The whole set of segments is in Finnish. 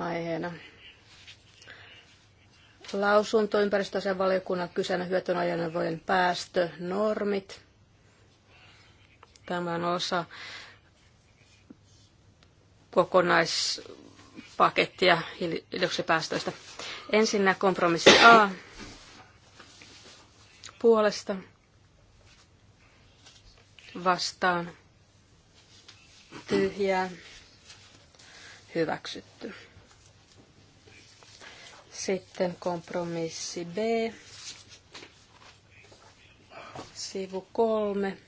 aiheena. Lausunto ympäristöasianvaliokunnan kyseenä hyötynajoneuvojen päästönormit. Tämä on osa kokonaispakettia hiilidioksidipäästöistä. ensin kompromissi A puolesta vastaan tyhjää hyväksytty. Sitten kompromissi B, sivu kolme.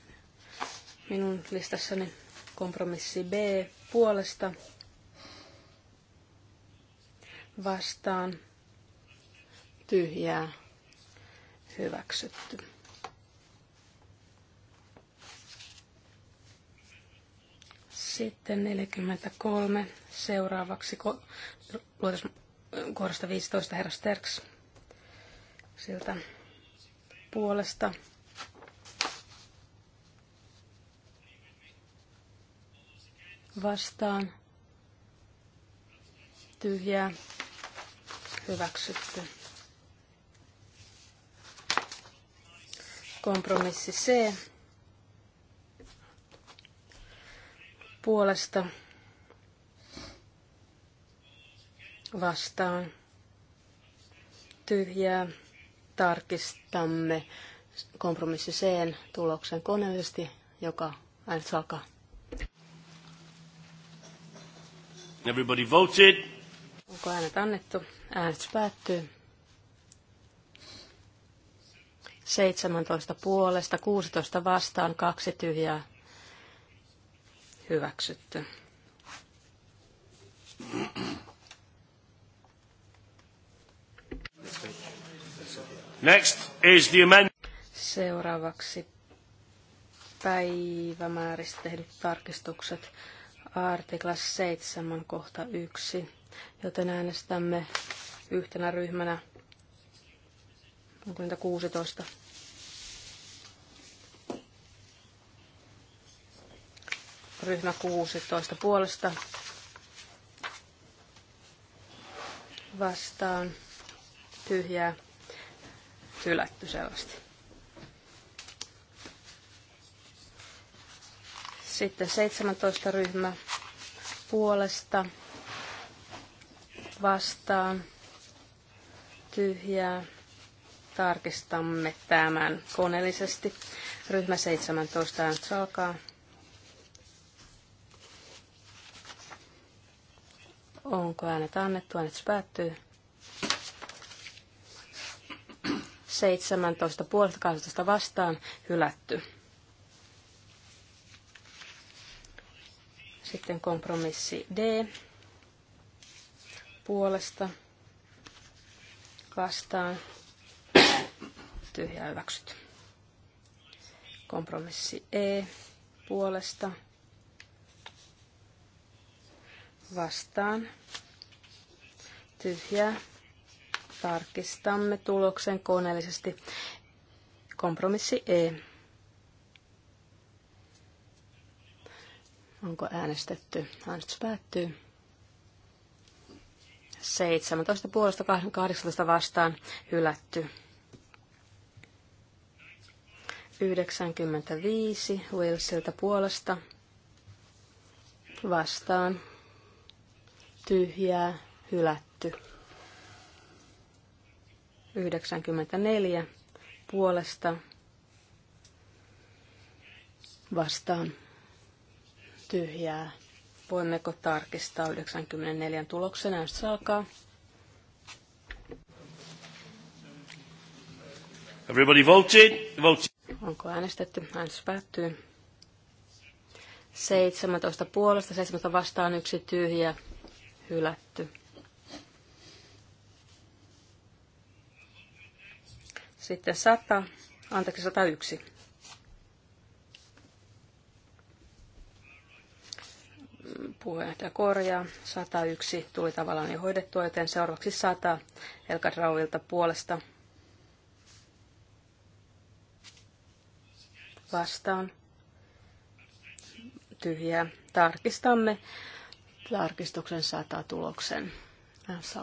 Minun listassani kompromissi B puolesta vastaan tyhjää hyväksytty. Sitten 43. Seuraavaksi luotas kohdasta 15 herra Sterks siltä puolesta. Vastaan. Tyhjää. Hyväksytty. Kompromissi C. Puolesta vastaan tyhjää. Tarkistamme kompromissi C tuloksen koneellisesti, joka äänestys alkaa. Everybody voted. Onko äänet annettu? Äänestys päättyy. 17 puolesta, 16 vastaan, kaksi tyhjää hyväksytty. Next is the Seuraavaksi päivämääristä tehdyt tarkistukset artikla 7 kohta 1, joten äänestämme yhtenä ryhmänä, onko niitä 16, ryhmä 16 puolesta vastaan tyhjää hylätty selvästi. Sitten 17 ryhmä puolesta vastaan tyhjää. Tarkistamme tämän koneellisesti. Ryhmä 17 äänestys alkaa. Onko äänet annettu? Äänet päättyy. 17.5.18 vastaan hylätty. Sitten kompromissi D puolesta vastaan tyhjä hyväksytty. Kompromissi E puolesta vastaan tyhjä Tarkistamme tuloksen koneellisesti. Kompromissi E. Onko äänestetty? Äänestys päättyy. 17 puolesta 18 vastaan hylätty. 95 Wilsiltä puolesta vastaan tyhjää hylätty. 94 puolesta vastaan tyhjää. Voimmeko tarkistaa 94 tuloksena, jos saakaa? Everybody voted. voted. Onko äänestetty? Äänestys päättyy. 17 puolesta, 17 vastaan, yksi tyhjä, hylätty. Sitten 100, anteeksi 101. Puheenjohtaja korjaa. 101 tuli tavallaan jo hoidettua, joten seuraavaksi 100 Elka Rauvilta puolesta. Vastaan. Tyhjää. Tarkistamme tarkistuksen 100 tuloksen. Äänessä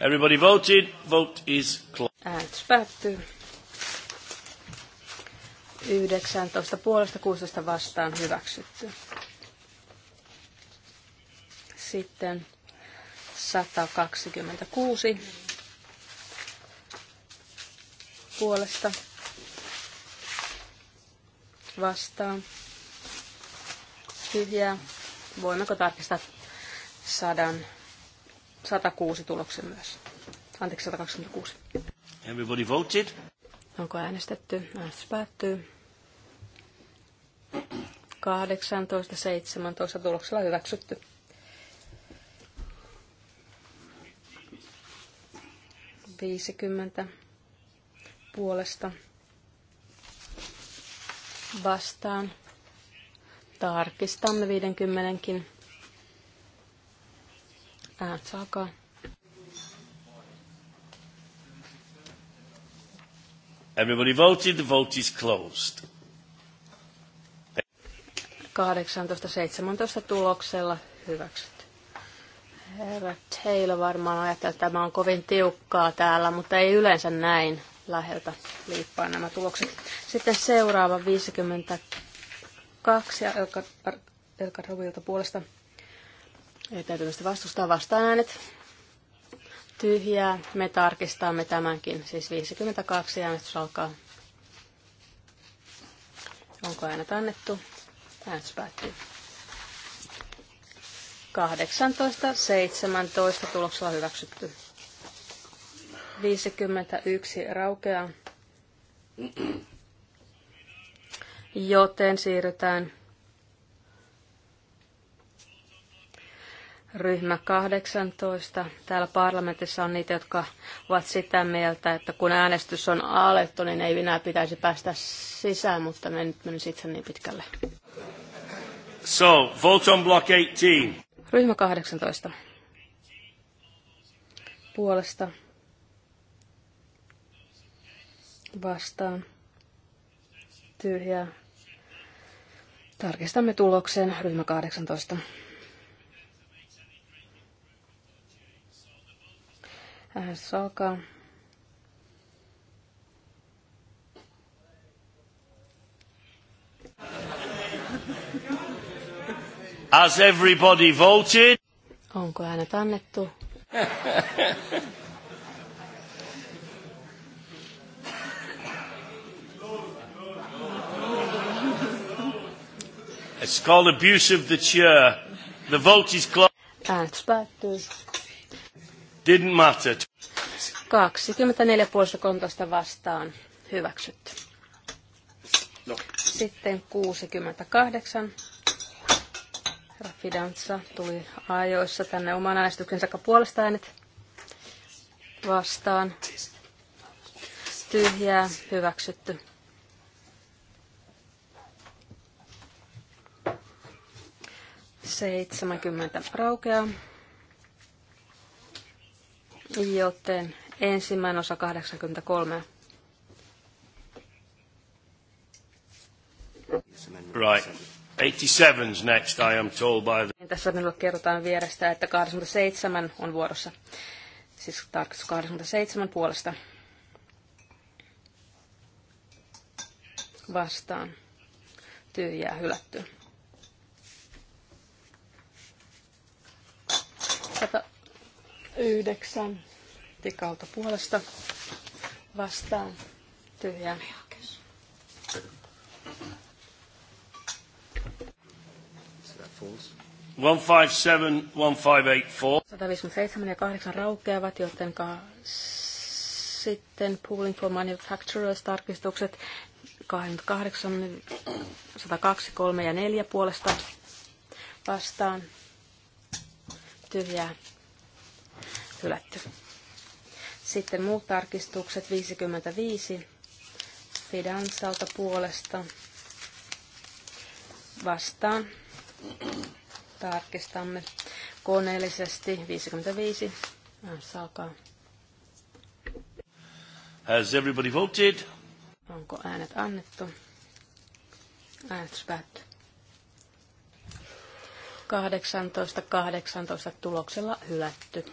Everybody voted. Vote is closed. Äänestys päättyy. 19 puolesta 16 vastaan hyväksytty. Sitten 126 puolesta vastaan. Tyhjää. Voimmeko tarkistaa sadan 106 tuloksen myös. Anteeksi, 126. Everybody voted. Onko äänestetty? Äänestys päättyy. 18-17 tuloksella hyväksytty. Viisikymmentä puolesta vastaan. Tarkistamme 50kin. Äänestys alkaa. Everybody voted, the vote is closed. 18-17 tuloksella hyväksytty. Herra Taylor varmaan ajattelee, että tämä on kovin tiukkaa täällä, mutta ei yleensä näin läheltä liippaa nämä tulokset. Sitten seuraava 52, joka Elka Rovilta puolesta ei Etäytymistä vastustaa vastaan äänet. Tyhjää. Me tarkistamme tämänkin. Siis 52 äänestys alkaa. Onko äänet annettu? Äänestys päättyy. 17 tuloksella hyväksytty. 51 raukeaa. Joten siirrytään ryhmä 18. Täällä parlamentissa on niitä, jotka ovat sitä mieltä, että kun äänestys on alettu, niin ei enää pitäisi päästä sisään, mutta me nyt menisi itse niin pitkälle. So, vote on block 18. Ryhmä 18. Puolesta. Vastaan. Tyhjää. Tarkistamme tuloksen. Ryhmä 18. Äänestys äh, alkaa. Has everybody voted? Onko äänet annettu? It's called abuse of the chair. The vote is closed. Äänestys päättyy. Didn't matter. 24 vastaan hyväksytty. No. Sitten 68. Rafidansa tuli ajoissa tänne oman äänestyksensä puolesta äänet vastaan. Tyhjää hyväksytty. Seitsemänkymmentä raukeaa. Joten ensimmäinen osa 83. Right. 87's next, I am told by the... Niin tässä minulle kerrotaan vierestä, että 87 on vuorossa. Siis tarkoitus 87 puolesta. Vastaan. Tyhjää hylätty. Yhdeksän tikalta puolesta vastaan tyhjää. False. 157, 154. 157 ja 8 raukeavat, joten sitten pooling for manufacturers tarkistukset 28, 102, 3 ja 4 puolesta vastaan tyhjää hylätty. Sitten muut tarkistukset 55 Fidansalta puolesta vastaan. Tarkistamme koneellisesti 55. Saakaa. Has everybody voted? Onko äänet annettu? Äänestys päättyy. 18.18 18 tuloksella hylätty.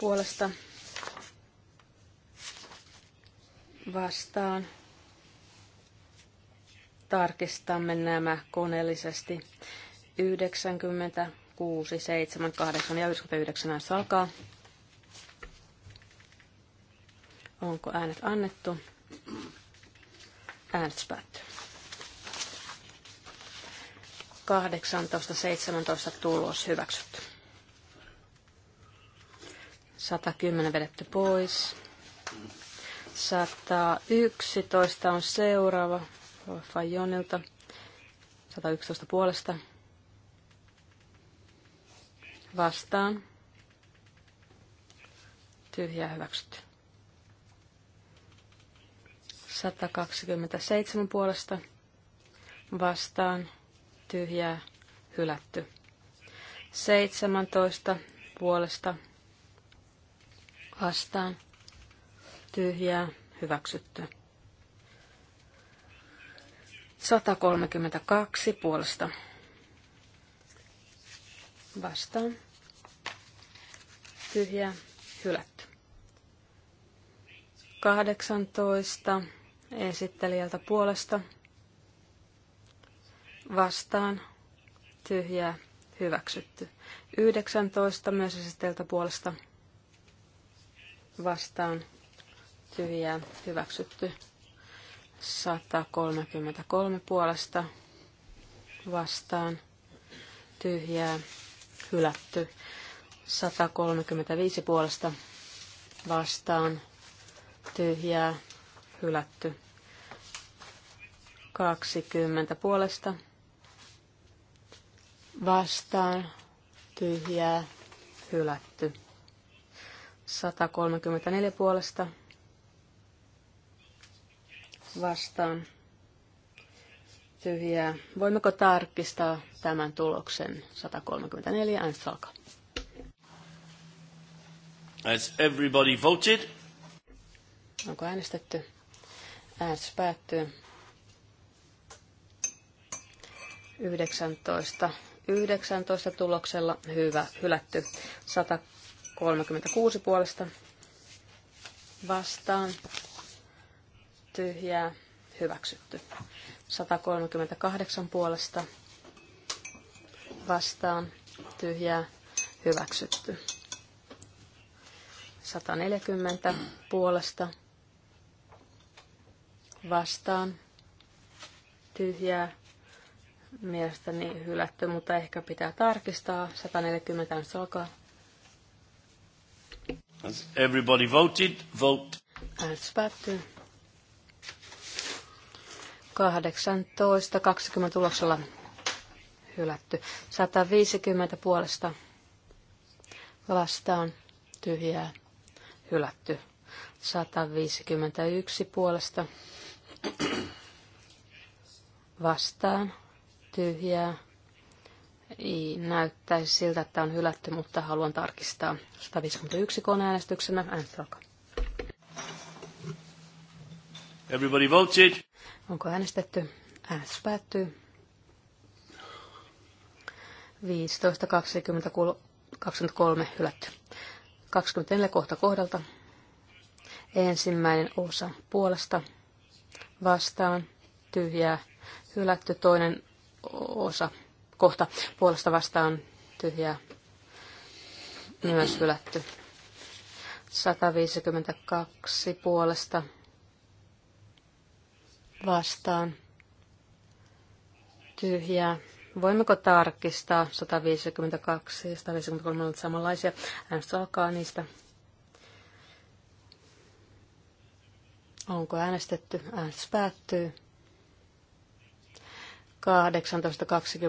puolesta vastaan. Tarkistamme nämä koneellisesti. 96, 7, 8 ja 99 äänestys alkaa. Onko äänet annettu? Äänestys päättyy. 18.17 tulos hyväksytty. 110 vedetty pois. 111 on seuraava Fajonilta. 111 puolesta. Vastaan. Tyhjää hyväksytty. 127 puolesta. Vastaan. Tyhjää hylätty. 17 puolesta vastaan tyhjää hyväksytty. 132 puolesta vastaan tyhjää hylätty. 18 esittelijältä puolesta vastaan tyhjää hyväksytty. 19 myös esittelijältä puolesta vastaan tyhjää hyväksytty 133 puolesta vastaan tyhjää hylätty 135 puolesta vastaan tyhjää hylätty 20 puolesta vastaan tyhjää hylätty 134 puolesta vastaan tyhjää. Voimmeko tarkistaa tämän tuloksen 134 äänestys alkaa. Has everybody voted? Onko äänestetty? Äänestys päättyy. 19. 19 tuloksella hyvä, hylätty. 100 36 puolesta vastaan tyhjää hyväksytty. 138 puolesta vastaan tyhjää hyväksytty. 140 puolesta vastaan tyhjää mielestäni hylätty, mutta ehkä pitää tarkistaa. 140 alkaa. Has everybody voted? Vote. Äänestys päättyy. 18, 20 tuloksella hylätty. 150 puolesta vastaan tyhjää hylätty. 151 puolesta vastaan tyhjää ei, näyttäisi siltä, että on hylätty, mutta haluan tarkistaa 151 koneäänestyksenä. Äänestys alkaa. Everybody voted. Onko äänestetty? Äänestys päättyy. 15, 20, 23 hylätty. 24 kohta kohdalta. Ensimmäinen osa puolesta vastaan tyhjää hylätty. Toinen osa kohta puolesta vastaan tyhjää niin myös hylätty. 152 puolesta vastaan tyhjää. Voimmeko tarkistaa 152 ja 153 ovat samanlaisia? Äänestys alkaa niistä. Onko äänestetty? Äänestys päättyy.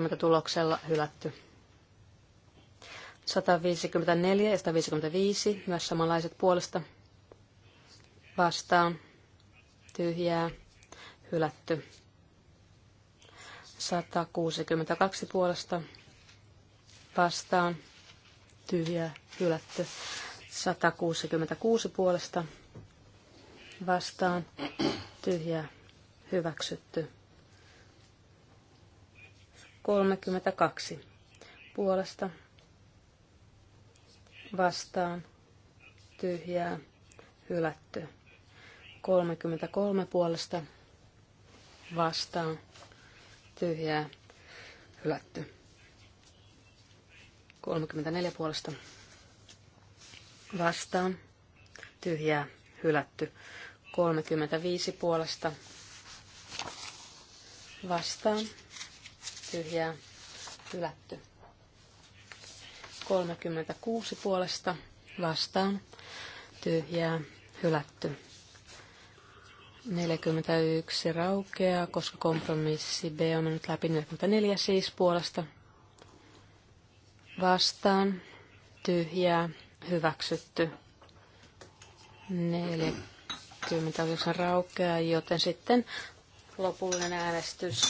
18.20 tuloksella hylätty. 154 ja 155, myös samanlaiset puolesta vastaan, tyhjää, hylätty. 162 puolesta vastaan, tyhjää, hylätty. 166 puolesta vastaan, tyhjää, hyväksytty. 32 puolesta vastaan tyhjää hylätty. 33 puolesta vastaan tyhjää hylätty. 34 puolesta vastaan tyhjää hylätty. 35 puolesta vastaan tyhjää hylätty. 36 puolesta vastaan tyhjää hylätty. 41 raukeaa, koska kompromissi B on mennyt läpi 44 siis puolesta. Vastaan tyhjää hyväksytty. 49 raukeaa, joten sitten lopullinen äänestys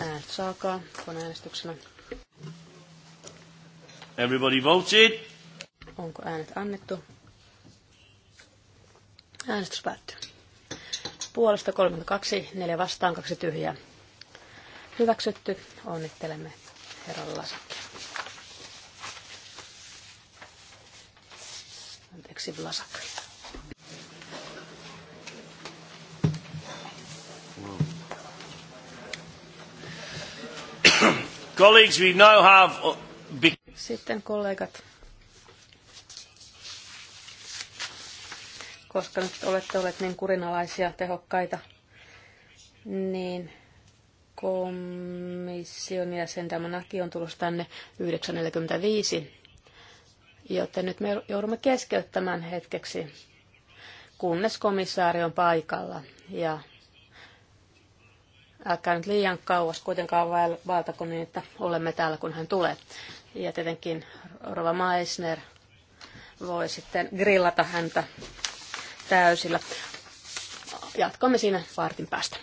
Äänestys alkaa koneäänestyksellä. Everybody voted. Onko äänet annettu? Äänestys päättyy. Puolesta 32, 4 vastaan, 2 tyhjää. Hyväksytty. Onnittelemme herran Lasakia. Anteeksi, Vlasak. Colleagues, we now have... Uh, Sitten kollegat. Koska nyt olette olleet niin kurinalaisia, tehokkaita, niin komission jäsen Damanaki on tullut tänne 9.45, joten nyt me joudumme keskeyttämään hetkeksi, kunnes komissaari on paikalla ja Älkää nyt liian kauas kuitenkaan vaeltako niin, että olemme täällä, kun hän tulee. Ja tietenkin Rova Meissner voi sitten grillata häntä täysillä. Jatkamme siinä vartin päästä.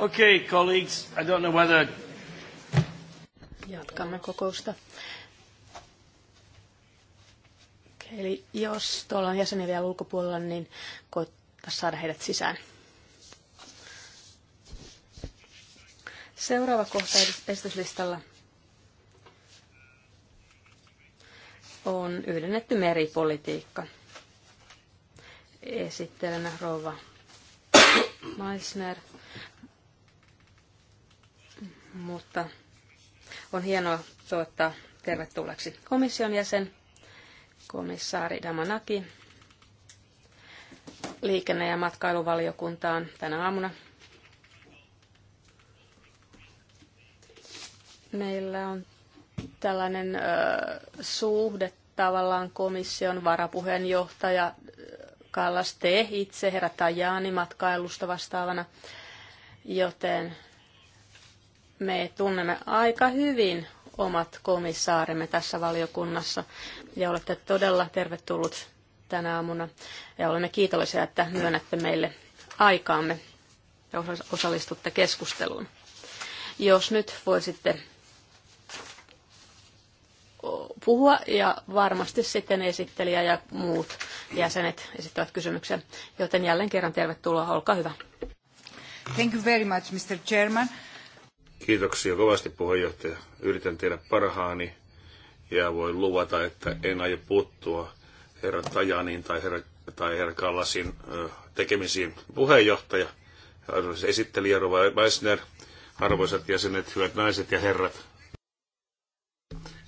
Okay, colleagues, I don't know whether... Jatkamme kokousta. Eli jos tuolla on jäseniä vielä ulkopuolella, niin koittaa saada heidät sisään. Seuraava kohta esityslistalla on yhdennetty meripolitiikka. Esittelenä rouva Meissner – mutta on hienoa toivottaa tervetulleeksi komission jäsen, komissaari Damanaki, liikenne- ja matkailuvaliokuntaan tänä aamuna. Meillä on tällainen ö, suhde tavallaan komission varapuheenjohtaja Kallas te itse, herra Tajani, matkailusta vastaavana, joten me tunnemme aika hyvin omat komissaarimme tässä valiokunnassa ja olette todella tervetullut tänä aamuna ja olemme kiitollisia, että myönnätte meille aikaamme ja osallistutte keskusteluun. Jos nyt voisitte puhua ja varmasti sitten esittelijä ja muut jäsenet esittävät kysymyksiä, joten jälleen kerran tervetuloa, olkaa hyvä. Thank you very much, Mr. Chairman. Kiitoksia kovasti puheenjohtaja. Yritän tehdä parhaani ja voin luvata, että en aio puuttua herra Tajanin tai herra, tai herra Kallasin tekemisiin. Puheenjohtaja, arvoisa esittelijä Rova Weissner, arvoisat jäsenet, hyvät naiset ja herrat.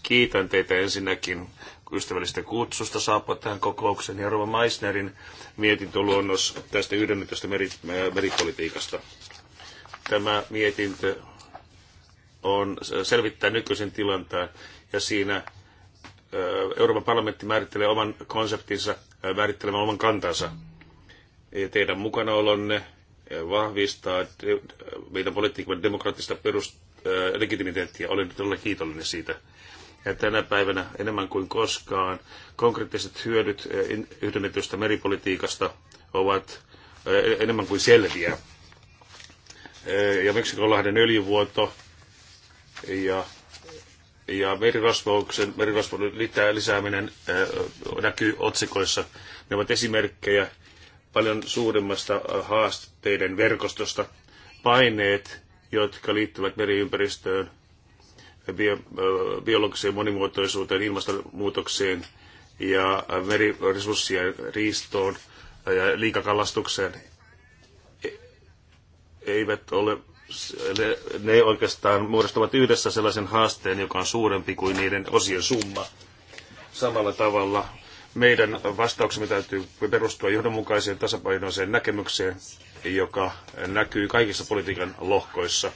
Kiitän teitä ensinnäkin ystävällistä kutsusta saapua tähän kokoukseen ja Rova Meissnerin mietintöluonnos tästä 11 meri, meripolitiikasta. Tämä mietintö on selvittää nykyisen tilanteen ja siinä Euroopan parlamentti määrittelee oman konseptinsa, määrittelemään oman kantansa. Ja teidän mukanaolonne vahvistaa meidän politiikan demokraattista peruslegitimiteettiä. Olen todella kiitollinen siitä. Ja tänä päivänä enemmän kuin koskaan konkreettiset hyödyt yhdennetystä meripolitiikasta ovat enemmän kuin selviä. Ja Meksikonlahden öljyvuoto ja, ja merirosvouksen, lisää, lisääminen näkyy otsikoissa. Ne ovat esimerkkejä paljon suuremmasta haasteiden verkostosta. Paineet, jotka liittyvät meriympäristöön, bio, biologiseen monimuotoisuuteen, ilmastonmuutokseen ja meriresurssien riistoon ja liikakalastukseen e, eivät ole ne, ne oikeastaan muodostavat yhdessä sellaisen haasteen, joka on suurempi kuin niiden osien summa. Samalla tavalla meidän vastauksemme täytyy perustua johdonmukaiseen tasapainoiseen näkemykseen, joka näkyy kaikissa politiikan lohkoissa.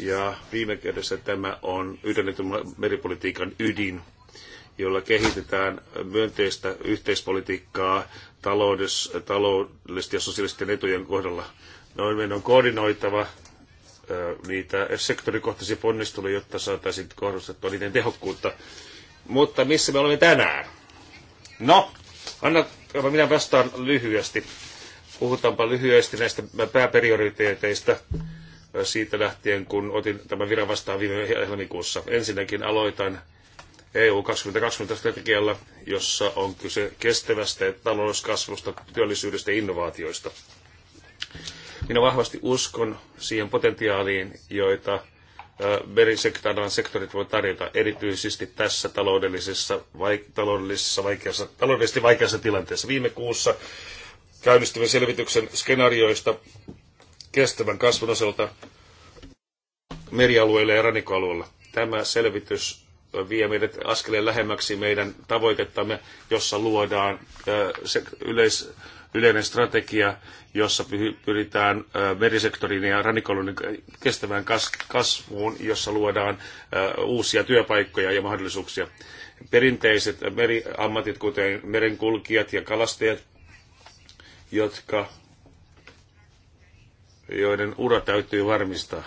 Ja viime kädessä tämä on yhdennetyn meripolitiikan ydin, jolla kehitetään myönteistä yhteispolitiikkaa taloudellisesti ja sosiaalisten etujen kohdalla. Noin meidän on koordinoitava niitä sektorikohtaisia ponnisteluja, jotta saataisiin kohdustettua niiden tehokkuutta. Mutta missä me olemme tänään? No, anna, minä vastaan lyhyesti. Puhutaanpa lyhyesti näistä pääperioriteeteista siitä lähtien, kun otin tämän viran vastaan viime helmikuussa. Ensinnäkin aloitan EU 2020 strategialla, jossa on kyse kestävästä talouskasvusta, työllisyydestä ja innovaatioista. Minä vahvasti uskon siihen potentiaaliin, joita merisektorin sektorit voi tarjota erityisesti tässä taloudellisessa, vaik- taloudellisessa vaikeassa, taloudellisesti vaikeassa tilanteessa. Viime kuussa käynnistyvän selvityksen skenaarioista kestävän kasvun osalta merialueilla ja rannikkoalueilla. Tämä selvitys vie meidät askeleen lähemmäksi meidän tavoitettamme, jossa luodaan yleis- yleinen strategia, jossa pyritään merisektorin ja rannikolonin kestävään kasvuun, jossa luodaan uusia työpaikkoja ja mahdollisuuksia. Perinteiset meriammatit, kuten merenkulkijat ja kalastajat, jotka, joiden ura täytyy varmistaa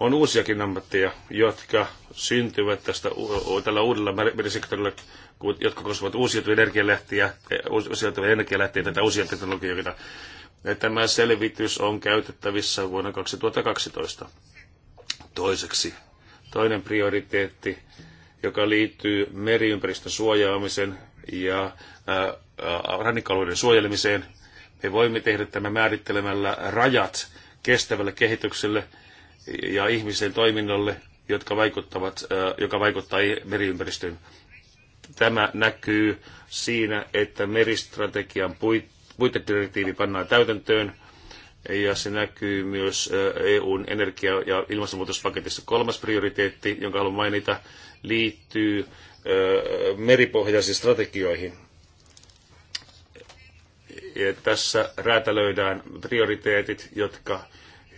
on uusiakin ammatteja, jotka syntyvät tästä, tällä uudella merisektorilla, jotka koskevat uusiutuvia energialähtiä, eh, uusiutuvia energialähteitä tai uusia teknologioita. Tämä selvitys on käytettävissä vuonna 2012. Toiseksi, toinen prioriteetti, joka liittyy meriympäristön suojaamisen ja rannikkoalueiden suojelemiseen. Me voimme tehdä tämä määrittelemällä rajat kestävälle kehitykselle – ja ihmisten toiminnolle, jotka vaikuttavat, joka vaikuttaa meriympäristöön. Tämä näkyy siinä, että meristrategian puitedirektiivi pannaan täytäntöön ja se näkyy myös EUn energia- ja ilmastonmuutospaketissa. Kolmas prioriteetti, jonka haluan mainita, liittyy meripohjaisiin strategioihin. Ja tässä räätälöidään prioriteetit, jotka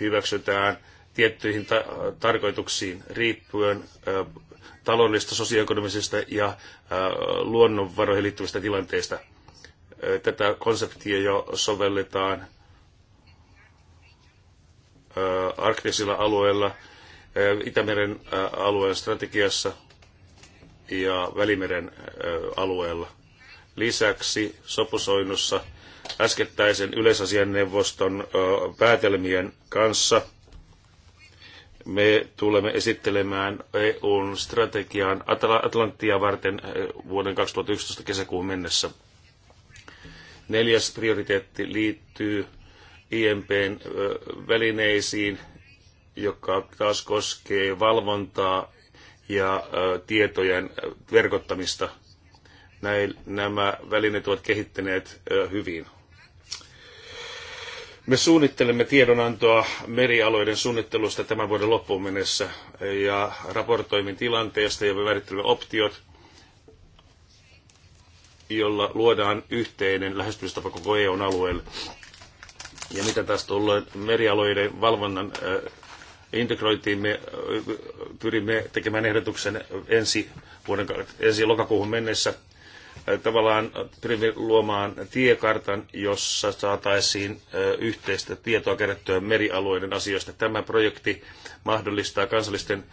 hyväksytään tiettyihin ta- tarkoituksiin riippuen ö, taloudellisesta, sosioekonomisista ja ö, luonnonvaroihin liittyvistä tilanteista. tätä konseptia jo sovelletaan ö, arktisilla alueilla, ö, Itämeren ö, alueen strategiassa ja Välimeren ö, alueella. Lisäksi sopusoinnussa äskettäisen yleisasianneuvoston ö, päätelmien kanssa – me tulemme esittelemään EUn strategian Atlanttia varten eh, vuoden 2011 kesäkuun mennessä. Neljäs prioriteetti liittyy IMPn eh, välineisiin, joka taas koskee valvontaa ja eh, tietojen verkottamista. Näin nämä välineet ovat kehittäneet hyvin. Me suunnittelemme tiedonantoa merialueiden suunnittelusta tämän vuoden loppuun mennessä ja raportoimme tilanteesta ja me määrittelemme optiot, jolla luodaan yhteinen lähestymistapa koko EUn alueelle. Ja mitä taas tulee merialueiden valvonnan äh, integrointiin, me äh, pyrimme tekemään ehdotuksen ensi, vuoden, ensi lokakuuhun mennessä – tavallaan pyrimme luomaan tiekartan, jossa saataisiin yhteistä tietoa kerättyä merialueiden asioista. Tämä projekti mahdollistaa kansallisten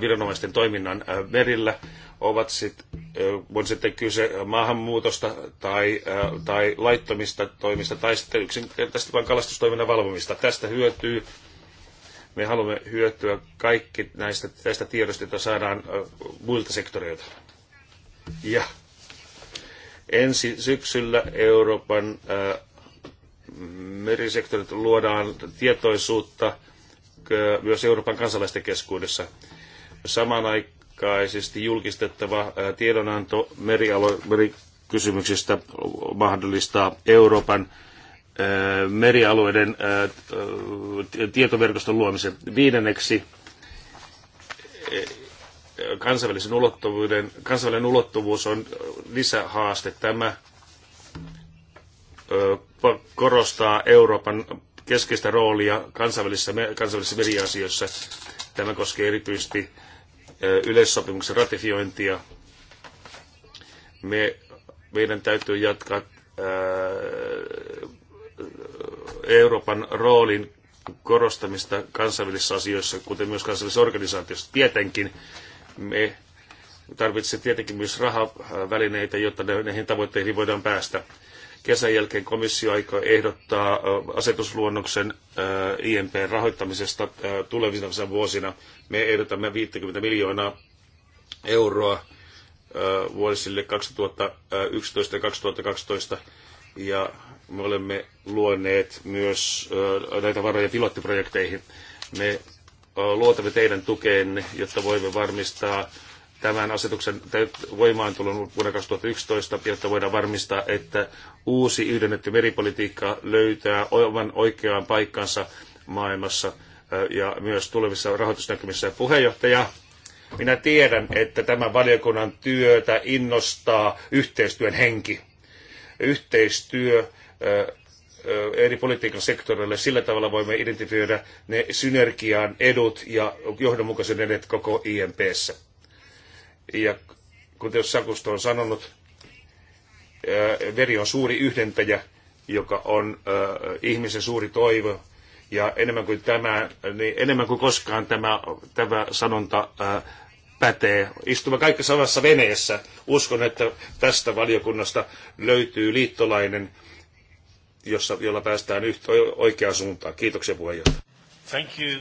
viranomaisten toiminnan merillä. Ovat sit, on sitten kyse maahanmuutosta tai, tai laittomista toimista tai sitten yksinkertaisesti vain kalastustoiminnan valvomista. Tästä hyötyy me haluamme hyötyä kaikki näistä, tästä tiedosta, jota saadaan muilta sektoreilta. Ja Ensi syksyllä Euroopan äh, merisektorit luodaan tietoisuutta äh, myös Euroopan kansalaisten keskuudessa. Samanaikaisesti julkistettava äh, tiedonanto merialo- merikysymyksistä mahdollistaa Euroopan merialueiden tietoverkoston luomisen. Viidenneksi kansainvälisen ulottuvuuden, kansainvälinen ulottuvuus on lisähaaste. Tämä korostaa Euroopan keskeistä roolia kansainvälisissä, kansainvälisissä meriasioissa. Tämä koskee erityisesti yleissopimuksen ratifiointia. Me, meidän täytyy jatkaa Euroopan roolin korostamista kansainvälisissä asioissa, kuten myös kansainvälisissä organisaatioissa. Tietenkin me tarvitsemme tietenkin myös rahavälineitä, jotta näihin tavoitteisiin voidaan päästä. Kesän jälkeen komissio aikoo ehdottaa asetusluonnoksen imp rahoittamisesta tulevina vuosina. Me ehdotamme 50 miljoonaa euroa vuosille 2011 ja 2012. Ja me olemme luoneet myös näitä varoja pilottiprojekteihin. Me luotamme teidän tukeenne, jotta voimme varmistaa tämän asetuksen voimaantulon vuonna 2011, jotta voidaan varmistaa, että uusi yhdennetty meripolitiikka löytää oman oikeaan paikkansa maailmassa ja myös tulevissa rahoitusnäkymissä. Puheenjohtaja, minä tiedän, että tämän valiokunnan työtä innostaa yhteistyön henki. Yhteistyö eri politiikan sektoreille. Sillä tavalla voimme identifioida ne synergian edut ja johdonmukaisen edet koko IMPssä. Ja kuten Sakusto on sanonut, veri on suuri yhdentäjä, joka on ihmisen suuri toivo. Ja enemmän kuin, tämä, niin enemmän kuin koskaan tämä, tämä sanonta pätee. Istumme kaikki samassa veneessä. Uskon, että tästä valiokunnasta löytyy liittolainen, jossa, jolla päästään yhtä, oikeaan suuntaan. Kiitoksia puheenjohtaja. Thank you.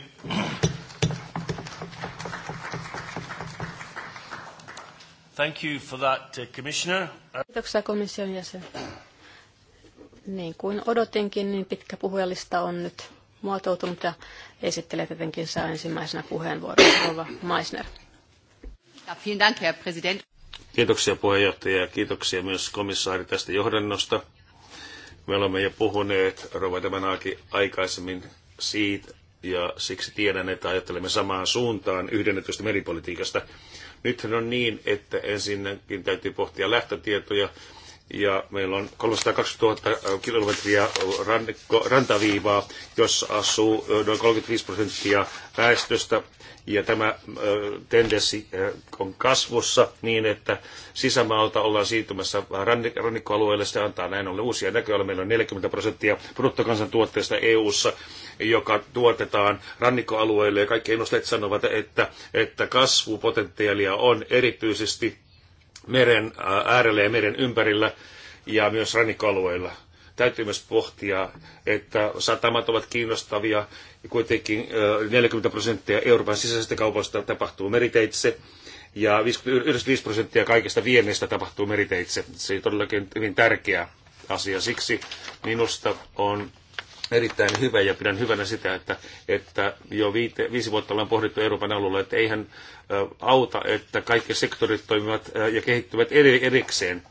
Thank you for that, uh, Commissioner. Uh, kiitoksia komission jäsen. Niin kuin odotinkin, niin pitkä puhujalista on nyt muotoutunut ja esittelee tietenkin saa ensimmäisenä puheenvuoron Rova Meisner. Kiitoksia puheenjohtaja ja kiitoksia myös komissaari tästä johdannosta. Me olemme jo puhuneet Rova Demanaki aikaisemmin siitä, ja siksi tiedän, että ajattelemme samaan suuntaan yhdennetystä meripolitiikasta. Nythän on niin, että ensinnäkin täytyy pohtia lähtötietoja, ja meillä on 320 000 äh, kilometriä rantaviivaa, jossa asuu äh, noin 35 prosenttia väestöstä ja tämä tendenssi on kasvussa niin, että sisämaalta ollaan siirtymässä rannikkoalueelle. Se antaa näin ollen uusia näköaloja. Meillä on 40 prosenttia bruttokansantuotteesta EU-ssa, joka tuotetaan rannikkoalueelle, Ja kaikki ennusteet sanovat, että, että kasvupotentiaalia on erityisesti meren äärellä ja meren ympärillä ja myös rannikkoalueilla täytyy myös pohtia, että satamat ovat kiinnostavia Kuitenkin 40 prosenttia Euroopan sisäisestä kaupasta tapahtuu meriteitse ja 95 prosenttia kaikesta viennistä tapahtuu meriteitse. Se on todellakin hyvin tärkeä asia. Siksi minusta on erittäin hyvä ja pidän hyvänä sitä, että, että jo viite, viisi vuotta ollaan pohdittu Euroopan alueella, että eihän auta, että kaikki sektorit toimivat ja kehittyvät erikseen.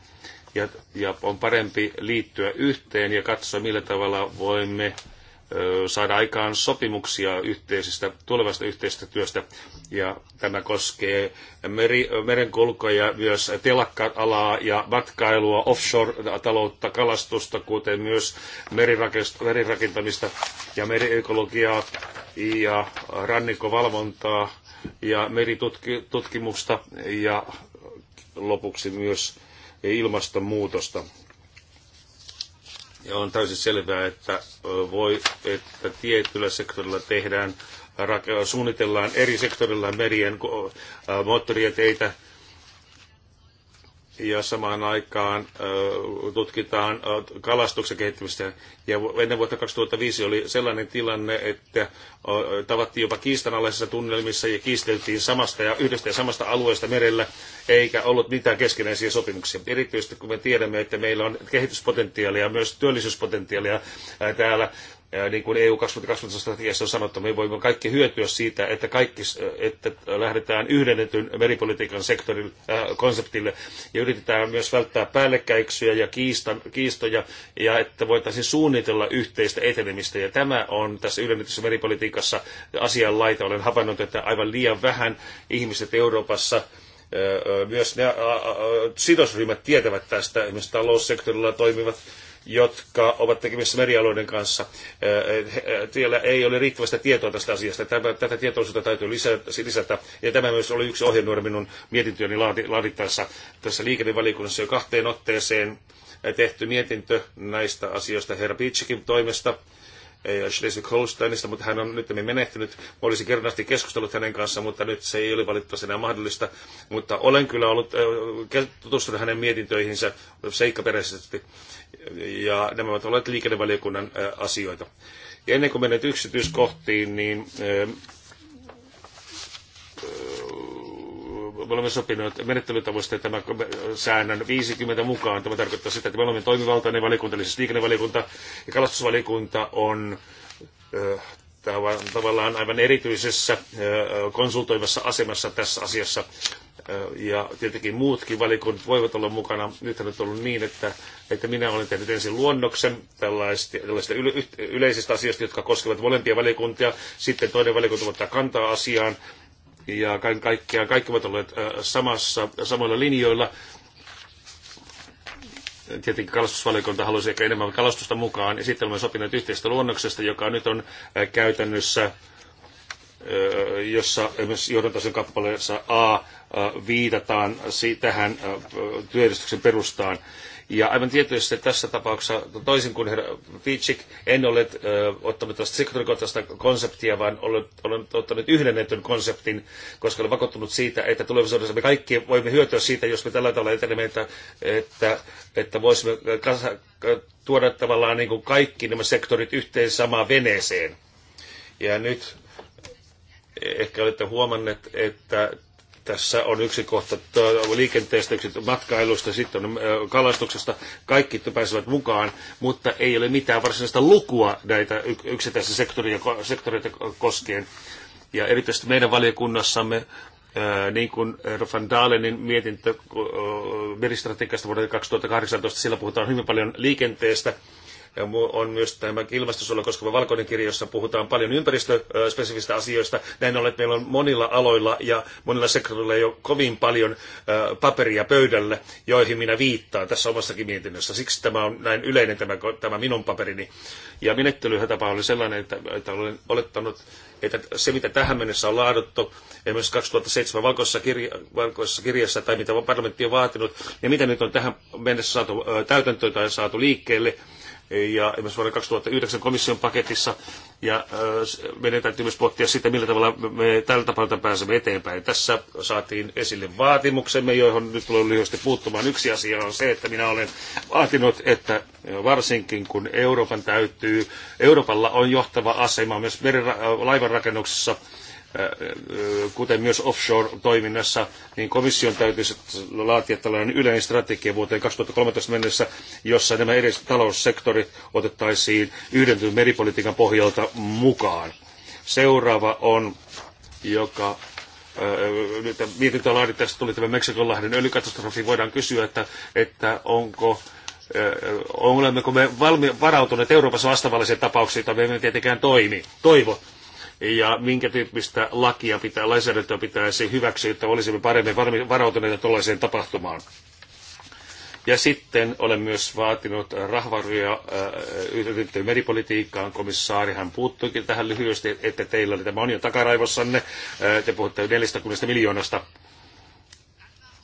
Ja, ja on parempi liittyä yhteen ja katsoa, millä tavalla voimme saada aikaan sopimuksia yhteisestä, tulevasta yhteisestä työstä. Ja tämä koskee meri, merenkulkoja, myös telakka-alaa ja matkailua, offshore-taloutta, kalastusta, kuten myös merirakentamista ja meriekologiaa ja rannikkovalvontaa ja meritutkimusta ja lopuksi myös ilmastonmuutosta. Ja on täysin selvää, että, voi, että tietyllä sektorilla tehdään, suunnitellaan eri sektorilla merien teitä ja samaan aikaan tutkitaan kalastuksen kehittämistä. Ja ennen vuotta 2005 oli sellainen tilanne, että tavattiin jopa kiistanalaisissa tunnelmissa ja kiisteltiin samasta ja yhdestä ja samasta alueesta merellä, eikä ollut mitään keskinäisiä sopimuksia. Erityisesti kun me tiedämme, että meillä on kehityspotentiaalia ja myös työllisyyspotentiaalia täällä niin kuin EU 2020-strategiassa on sanottu, me voimme kaikki hyötyä siitä, että, kaikki, että lähdetään yhdennetyn meripolitiikan sektorin äh, konseptille ja yritetään myös välttää päällekkäiksyjä ja kiistan, kiistoja ja että voitaisiin suunnitella yhteistä etenemistä. Ja tämä on tässä yhdennetyssä meripolitiikassa asian laita. Olen havainnut, että aivan liian vähän ihmiset Euroopassa äh, äh, myös ne äh, sidosryhmät tietävät tästä, esimerkiksi taloussektorilla toimivat jotka ovat tekemisissä merialueiden kanssa. Siellä äh, äh, ei ole riittävästä tietoa tästä asiasta. Tämä, tätä tietoisuutta täytyy lisätä, lisätä. Ja tämä myös oli yksi ohjenuori minun mietintöni laadittaessa tässä liikennevaliokunnassa jo kahteen otteeseen tehty mietintö näistä asioista herra Pitsikin toimesta Schleswig-Holsteinista, mutta hän on nyt menehtynyt. Olisi kernaasti keskustellut hänen kanssaan, mutta nyt se ei ole valitettavasti enää mahdollista. Mutta olen kyllä ollut tutustunut hänen mietintöihinsä seikkaperäisesti. Ja nämä ovat olleet liikennevaliokunnan asioita. Ja ennen kuin menet yksityiskohtiin, niin me olemme sopineet menettelytavoista tämän säännön 50 mukaan. Tämä tarkoittaa sitä, että me olemme toimivaltainen valiokunta, eli siis liikennevaliokunta ja kalastusvaliokunta on tavallaan aivan erityisessä konsultoivassa asemassa tässä asiassa. Ja tietenkin muutkin valikunnat voivat olla mukana. Nythän on ollut niin, että, että minä olen tehnyt ensin luonnoksen tällaisista, tällaisista yleisistä asioista, jotka koskevat molempia valikuntia. Sitten toinen valikunta ottaa kantaa asiaan ja kaiken kaikkiaan kaikki ovat olleet samassa, samoilla linjoilla. Tietenkin kalastusvaliokunta haluaisi ehkä enemmän kalastusta mukaan, ja sitten olemme sopineet yhteistä luonnoksesta, joka nyt on käytännössä jossa esimerkiksi johdantason kappaleessa A viitataan tähän työjärjestyksen perustaan. Ja aivan tietysti tässä tapauksessa, toisin kuin herra Fitchik, en ole ö, äh, ottanut tästä sektorikohtaista konseptia, vaan olen, olen ottanut yhdennetyn konseptin, koska olen vakuuttunut siitä, että tulevaisuudessa me kaikki voimme hyötyä siitä, jos me tällä tavalla etenemme, että, että, että voisimme kasa, tuoda tavallaan niin kuin kaikki nämä sektorit yhteen samaan veneeseen. Ja nyt ehkä olette huomanneet, että tässä on yksi kohta liikenteestä, yksi matkailusta, sitten on kalastuksesta. Kaikki pääsevät mukaan, mutta ei ole mitään varsinaista lukua näitä yksittäisiä sektoria, sektoreita koskien. Ja erityisesti meidän valiokunnassamme niin kuin Van Dalenin mietintö meristrategiasta vuodelta 2018, siellä puhutaan hyvin paljon liikenteestä – on myös tämä ilmastosuojelua koskeva valkoinen kirja, jossa puhutaan paljon ympäristöspesifistä asioista. Näin ollen meillä on monilla aloilla ja monilla sektoreilla jo kovin paljon paperia pöydälle, joihin minä viittaan tässä omassakin mietinnössä. Siksi tämä on näin yleinen tämä, tämä minun paperini. Ja menettelyhätäpä oli sellainen, että, että olen olettanut, että se mitä tähän mennessä on laadittu, esimerkiksi 2007 valkoisessa, kirja, valkoisessa kirjassa tai mitä parlamentti on vaatinut, ja mitä nyt on tähän mennessä saatu täytäntöön tai saatu liikkeelle, ja esimerkiksi vuoden 2009 komission paketissa. Ja meidän täytyy myös pohtia sitä, millä tavalla me tältä puolelta pääsemme eteenpäin. Tässä saatiin esille vaatimuksemme, joihin nyt tulee lyhyesti puuttumaan. Yksi asia on se, että minä olen vaatinut, että varsinkin kun Euroopan täytyy, Euroopalla on johtava asema myös laivanrakennuksessa, kuten myös offshore-toiminnassa, niin komission täytyisi laatia tällainen yleinen strategia vuoteen 2013 mennessä, jossa nämä eri taloussektorit otettaisiin yhdentyn meripolitiikan pohjalta mukaan. Seuraava on, joka äh, nyt mietintöä laadittaessa tuli tämä Meksikonlahden öljykatastrofi, voidaan kysyä, että, että äh, onko olemmeko me valmi, varautuneet Euroopassa vastaavanlaisiin tapauksiin, joita me emme tietenkään toimi, toivo ja minkä tyyppistä lakia pitää, lainsäädäntöä pitäisi hyväksyä, että olisimme paremmin varautuneita tuollaiseen tapahtumaan. Ja sitten olen myös vaatinut rahvaruja äh, yhdennettyyn meripolitiikkaan. Komissaari hän puuttuikin tähän lyhyesti, että teillä oli tämä on jo takaraivossanne. Äh, te puhutte 40 miljoonasta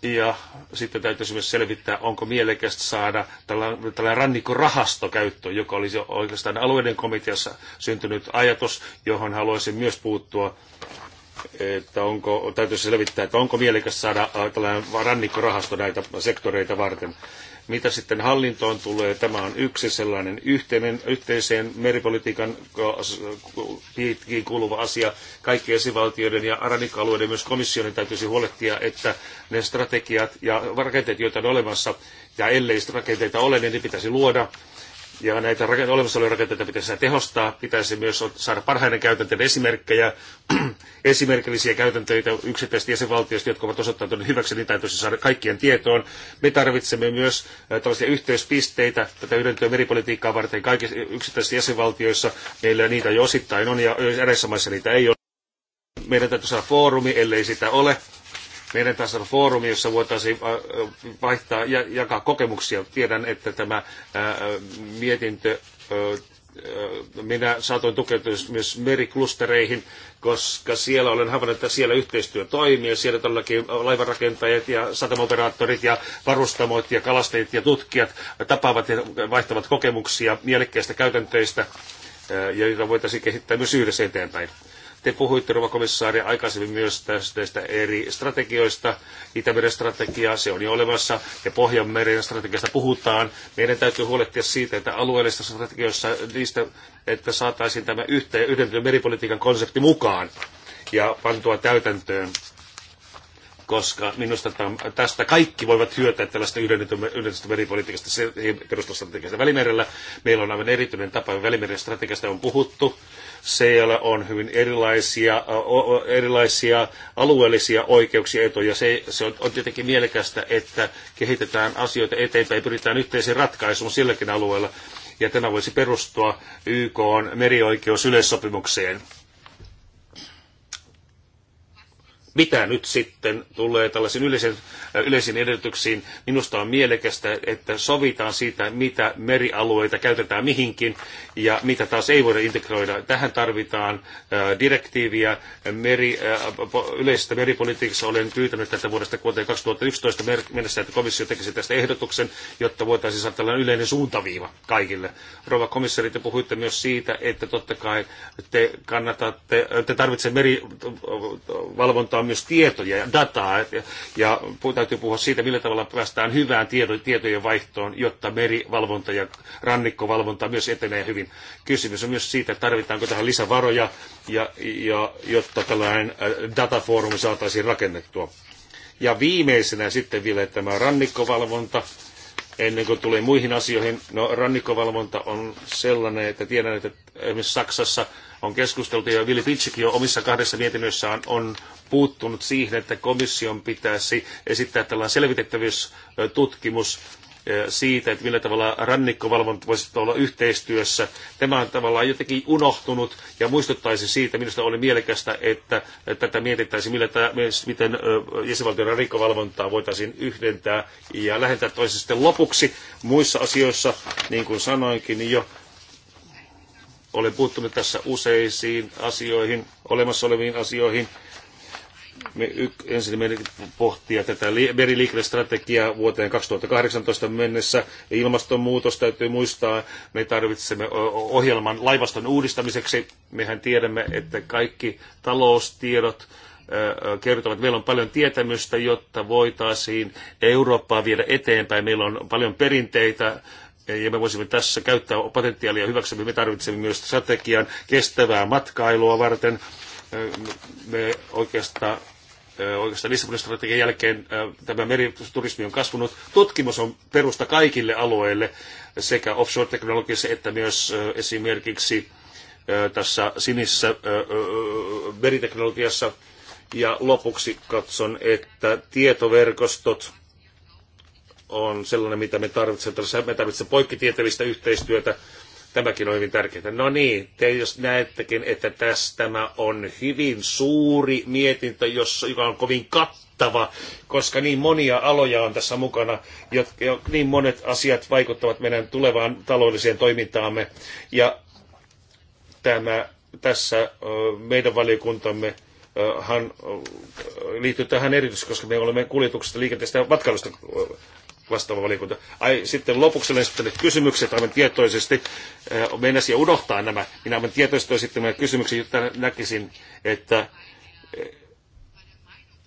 ja sitten täytyisi myös selvittää, onko mielekästä saada tällainen, tällainen rannikkorahasto käyttöön, joka olisi oikeastaan alueiden komiteassa syntynyt ajatus, johon haluaisin myös puuttua että onko, täytyisi selvittää, että onko mielekästä saada äh, tällainen rannikkorahasto näitä sektoreita varten. Mitä sitten hallintoon tulee, tämä on yksi sellainen yhteinen, yhteiseen meripolitiikan piikkiin kuuluva asia. Kaikkien esivaltioiden ja rannikkoalueiden myös komission täytyisi huolehtia, että ne strategiat ja rakenteet, joita on olemassa, ja ellei rakenteita ole, niin ne pitäisi luoda ja näitä olemassa olevia rakenteita pitäisi tehostaa, pitäisi myös saada parhaiden käytäntöjen esimerkkejä, esimerkillisiä käytäntöitä yksittäisistä jäsenvaltioista, jotka ovat osoittaneet hyväksi, niitä täytyisi saada kaikkien tietoon. Me tarvitsemme myös tällaisia yhteyspisteitä tätä yhdentyä meripolitiikkaa varten kaikissa yksittäisissä jäsenvaltioissa. Meillä niitä jo osittain on ja eräissä maissa niitä ei ole. Meidän täytyy saada foorumi, ellei sitä ole meidän tasa-arvofoorumi, jossa voitaisiin äh, äh, vaihtaa ja jakaa kokemuksia. Tiedän, että tämä äh, mietintö minä saatoin tukeutua myös meriklustereihin, koska siellä olen havainnut, että siellä yhteistyö toimii. Ja siellä todellakin laivanrakentajat ja satamoperaattorit ja varustamot ja kalastajat ja tutkijat tapaavat ja vaihtavat kokemuksia mielekkäistä käytäntöistä, joita voitaisiin kehittää myös yhdessä eteenpäin. Te puhuitte, ruokomissaari, aikaisemmin myös tästä, näistä eri strategioista. Itämeren strategia, se on jo olemassa, ja Pohjanmeren strategiasta puhutaan. Meidän täytyy huolehtia siitä, että alueellista strategioissa niistä, että saataisiin tämä yhteen yhdentyneen meripolitiikan konsepti mukaan ja pantua täytäntöön koska minusta tästä kaikki voivat hyötyä tällaista yhdennetystä meripolitiikasta perustustrategiasta välimerellä. Meillä on aivan erityinen tapa, välimeren strategiasta on puhuttu. Siellä on hyvin erilaisia, erilaisia alueellisia oikeuksia etuja. Se, se on, on tietenkin mielekästä, että kehitetään asioita eteenpäin, pyritään yhteisiin ratkaisuun silläkin alueella. Ja tämä voisi perustua YK on merioikeusyleissopimukseen. mitä nyt sitten tulee tällaisiin yleisiin, äh, yleisiin edellytyksiin, minusta on mielekästä, että sovitaan siitä, mitä merialueita käytetään mihinkin ja mitä taas ei voida integroida. Tähän tarvitaan äh, direktiiviä meri, äh, yleisestä meripolitiikassa. Olen pyytänyt tätä vuodesta vuoteen 2011 mennessä, että komissio tekisi tästä ehdotuksen, jotta voitaisiin saada tällainen yleinen suuntaviiva kaikille. Rova komissari, te puhuitte myös siitä, että totta kai te kannatatte, te tarvitsette merivalvontaa on myös tietoja ja dataa, ja täytyy puhua siitä, millä tavalla päästään hyvään tieto, tietojen vaihtoon, jotta merivalvonta ja rannikkovalvonta myös etenee hyvin. Kysymys on myös siitä, tarvitaanko tähän lisävaroja, ja, ja, jotta tällainen äh, datafoorumi saataisiin rakennettua. Ja viimeisenä sitten vielä tämä rannikkovalvonta, ennen kuin tulee muihin asioihin. No rannikkovalvonta on sellainen, että tiedän, että esimerkiksi Saksassa on keskusteltu, ja Vili Pitsikin jo omissa kahdessa mietinnössään on puuttunut siihen, että komission pitäisi esittää tällainen selvitettävyystutkimus eh, siitä, että millä tavalla rannikkovalvonta voisi olla yhteistyössä. Tämä on tavallaan jotenkin unohtunut ja muistuttaisi siitä, minusta oli mielekästä, että tätä mietittäisiin, millä tämä, miten jäsenvaltion rannikkovalvontaa voitaisiin yhdentää ja lähentää toisesta. lopuksi muissa asioissa, niin kuin sanoinkin niin jo, olen puuttunut tässä useisiin asioihin, olemassa oleviin asioihin. Me ensin meidän pohtia tätä meriliikennestrategiaa vuoteen 2018 mennessä. Ilmastonmuutos täytyy muistaa. Me tarvitsemme ohjelman laivaston uudistamiseksi. Mehän tiedämme, että kaikki taloustiedot kertovat, että meillä on paljon tietämystä, jotta voitaisiin Eurooppaa viedä eteenpäin. Meillä on paljon perinteitä ja me voisimme tässä käyttää potentiaalia hyväksemme. Me tarvitsemme myös strategian kestävää matkailua varten. Me oikeastaan oikeastaan Lissabonin strategian jälkeen tämä meriturismi on kasvanut. Tutkimus on perusta kaikille alueille sekä offshore-teknologiassa että myös esimerkiksi tässä sinisessä meriteknologiassa. Ja lopuksi katson, että tietoverkostot on sellainen, mitä me tarvitsemme. Me tarvitsemme poikkitieteellistä yhteistyötä. Tämäkin on hyvin tärkeää. No niin, te jos näettekin, että tässä tämä on hyvin suuri mietintö, jossa, joka on kovin kattava, koska niin monia aloja on tässä mukana, jotka, niin monet asiat vaikuttavat meidän tulevaan taloudelliseen toimintaamme. Ja tämä, tässä meidän valiokuntamme hän liittyy tähän erityisesti, koska me olemme kuljetuksesta, liikenteestä ja matkailusta vastaava valiokunta. Ai, sitten lopuksi olen esittänyt kysymykset aivan tietoisesti. Meinasin unohtaa nämä. Minä aivan tietoisesti esittämään kysymyksiä, jotta näkisin, että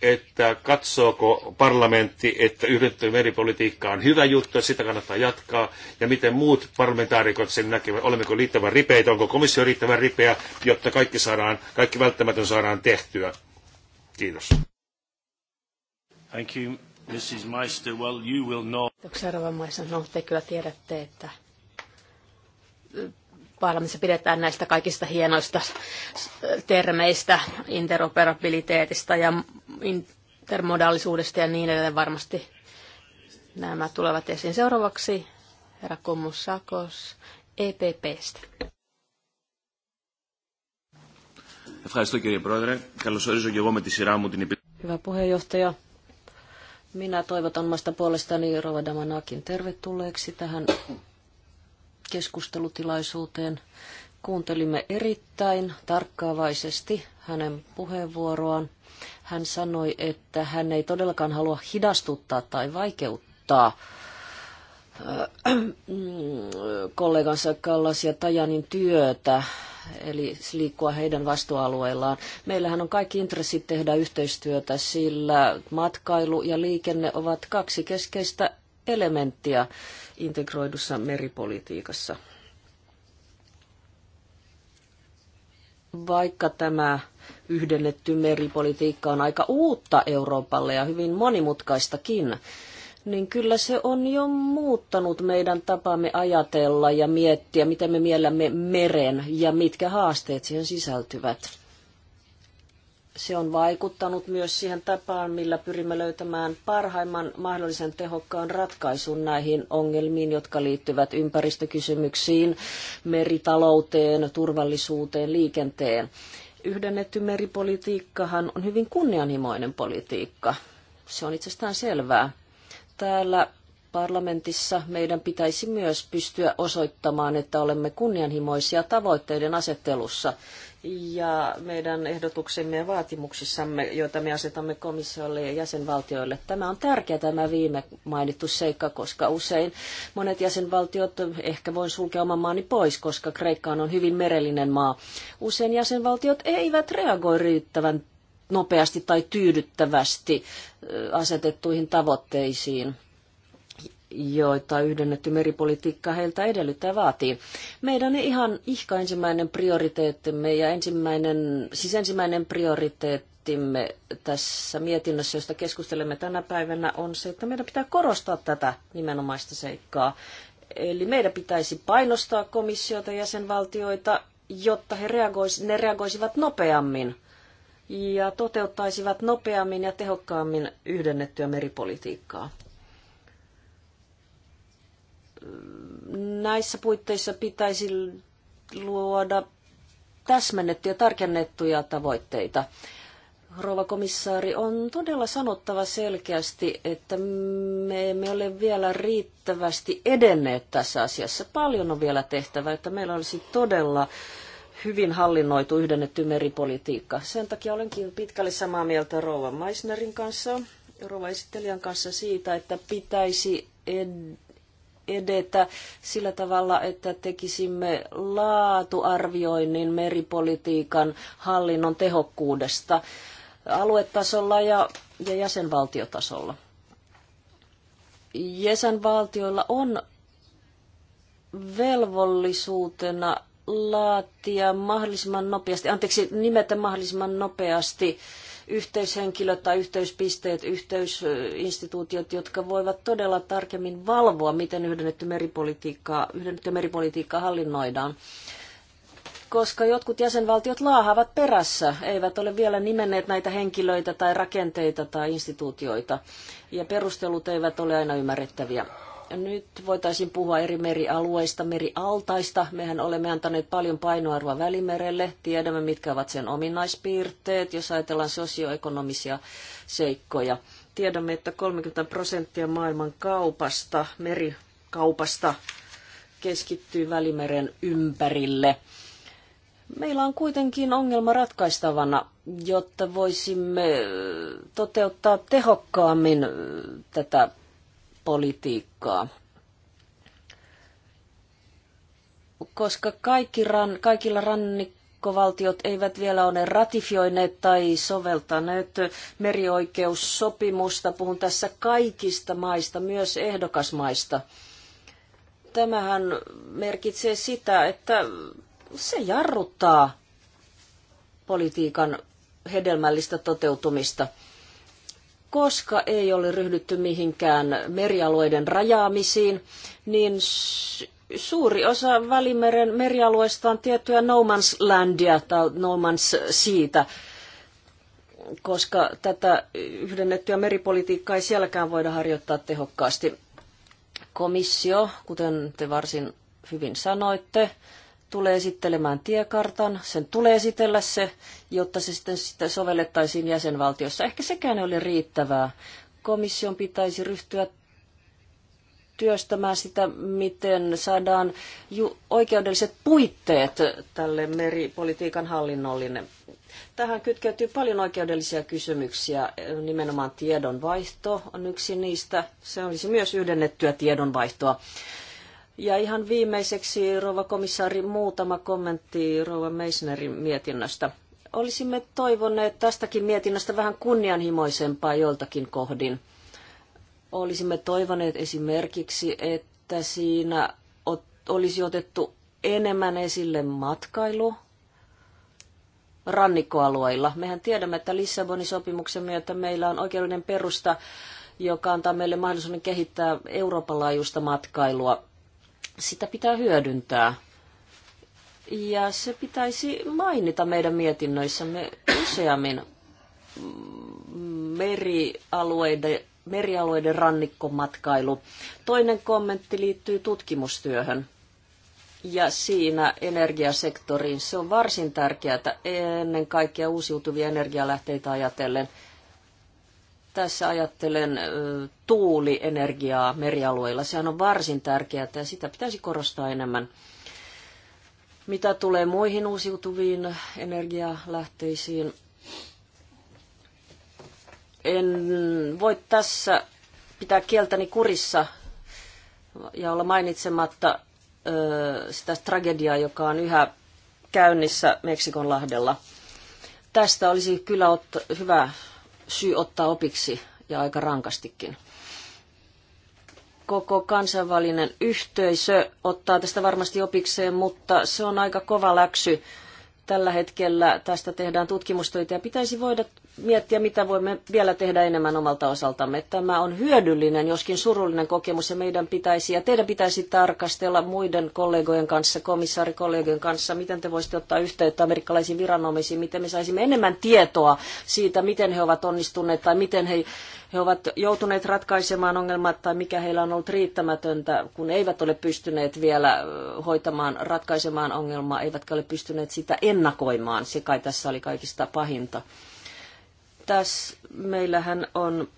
että katsooko parlamentti, että yhdentyy meripolitiikka on hyvä juttu, sitä kannattaa jatkaa, ja miten muut parlamentaarikot sen näkevät, olemmeko riittävän ripeitä, onko komissio riittävän ripeä, jotta kaikki, saadaan, kaikki välttämätön saadaan tehtyä. Kiitos. Thank you. Mrs. Meister, well, you will know. Rova Meister. No, te kyllä tiedätte, että parlamentissa pidetään näistä kaikista hienoista termeistä, interoperabiliteetista ja intermodaalisuudesta ja niin edelleen varmasti nämä tulevat esiin. Seuraavaksi herra Sakos EPPstä. Hyvä puheenjohtaja, minä toivotan omasta puolestani Rova Damanakin tervetulleeksi tähän keskustelutilaisuuteen. Kuuntelimme erittäin tarkkaavaisesti hänen puheenvuoroaan. Hän sanoi, että hän ei todellakaan halua hidastuttaa tai vaikeuttaa äh, kollegansa Kallas ja Tajanin työtä eli liikkua heidän vastuualueillaan. Meillähän on kaikki intressit tehdä yhteistyötä, sillä matkailu ja liikenne ovat kaksi keskeistä elementtiä integroidussa meripolitiikassa. Vaikka tämä yhdennetty meripolitiikka on aika uutta Euroopalle ja hyvin monimutkaistakin, niin kyllä se on jo muuttanut meidän tapamme ajatella ja miettiä, mitä me miellämme meren ja mitkä haasteet siihen sisältyvät. Se on vaikuttanut myös siihen tapaan, millä pyrimme löytämään parhaimman mahdollisen tehokkaan ratkaisun näihin ongelmiin, jotka liittyvät ympäristökysymyksiin, meritalouteen, turvallisuuteen, liikenteen. Yhdennetty meripolitiikkahan on hyvin kunnianhimoinen politiikka. Se on itsestään selvää täällä parlamentissa meidän pitäisi myös pystyä osoittamaan, että olemme kunnianhimoisia tavoitteiden asettelussa ja meidän ehdotuksemme ja vaatimuksissamme, joita me asetamme komissiolle ja jäsenvaltioille. Tämä on tärkeä tämä viime mainittu seikka, koska usein monet jäsenvaltiot, ehkä voin sulkea oman maani pois, koska Kreikka on hyvin merellinen maa. Usein jäsenvaltiot eivät reagoi riittävän nopeasti tai tyydyttävästi asetettuihin tavoitteisiin joita yhdennetty meripolitiikka heiltä edellyttää vaatii. Meidän ihan ihka ensimmäinen prioriteettimme ja ensimmäinen, siis ensimmäinen prioriteettimme tässä mietinnössä, josta keskustelemme tänä päivänä, on se, että meidän pitää korostaa tätä nimenomaista seikkaa. Eli meidän pitäisi painostaa komissiota ja jäsenvaltioita, jotta he ne reagoisivat nopeammin ja toteuttaisivat nopeammin ja tehokkaammin yhdennettyä meripolitiikkaa. Näissä puitteissa pitäisi luoda täsmennettyjä, tarkennettuja tavoitteita. Rouva komissaari, on todella sanottava selkeästi, että me emme ole vielä riittävästi edenneet tässä asiassa. Paljon on vielä tehtävää, että meillä olisi todella äh, hyvin hallinnoitu yhdennetty meripolitiikka. Sen takia olenkin pitkälle samaa mieltä Rouva Meissnerin kanssa, Rouva esittelijän kanssa siitä, että pitäisi edetä sillä tavalla, että tekisimme laatuarvioinnin meripolitiikan hallinnon tehokkuudesta aluetasolla ja, ja jäsenvaltiotasolla. Jäsenvaltioilla on velvollisuutena laatia mahdollisimman nopeasti, anteeksi, nimetä mahdollisimman nopeasti yhteyshenkilöt tai yhteyspisteet, yhteysinstituutiot, jotka voivat todella tarkemmin valvoa, miten yhdennetty meripolitiikkaa, yhdennetty meripolitiikkaa hallinnoidaan. Koska jotkut jäsenvaltiot laahaavat perässä, eivät ole vielä nimenneet näitä henkilöitä tai rakenteita tai instituutioita, ja perustelut eivät ole aina ymmärrettäviä. Nyt voitaisiin puhua eri merialueista, merialtaista. Mehän olemme antaneet paljon painoarvoa Välimerelle. Tiedämme, mitkä ovat sen ominaispiirteet, jos ajatellaan sosioekonomisia seikkoja. Tiedämme, että 30 prosenttia maailman kaupasta, merikaupasta, keskittyy Välimeren ympärille. Meillä on kuitenkin ongelma ratkaistavana, jotta voisimme toteuttaa tehokkaammin tätä politiikkaa. Koska kaikki ran, kaikilla rannikkovaltiot eivät vielä ole ratifioineet tai soveltaneet merioikeussopimusta, puhun tässä kaikista maista, myös ehdokasmaista. Tämähän merkitsee sitä, että se jarruttaa politiikan hedelmällistä toteutumista koska ei ole ryhdytty mihinkään merialueiden rajaamisiin, niin suuri osa Välimeren merialueista on tiettyä no man's landia tai no man's siitä, koska tätä yhdennettyä meripolitiikkaa ei sielläkään voida harjoittaa tehokkaasti. Komissio, kuten te varsin hyvin sanoitte, tulee esittelemään tiekartan, sen tulee esitellä se, jotta se sitten sitä sovellettaisiin jäsenvaltiossa. Ehkä sekään ei ole riittävää. Komission pitäisi ryhtyä työstämään sitä, miten saadaan oikeudelliset puitteet tälle meripolitiikan hallinnollinen. Tähän kytkeytyy paljon oikeudellisia kysymyksiä, nimenomaan tiedonvaihto on yksi niistä. Se olisi myös yhdennettyä tiedonvaihtoa. Ja ihan viimeiseksi, rouva komissaari, muutama kommentti rouva Meisnerin mietinnöstä. Olisimme toivoneet tästäkin mietinnöstä vähän kunnianhimoisempaa joltakin kohdin. Olisimme toivoneet esimerkiksi, että siinä olisi otettu enemmän esille matkailu rannikkoalueilla. Mehän tiedämme, että Lissabonin sopimuksen myötä meillä on oikeudellinen perusta, joka antaa meille mahdollisuuden kehittää Euroopan laajuista matkailua sitä pitää hyödyntää. Ja se pitäisi mainita meidän mietinnöissämme useammin merialueiden, merialueiden rannikkomatkailu. Toinen kommentti liittyy tutkimustyöhön ja siinä energiasektoriin. Se on varsin tärkeää että ennen kaikkea uusiutuvia energialähteitä ajatellen – tässä ajattelen tuulienergiaa merialueilla. Sehän on varsin tärkeää ja sitä pitäisi korostaa enemmän. Mitä tulee muihin uusiutuviin energialähteisiin, en voi tässä pitää kieltäni kurissa ja olla mainitsematta sitä tragediaa, joka on yhä käynnissä Meksikon lahdella. Tästä olisi kyllä hyvä syy ottaa opiksi ja aika rankastikin. Koko kansainvälinen yhteisö ottaa tästä varmasti opikseen, mutta se on aika kova läksy. Tällä hetkellä tästä tehdään tutkimustoita ja pitäisi voida miettiä, mitä voimme vielä tehdä enemmän omalta osaltamme. Tämä on hyödyllinen, joskin surullinen kokemus, ja meidän pitäisi, ja teidän pitäisi tarkastella muiden kollegojen kanssa, komissaarikollegojen kanssa, miten te voisitte ottaa yhteyttä amerikkalaisiin viranomaisiin, miten me saisimme enemmän tietoa siitä, miten he ovat onnistuneet, tai miten he, he ovat joutuneet ratkaisemaan ongelmat, tai mikä heillä on ollut riittämätöntä, kun eivät ole pystyneet vielä hoitamaan, ratkaisemaan ongelmaa, eivätkä ole pystyneet sitä ennakoimaan. Se kai tässä oli kaikista pahinta. Tässä meillähän on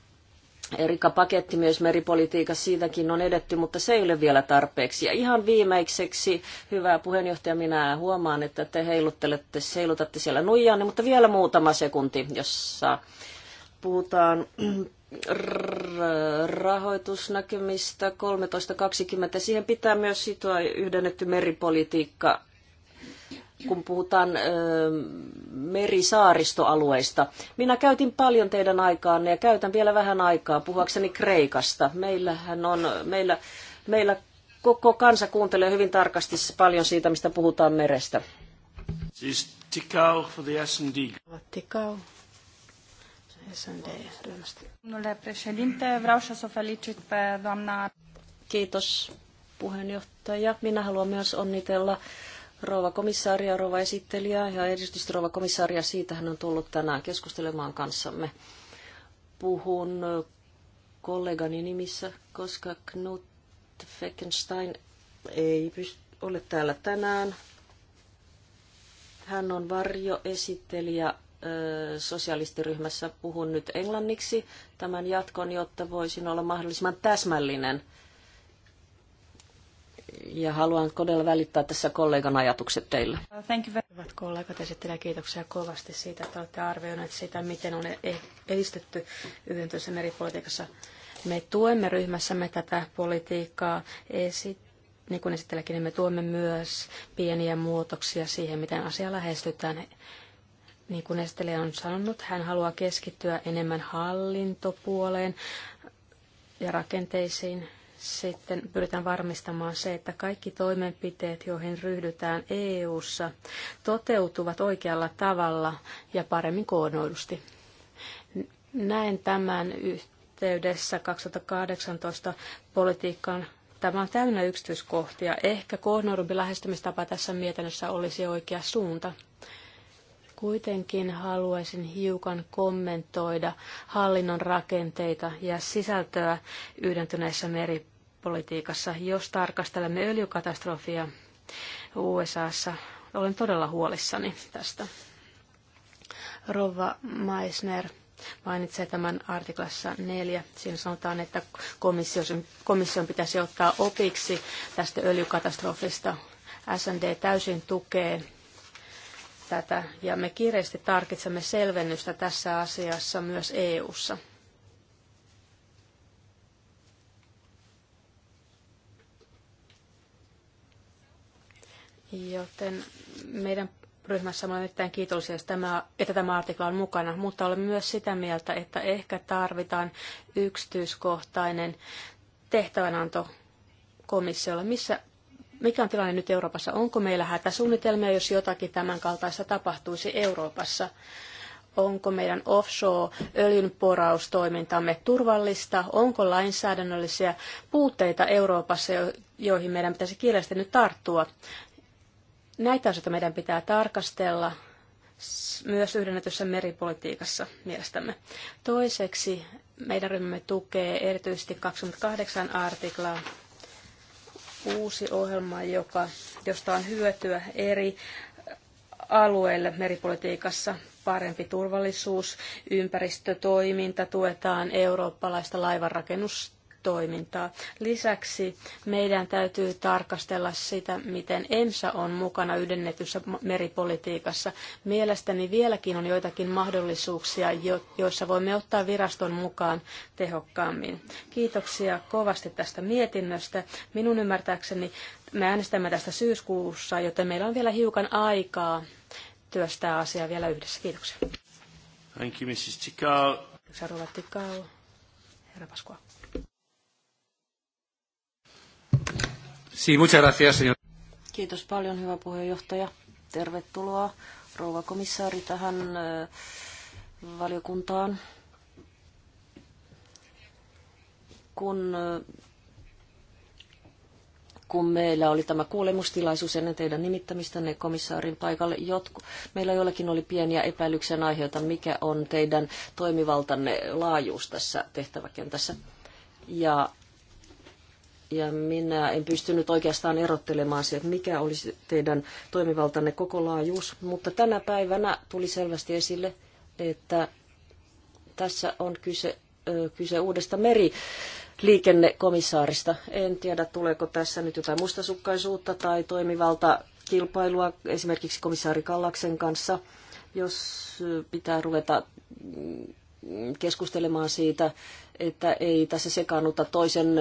Erika paketti myös meripolitiikassa, siitäkin on edetty, mutta se ei ole vielä tarpeeksi. Ja ihan viimeiseksi, hyvä puheenjohtaja, minä huomaan, että te heiluttelette, heilutatte siellä nuijaan, mutta vielä muutama sekunti, jossa puhutaan rahoitusnäkymistä 13.20. Siihen pitää myös sitoa yhdennetty meripolitiikka kun puhutaan ö, merisaaristoalueista. Minä käytin paljon teidän aikaanne ja käytän vielä vähän aikaa puhuakseni Kreikasta. Meillähän on, meillä, meillä koko kansa kuuntelee hyvin tarkasti paljon siitä, mistä puhutaan merestä. Siis Tikau for the S&D. Tikau. sd Kiitos puheenjohtaja. Minä haluan myös onnitella rouva komissaaria, rouva esittelijä ja erityisesti rouva komissaaria. Siitä hän on tullut tänään keskustelemaan kanssamme. Puhun kollegani nimissä, koska Knut Feckenstein ei ole täällä tänään. Hän on varjoesittelijä sosialistiryhmässä. Puhun nyt englanniksi tämän jatkon, jotta voisin olla mahdollisimman täsmällinen – ja haluan todella välittää tässä kollegan ajatukset teille. Thank you. Hyvät kollegat, esittelen kiitoksia kovasti siitä, että olette arvioineet sitä, miten on e- edistetty yhdentyössä meripolitiikassa. Me tuemme ryhmässämme tätä politiikkaa esittää niin kuin esitelläkin, niin me tuomme myös pieniä muutoksia siihen, miten asia lähestytään. Niin kuin Estelle on sanonut, hän haluaa keskittyä enemmän hallintopuoleen ja rakenteisiin sitten pyritään varmistamaan se, että kaikki toimenpiteet, joihin ryhdytään EU-ssa, toteutuvat oikealla tavalla ja paremmin koordinoidusti. Näen tämän yhteydessä 2018 politiikan Tämä on täynnä yksityiskohtia. Ehkä koordinoidumpi lähestymistapa tässä mietinnössä olisi oikea suunta. Kuitenkin haluaisin hiukan kommentoida hallinnon rakenteita ja sisältöä yhdentyneessä meripolitiikassa. Jos tarkastelemme öljykatastrofia USAssa, olen todella huolissani tästä. Rova Meisner mainitsee tämän artiklassa neljä. Siinä sanotaan, että komission, komission pitäisi ottaa opiksi tästä öljykatastrofista. SND täysin tukee tätä ja me kiireesti tarkitsemme selvennystä tässä asiassa myös EU:ssa. Joten meidän ryhmässä olemme erittäin kiitollisia, että tämä artikla on mukana, mutta olemme myös sitä mieltä, että ehkä tarvitaan yksityiskohtainen tehtävänanto komissiolla, missä mikä on tilanne nyt Euroopassa? Onko meillä hätäsuunnitelmia, jos jotakin tämän kaltaista tapahtuisi Euroopassa? Onko meidän offshore-öljynporaustoimintamme turvallista? Onko lainsäädännöllisiä puutteita Euroopassa, joihin meidän pitäisi kiireesti nyt tarttua? Näitä asioita meidän pitää tarkastella myös yhdennetyssä meripolitiikassa mielestämme. Toiseksi meidän ryhmämme tukee erityisesti 28 artiklaa uusi ohjelma, joka, josta on hyötyä eri alueille meripolitiikassa parempi turvallisuus, ympäristötoiminta, tuetaan eurooppalaista laivanrakennusta toimintaa. Lisäksi meidän täytyy tarkastella sitä, miten EMSA on mukana yhdennetyssä meripolitiikassa. Mielestäni vieläkin on joitakin mahdollisuuksia, joissa voimme ottaa viraston mukaan tehokkaammin. Kiitoksia kovasti tästä mietinnöstä. Minun ymmärtääkseni me äänestämme tästä syyskuussa, joten meillä on vielä hiukan aikaa työstää asiaa vielä yhdessä. Kiitoksia. Thank you, Mrs. Tikau. Herra Pasqua. Sí, muchas gracias, señor. Kiitos paljon, hyvä puheenjohtaja. Tervetuloa rouva komissaari tähän valiokuntaan. Kun, kun meillä oli tämä kuulemustilaisuus ennen teidän nimittämistänne komissaarin paikalle, jotku, meillä jollakin oli pieniä epäilyksen aiheita, mikä on teidän toimivaltanne laajuus tässä tehtäväkentässä. Ja ja minä en pystynyt oikeastaan erottelemaan se, että mikä olisi teidän toimivaltanne koko laajuus, mutta tänä päivänä tuli selvästi esille, että tässä on kyse, kyse uudesta meri liikennekomissaarista. En tiedä, tuleeko tässä nyt jotain mustasukkaisuutta tai toimivalta kilpailua esimerkiksi komissaari Kallaksen kanssa, jos pitää ruveta keskustelemaan siitä, että ei tässä sekaannuta toisen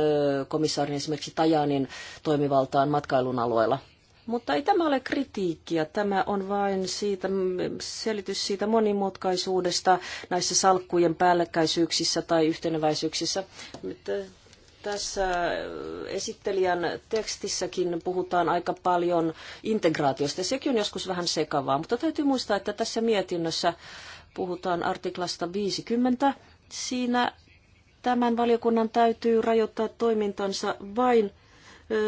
komissaarin esimerkiksi Tajanin toimivaltaan matkailun alueella. Mutta ei tämä ole kritiikkiä, tämä on vain siitä, selitys siitä monimutkaisuudesta näissä salkkujen päällekkäisyyksissä tai yhteneväisyyksissä. Tässä esittelijän tekstissäkin puhutaan aika paljon integraatiosta. Sekin on joskus vähän sekavaa, mutta täytyy muistaa, että tässä mietinnössä puhutaan artiklasta 50. Siinä tämän valiokunnan täytyy rajoittaa toimintansa vain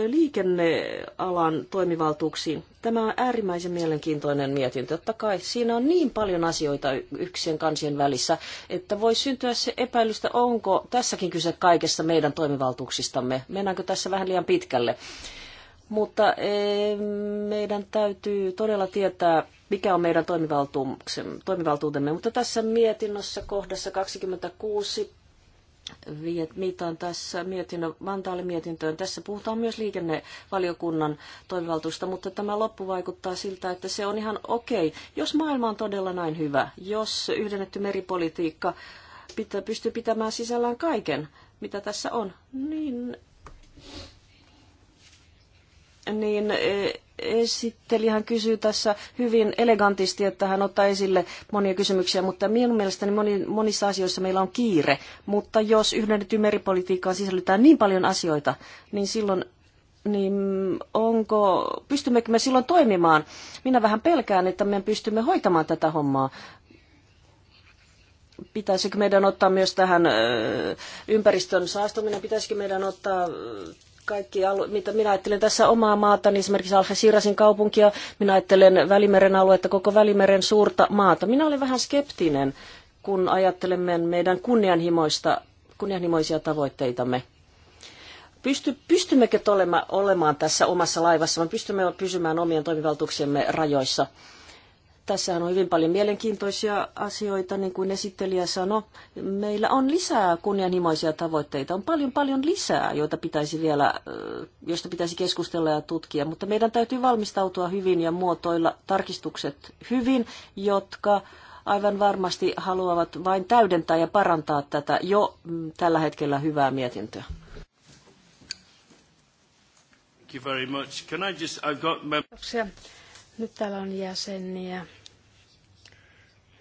liikennealan toimivaltuuksiin. Tämä on äärimmäisen mielenkiintoinen mietintö. Totta kai siinä on niin paljon asioita yksien kansien välissä, että voi syntyä se epäilystä, onko tässäkin kyse kaikista meidän toimivaltuuksistamme. Mennäänkö tässä vähän liian pitkälle? Mutta meidän täytyy todella tietää, mikä on meidän toimivaltuutemme. Mutta tässä mietinnössä kohdassa 26 viitaan tässä mietinnön, Vantaalle mietintöön. Tässä puhutaan myös liikennevaliokunnan toimivaltuusta, mutta tämä loppu vaikuttaa siltä, että se on ihan okei. Okay. Jos maailma on todella näin hyvä, jos yhdennetty meripolitiikka pitää, pystyy pitämään sisällään kaiken, mitä tässä on, niin, niin eh, esittelijähän kysyy tässä hyvin elegantisti, että hän ottaa esille monia kysymyksiä, mutta minun mielestäni moni, monissa asioissa meillä on kiire. Mutta jos yhdennettyyn meripolitiikkaan sisällytään niin paljon asioita, niin silloin niin onko, pystymmekö me silloin toimimaan? Minä vähän pelkään, että me pystymme hoitamaan tätä hommaa pitäisikö meidän ottaa myös tähän ympäristön saastuminen, pitäisikö meidän ottaa kaikki alue, mitä minä ajattelen tässä omaa maata, niin esimerkiksi Sirasin kaupunkia, minä ajattelen Välimeren aluetta, koko Välimeren suurta maata. Minä olen vähän skeptinen, kun ajattelemme meidän kunnianhimoista, kunnianhimoisia tavoitteitamme. Pysty, pystymmekö olema, olemaan tässä omassa laivassa, vai pystymme pysymään omien toimivaltuuksiemme rajoissa? Tässä on hyvin paljon mielenkiintoisia asioita, niin kuin esittelijä sanoi. Meillä on lisää kunnianhimoisia tavoitteita, on paljon paljon lisää, joita pitäisi vielä, joista pitäisi keskustella ja tutkia, mutta meidän täytyy valmistautua hyvin ja muotoilla tarkistukset hyvin, jotka aivan varmasti haluavat vain täydentää ja parantaa tätä jo mm, tällä hetkellä hyvää mietintöä. Thank you very much. Can I just, I've got... Nyt täällä on jäseniä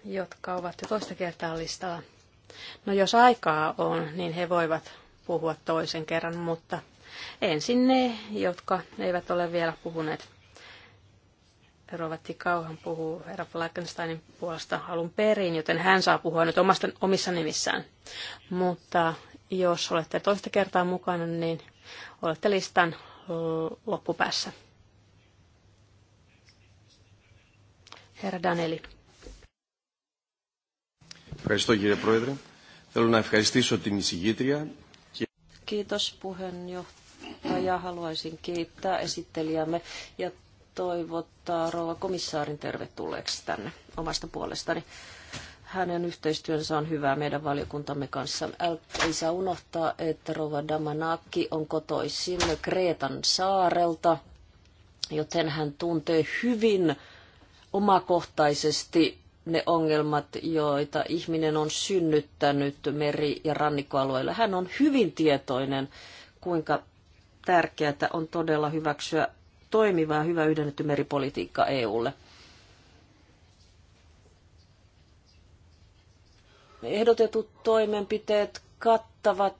jotka ovat jo toista kertaa listalla. No jos aikaa on, niin he voivat puhua toisen kerran, mutta ensin ne, jotka eivät ole vielä puhuneet. Rovatti Kauhan puhuu herra Blackensteinin puolesta alun perin, joten hän saa puhua nyt omasta, omissa nimissään. Mutta jos olette toista kertaa mukana, niin olette listan loppupäässä. Herra Daneli. Ευχαριστώ κύριε Πρόεδρε. Θέλω να ευχαριστήσω την εισηγήτρια. Kiitos puheenjohtaja. Haluaisin kiittää esittelijämme ja toivottaa rouva komissaarin tervetulleeksi tänne omasta puolestani. Hänen yhteistyönsä on hyvää meidän valiokuntamme kanssa. Äl, ei saa unohtaa, että rouva Damanaki on kotoisin Kreetan saarelta, joten hän tuntee hyvin omakohtaisesti ne ongelmat, joita ihminen on synnyttänyt meri- ja rannikkoalueilla. Hän on hyvin tietoinen, kuinka tärkeää on todella hyväksyä toimivaa hyvä yhdennetty meripolitiikka EUlle. Ehdotetut toimenpiteet kattavat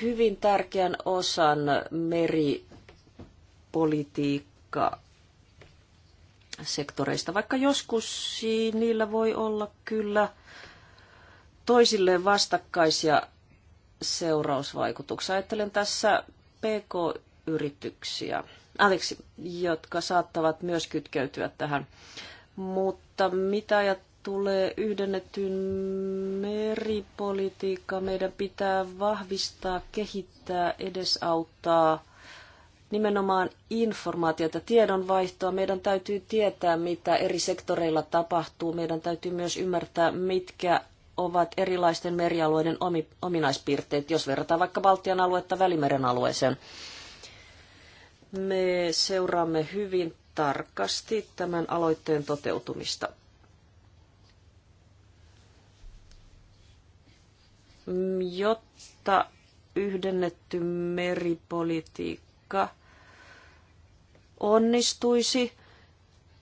hyvin tärkeän osan meripolitiikkaa sektoreista, vaikka joskus niillä voi olla kyllä toisilleen vastakkaisia seurausvaikutuksia. Ajattelen tässä PK-yrityksiä, anteeksi, jotka saattavat myös kytkeytyä tähän. Mutta mitä ja tulee yhdennettyyn meripolitiikkaan, meidän pitää vahvistaa, kehittää, edesauttaa nimenomaan informaatiota, tiedonvaihtoa. Meidän täytyy tietää, mitä eri sektoreilla tapahtuu. Meidän täytyy myös ymmärtää, mitkä ovat erilaisten merialueiden omi, ominaispiirteet, jos verrataan vaikka Baltian aluetta Välimeren alueeseen. Me seuraamme hyvin tarkasti tämän aloitteen toteutumista. Jotta yhdennetty meripolitiikka vaikka onnistuisi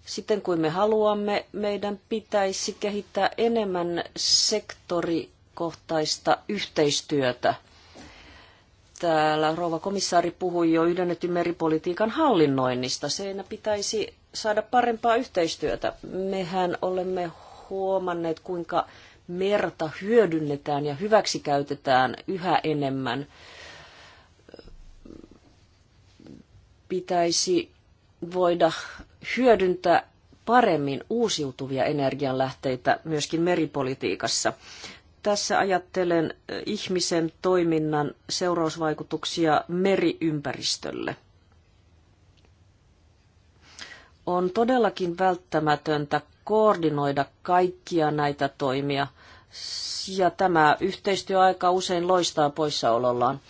siten kuin me haluamme, meidän pitäisi kehittää enemmän sektorikohtaista yhteistyötä. Täällä rouva komissaari puhui jo yhdennetyn meripolitiikan hallinnoinnista. Seinä pitäisi saada parempaa yhteistyötä. Mehän olemme huomanneet, kuinka merta hyödynnetään ja hyväksikäytetään yhä enemmän – pitäisi voida hyödyntää paremmin uusiutuvia energianlähteitä myöskin meripolitiikassa. Tässä ajattelen ihmisen toiminnan seurausvaikutuksia meriympäristölle. On todellakin välttämätöntä koordinoida kaikkia näitä toimia, ja tämä yhteistyöaika usein loistaa poissaolollaan.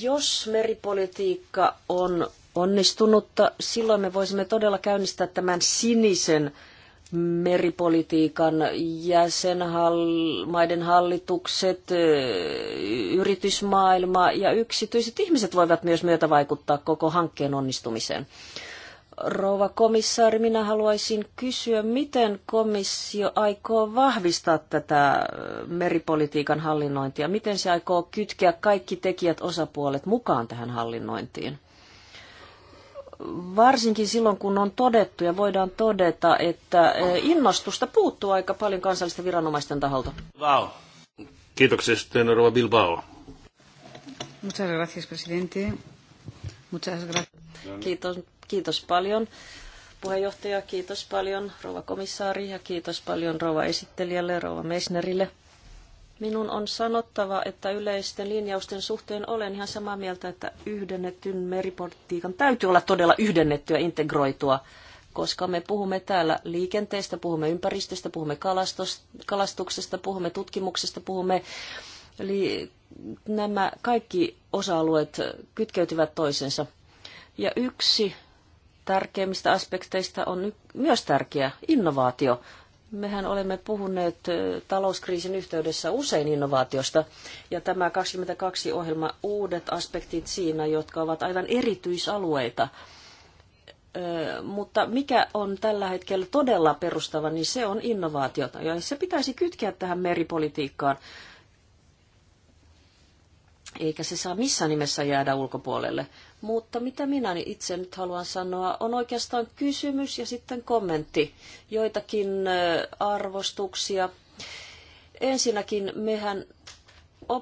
Jos meripolitiikka on onnistunutta, silloin me voisimme todella käynnistää tämän sinisen meripolitiikan jäsenmaiden hallitukset, eh, yritysmaailma ja yksityiset ihmiset voivat myös myötävaikuttaa koko hankkeen onnistumiseen. Rouva komissaari, minä haluaisin kysyä, miten komissio aikoo vahvistaa tätä meripolitiikan hallinnointia? Miten se aikoo kytkeä kaikki tekijät osapuolet mukaan tähän hallinnointiin? Varsinkin silloin, kun on todettu ja voidaan todeta, että innostusta puuttuu aika paljon kansallisten viranomaisten taholta. Wow. Kiitoksia sitten, Rova Bilbao. Muchas gracias, presidente. Muchas gracias. Kiitos Kiitos paljon puheenjohtaja, kiitos paljon rouva komissaari ja kiitos paljon rouva esittelijälle, rouva Meisnerille. Minun on sanottava, että yleisten linjausten suhteen olen ihan samaa mieltä, että yhdennetyn meripolitiikan täytyy olla todella yhdennettyä, integroitua, koska me puhumme täällä liikenteestä, puhumme ympäristöstä, puhumme kalastuksesta, puhumme tutkimuksesta, puhumme Eli nämä kaikki osa-alueet kytkeytyvät toisensa. Ja yksi tärkeimmistä aspekteista on myös tärkeä innovaatio. Mehän olemme puhuneet talouskriisin yhteydessä usein innovaatiosta, ja tämä 22-ohjelma uudet aspektit siinä, jotka ovat aivan erityisalueita. Mutta mikä on tällä hetkellä todella perustava, niin se on innovaatiota, ja se pitäisi kytkeä tähän meripolitiikkaan, eikä se saa missään nimessä jäädä ulkopuolelle. Mutta mitä minä niin itse nyt haluan sanoa, on oikeastaan kysymys ja sitten kommentti, joitakin arvostuksia. Ensinnäkin mehän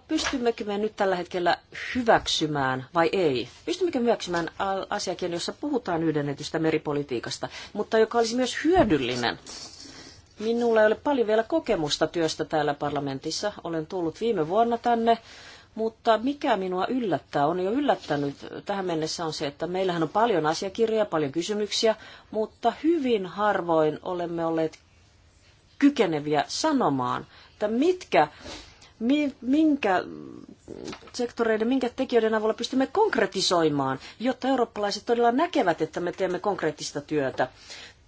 pystymmekö me nyt tällä hetkellä hyväksymään vai ei? Pystymmekö hyväksymään asiakirjan, jossa puhutaan yhdennetystä meripolitiikasta, mutta joka olisi myös hyödyllinen? Minulla ei ole paljon vielä kokemusta työstä täällä parlamentissa. Olen tullut viime vuonna tänne mutta mikä minua yllättää, on jo yllättänyt tähän mennessä on se, että meillähän on paljon asiakirjoja, paljon kysymyksiä, mutta hyvin harvoin olemme olleet kykeneviä sanomaan, että mitkä, minkä sektoreiden, minkä tekijöiden avulla pystymme konkretisoimaan, jotta eurooppalaiset todella näkevät, että me teemme konkreettista työtä.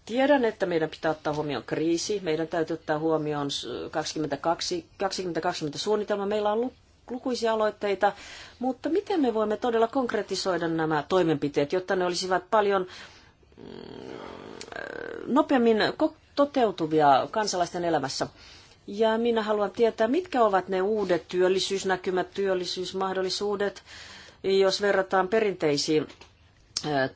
Tiedän, että meidän pitää ottaa huomioon kriisi, meidän täytyy ottaa huomioon 2020, 2020 suunnitelma. Meillä on ollut lukuisia aloitteita, mutta miten me voimme todella konkretisoida nämä toimenpiteet, jotta ne olisivat paljon mm, nopeammin toteutuvia kansalaisten elämässä? Ja minä haluan tietää, mitkä ovat ne uudet työllisyysnäkymät, työllisyysmahdollisuudet, jos verrataan perinteisiin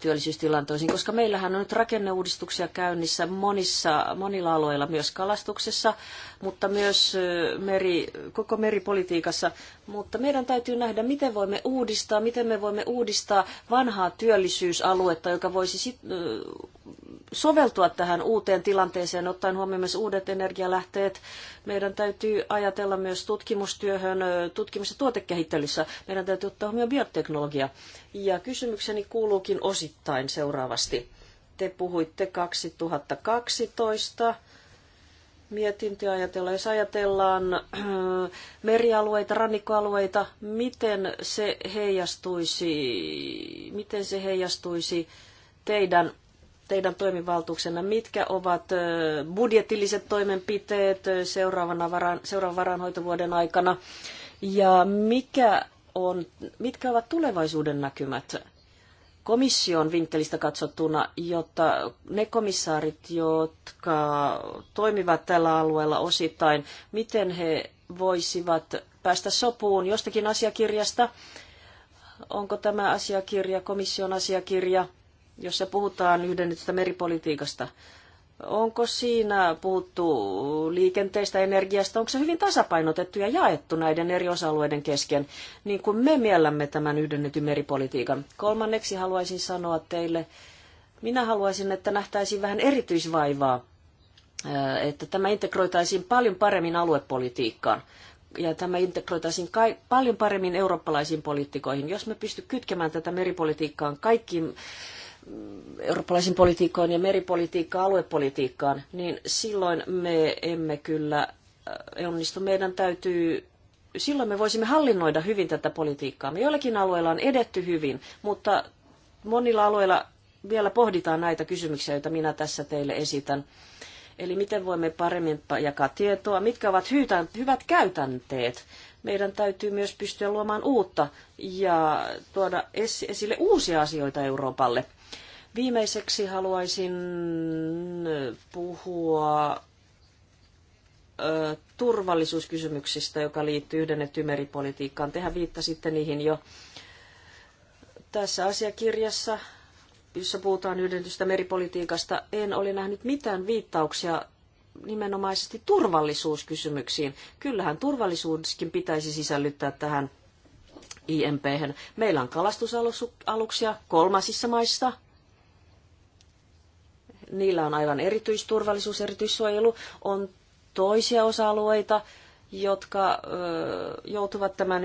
työllisyystilanteisiin, koska meillähän on nyt rakenneuudistuksia käynnissä monissa, monilla aloilla, myös kalastuksessa, mutta myös meri, koko meripolitiikassa. Mutta meidän täytyy nähdä, miten voimme uudistaa, miten me voimme uudistaa vanhaa työllisyysaluetta, joka voisi sit, soveltua tähän uuteen tilanteeseen, ottaen huomioon myös uudet energialähteet. Meidän täytyy ajatella myös tutkimustyöhön, tutkimus- ja tuotekehittelyssä. Meidän täytyy ottaa huomioon bioteknologia. Ja kysymykseni kuuluukin osittain seuraavasti. Te puhuitte 2012 mietintöä ajatella. Jos ajatellaan merialueita, rannikkoalueita, miten se heijastuisi, miten se heijastuisi teidän teidän toimivaltuuksena, mitkä ovat budjetilliset toimenpiteet seuraavana varan, seuraavan varanhoitovuoden aikana ja mikä on, mitkä ovat tulevaisuuden näkymät komission vinkkelistä katsottuna, jotta ne komissaarit, jotka toimivat tällä alueella osittain, miten he voisivat päästä sopuun jostakin asiakirjasta, onko tämä asiakirja komission asiakirja, jossa puhutaan yhdennetystä meripolitiikasta. Onko siinä puhuttu liikenteestä, energiasta, onko se hyvin tasapainotettu ja jaettu näiden eri osa-alueiden kesken, niin kuin me miellämme tämän yhdennetyn meripolitiikan? Kolmanneksi haluaisin sanoa teille, minä haluaisin, että nähtäisiin vähän erityisvaivaa, että tämä integroitaisiin paljon paremmin aluepolitiikkaan ja tämä integroitaisiin paljon paremmin eurooppalaisiin poliittikoihin. Jos me pysty kytkemään tätä meripolitiikkaan kaikkiin eurooppalaisiin politiikkaan ja meripolitiikkaan, aluepolitiikkaan, niin silloin me emme kyllä äh, onnistu. Meidän täytyy silloin me voisimme hallinnoida hyvin tätä politiikkaa. Me joillakin alueilla on edetty hyvin, mutta monilla alueilla vielä pohditaan näitä kysymyksiä, joita minä tässä teille esitän. Eli miten voimme paremmin jakaa tietoa, mitkä ovat hyvät käytänteet. Meidän täytyy myös pystyä luomaan uutta ja tuoda esille uusia asioita Euroopalle – Viimeiseksi haluaisin puhua turvallisuuskysymyksistä, joka liittyy yhden tymeripolitiikkaan. Tehän viittasitte niihin jo tässä asiakirjassa, jossa puhutaan yhdentystä meripolitiikasta. En ole nähnyt mitään viittauksia nimenomaisesti turvallisuuskysymyksiin. Kyllähän turvallisuuskin pitäisi sisällyttää tähän IMP. -hän. Meillä on kalastusaluksia kolmasissa maissa, niillä on aivan erityisturvallisuus, erityissuojelu. On toisia osa-alueita, jotka ö, joutuvat tämän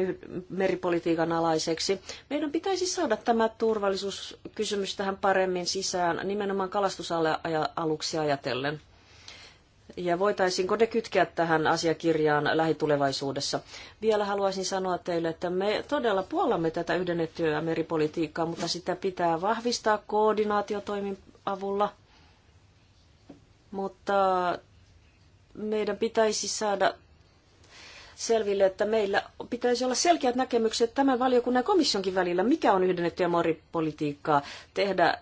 meripolitiikan alaiseksi. Meidän pitäisi saada tämä turvallisuuskysymys tähän paremmin sisään, nimenomaan kalastusaluksia ajatellen. Ja voitaisiinko ne kytkeä tähän asiakirjaan lähitulevaisuudessa? Vielä haluaisin sanoa teille, että me todella puolamme tätä yhdennettyä meripolitiikkaa, mutta sitä pitää vahvistaa koordinaatiotoimin avulla – mutta meidän pitäisi saada selville, että meillä pitäisi olla selkeät näkemykset tämän valiokunnan ja komissionkin välillä, mikä on yhdennettyä moripolitiikkaa, tehdä ö,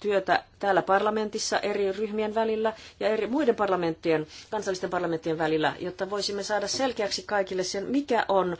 työtä täällä parlamentissa eri ryhmien välillä ja eri muiden parlamenttien, kansallisten parlamenttien välillä, jotta voisimme saada selkeäksi kaikille sen, mikä on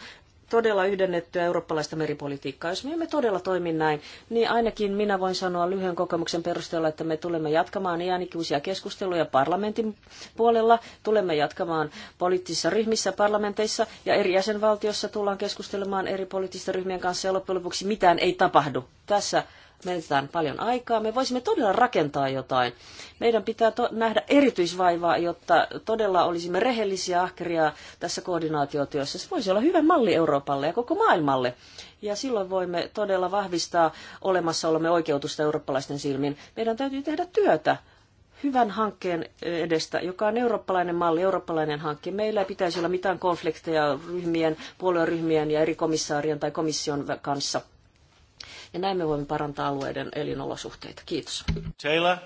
todella yhdennettyä eurooppalaista meripolitiikkaa. Jos me emme todella toimi näin, niin ainakin minä voin sanoa lyhyen kokemuksen perusteella, että me tulemme jatkamaan iänikuisia keskusteluja parlamentin puolella, tulemme jatkamaan poliittisissa ryhmissä, parlamenteissa ja eri jäsenvaltiossa tullaan keskustelemaan eri poliittisten ryhmien kanssa ja loppujen lopuksi mitään ei tapahdu. Tässä menetetään paljon aikaa. Me voisimme todella rakentaa jotain. Meidän pitää nähdä erityisvaivaa, jotta todella olisimme rehellisiä ahkeria tässä koordinaatiotyössä. Se voisi olla hyvä malli Euroopalle ja koko maailmalle. Ja silloin voimme todella vahvistaa olemassaolomme oikeutusta eurooppalaisten silmin. Meidän täytyy tehdä työtä hyvän hankkeen edestä, joka on eurooppalainen malli, eurooppalainen hankke. Meillä ei pitäisi olla mitään konflikteja ryhmien, puolueryhmien ja eri komissaarien tai komission kanssa – ja näin me voimme parantaa alueiden elinolosuhteita. Kiitos. Taylor.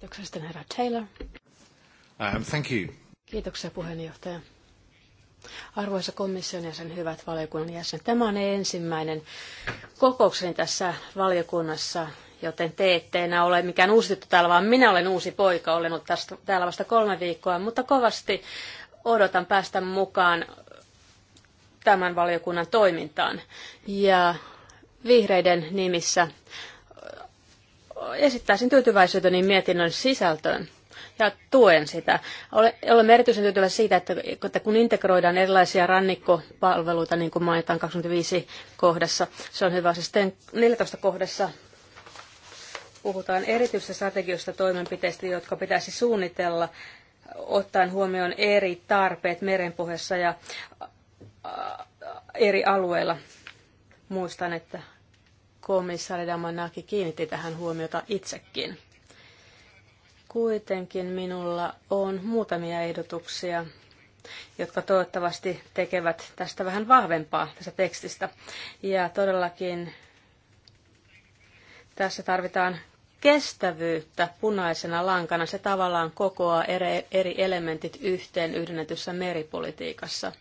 Kiitoksia herra Taylor. Um, thank you. Kiitoksia puheenjohtaja. Arvoisa komission jäsen, hyvät valiokunnan jäsenet, tämä on ensimmäinen kokoukseni tässä valiokunnassa, joten te ette enää ole mikään uusi tyttö täällä, vaan minä olen uusi poika, olen ollut tästä, täällä vasta kolme viikkoa, mutta kovasti odotan päästä mukaan tämän valiokunnan toimintaan. Ja vihreiden nimissä esittäisin tyytyväisyyteni mietinnön sisältöön ja tuen sitä. Olemme erityisen tyytyväisiä siitä, että kun integroidaan erilaisia rannikkopalveluita, niin kuin mainitaan 25 kohdassa, se on hyvä. Sitten siis 14 kohdassa puhutaan erityisestä strategioista toimenpiteistä, jotka pitäisi suunnitella ottaen huomioon eri tarpeet merenpohjassa ja eri alueilla. Muistan, että komissaari Damanaki kiinnitti tähän huomiota itsekin. Kuitenkin minulla on muutamia ehdotuksia, jotka toivottavasti tekevät tästä vähän vahvempaa tästä tekstistä. Ja todellakin tässä tarvitaan kestävyyttä punaisena lankana. Se tavallaan kokoaa eri, elementit yhteen yhdennetyssä meripolitiikassa –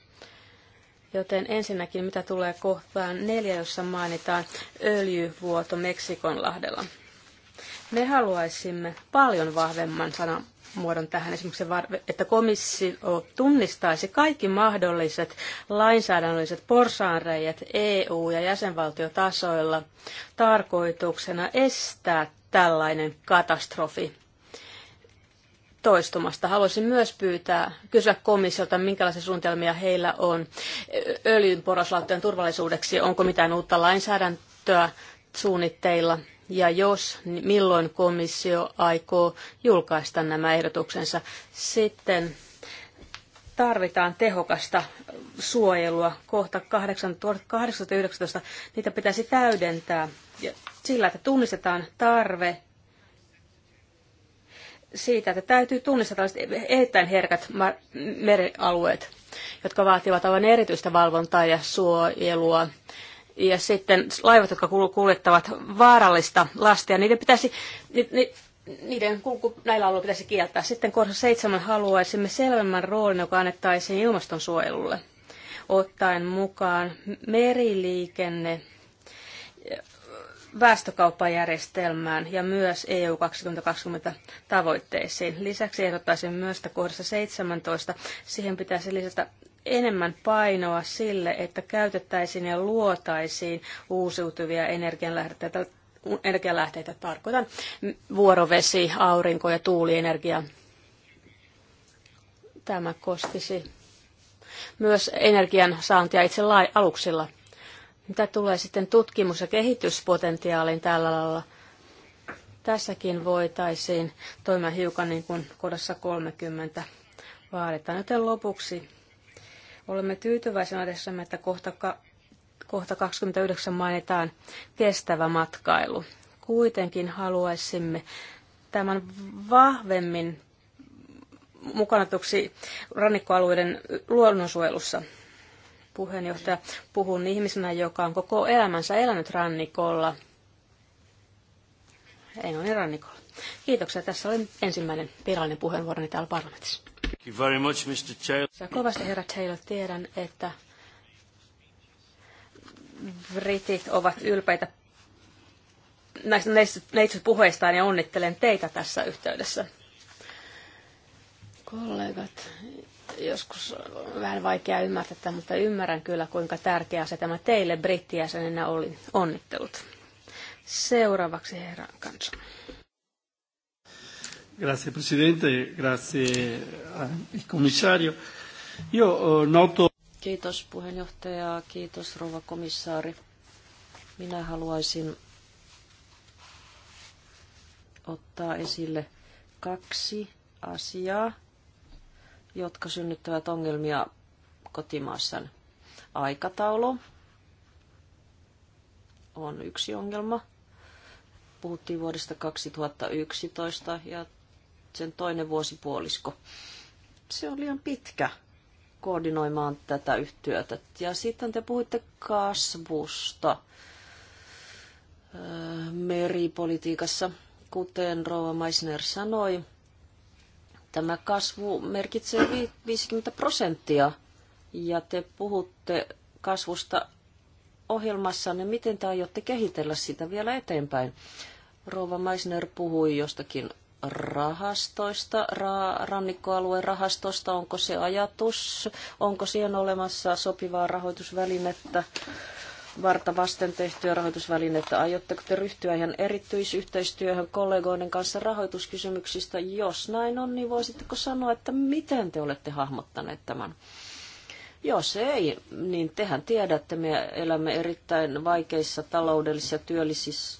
Joten ensinnäkin, mitä tulee kohtaan neljä, jossa mainitaan öljyvuoto Meksikonlahdella. Me haluaisimme paljon vahvemman sanan muodon tähän esimerkiksi, että komissio tunnistaisi kaikki mahdolliset lainsäädännölliset porsaanreijät EU- ja jäsenvaltiotasoilla tarkoituksena estää tällainen katastrofi toistumasta. Haluaisin myös pyytää, kysyä komissiolta, minkälaisia suunnitelmia heillä on öljynporaslauttojen turvallisuudeksi. Onko mitään uutta lainsäädäntöä suunnitteilla? Ja jos, niin milloin komissio aikoo julkaista nämä ehdotuksensa? Sitten tarvitaan tehokasta suojelua. Kohta 1819 niitä pitäisi täydentää sillä, että tunnistetaan tarve siitä, että täytyy tunnistaa tällaiset erittäin herkät merialueet, jotka vaativat aivan erityistä valvontaa ja suojelua. Ja sitten laivat, jotka kuljettavat vaarallista lastia, niiden pitäisi, ni, ni, niiden kulku näillä alueilla pitäisi kieltää. Sitten kohdassa seitsemän haluaisimme selvemmän roolin, joka annettaisiin ilmastonsuojelulle, ottaen mukaan meriliikenne väestökauppajärjestelmään ja myös EU 2020 tavoitteisiin. Lisäksi ehdottaisin myös, että kohdassa 17 siihen pitäisi lisätä enemmän painoa sille, että käytettäisiin ja luotaisiin uusiutuvia energianlähteitä, energianlähteitä tarkoitan vuorovesi, aurinko- ja tuulienergia. Tämä koskisi myös energian saantia itse aluksilla. Mitä tulee sitten tutkimus- ja kehityspotentiaaliin tällä lailla? Tässäkin voitaisiin toimia hiukan niin kuin kodassa 30 vaaditaan. Joten lopuksi olemme tyytyväisiä edessä, että kohta, kohta 29 mainitaan kestävä matkailu. Kuitenkin haluaisimme tämän vahvemmin mukanatuksi rannikkoalueiden luonnonsuojelussa puheenjohtaja. Puhun ihmisenä, joka on koko elämänsä elänyt rannikolla. ole no niin, rannikolla. Kiitoksia. Tässä oli ensimmäinen virallinen puheenvuoroni täällä parlamentissa. Thank you very much, Mr. Taylor. Ja kovasti, herra Taylor, tiedän, että britit ovat ylpeitä näistä neitsytpuheistaan ja onnittelen teitä tässä yhteydessä. Kollegat, joskus vähän vaikea ymmärtää mutta ymmärrän kyllä, kuinka tärkeä se tämä teille brittijäsenenä oli. Onnittelut. Seuraavaksi herra kanssa. Grazie Presidente, grazie eh, il Commissario. Io eh, noto... Kiitos puheenjohtaja, kiitos rouva komissaari. Minä haluaisin ottaa esille kaksi asiaa jotka synnyttävät ongelmia kotimaassa. Aikataulu on yksi ongelma. Puhuttiin vuodesta 2011 ja sen toinen vuosipuolisko. Se on liian pitkä koordinoimaan tätä yhtiötä. Ja sitten te puhuitte kasvusta öö, meripolitiikassa. Kuten Rova Meissner sanoi, Tämä kasvu merkitsee 50 prosenttia ja te puhutte kasvusta ohjelmassa, niin Miten te aiotte kehitellä sitä vielä eteenpäin? Rova Meisner puhui jostakin rahastoista, ra- rannikkoalueen rahastosta. Onko se ajatus? Onko siihen olemassa sopivaa rahoitusvälinettä? varta vasten tehtyä rahoitusvälinettä. Aiotteko te ryhtyä ihan erityisyhteistyöhön kollegoiden kanssa rahoituskysymyksistä? Jos näin on, niin voisitteko sanoa, että miten te olette hahmottaneet tämän? Jos ei, niin tehän tiedätte, me elämme erittäin vaikeissa taloudellisissa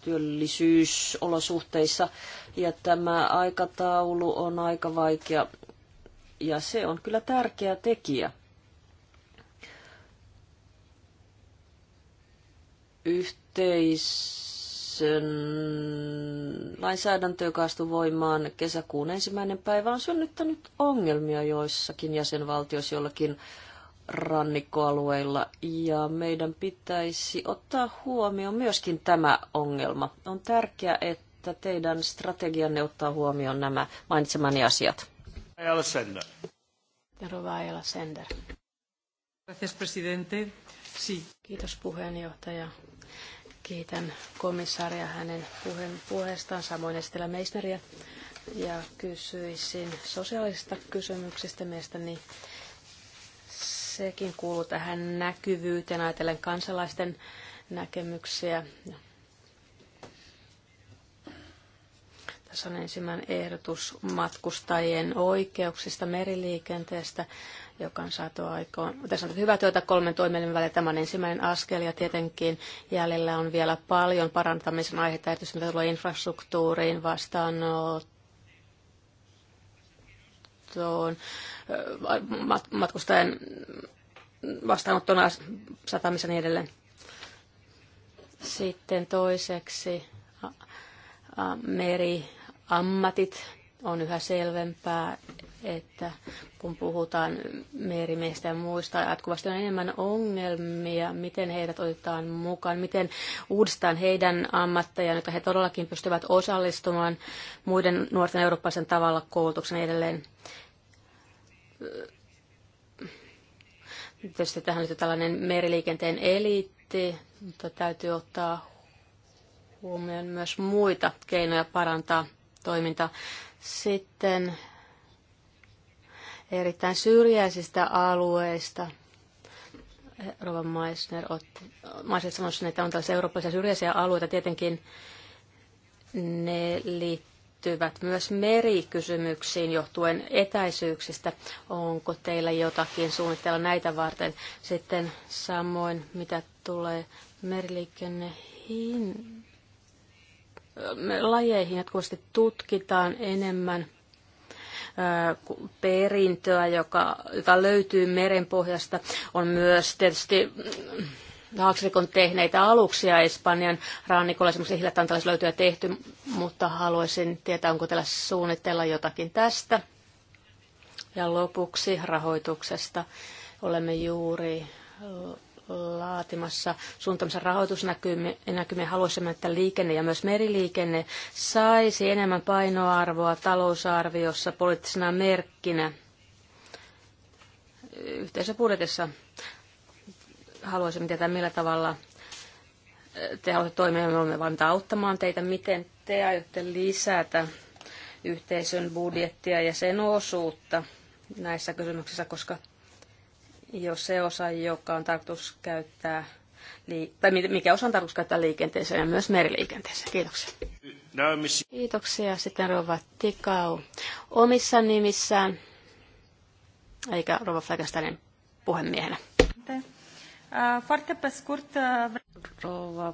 työllisyysolosuhteissa ja tämä aikataulu on aika vaikea ja se on kyllä tärkeä tekijä yhteisön lainsäädäntö, joka astui voimaan kesäkuun ensimmäinen päivä, on synnyttänyt ongelmia joissakin jäsenvaltioissa jollakin rannikkoalueilla ja meidän pitäisi ottaa huomioon myöskin tämä ongelma. On tärkeää, että teidän strategianne ottaa huomioon nämä mainitsemani asiat. Sender. Sender. Gracias, presidente. Kiitos puheenjohtaja. Kiitän komissaaria hänen puheen, puheestaan, samoin Estela Meisneriä. Ja kysyisin sosiaalisista kysymyksistä meistä. Niin Sekin kuuluu tähän näkyvyyteen, ajatellen kansalaisten näkemyksiä. Tässä on ensimmäinen ehdotus matkustajien oikeuksista meriliikenteestä joka on saatu aikaan. Tässä on hyvää työtä kolmen toimielimen välillä. Tämä on ensimmäinen askel ja tietenkin jäljellä on vielä paljon parantamisen aiheita, erityisesti mitä tulee infrastruktuuriin, vastaanottoon, äh, matkustajan vastaanottona satamissa niin edelleen. Sitten toiseksi meri on yhä selvempää, että kun puhutaan merimiestä ja muista, jatkuvasti on enemmän ongelmia, miten heidät otetaan mukaan, miten uudistetaan heidän ammattejaan, jotta he todellakin pystyvät osallistumaan muiden nuorten eurooppalaisen tavalla koulutuksen edelleen. Tietysti tähän nyt tällainen meriliikenteen eliitti, mutta täytyy ottaa huomioon myös muita keinoja parantaa toimintaa. Sitten erittäin syrjäisistä alueista. Rova Meissner, Meissner sanoi, että on tällaisia eurooppalaisia syrjäisiä alueita. Tietenkin ne liittyvät myös merikysymyksiin johtuen etäisyyksistä. Onko teillä jotakin suunnitella näitä varten? Sitten samoin, mitä tulee meriliikenne lajeihin jatkuvasti tutkitaan enemmän perintöä, joka, joka löytyy merenpohjasta. On myös tietysti haaksirikon tehneitä aluksia Espanjan rannikolla, esimerkiksi hiljattain tällaisia löytyä tehty, mutta haluaisin tietää, onko tällä suunnitella jotakin tästä. Ja lopuksi rahoituksesta. Olemme juuri laatimassa suuntamassa rahoitusnäkymiä. Haluaisimme, että liikenne ja myös meriliikenne saisi enemmän painoarvoa talousarviossa poliittisena merkkinä yhteisöbudjetissa. Haluaisimme tietää, millä tavalla te haluatte toimia. Me olemme valmiita auttamaan teitä. Miten te aiotte lisätä yhteisön budjettia ja sen osuutta näissä kysymyksissä, koska jos se osa, joka on tarkoitus käyttää, tai mikä osa on tarkoitus käyttää liikenteeseen ja myös meriliikenteeseen. Kiitoksia. Kiitoksia. Sitten Rova Tikau omissa nimissään, eikä Rova Fleckensteinin puhemiehenä. Äh, äh, rova...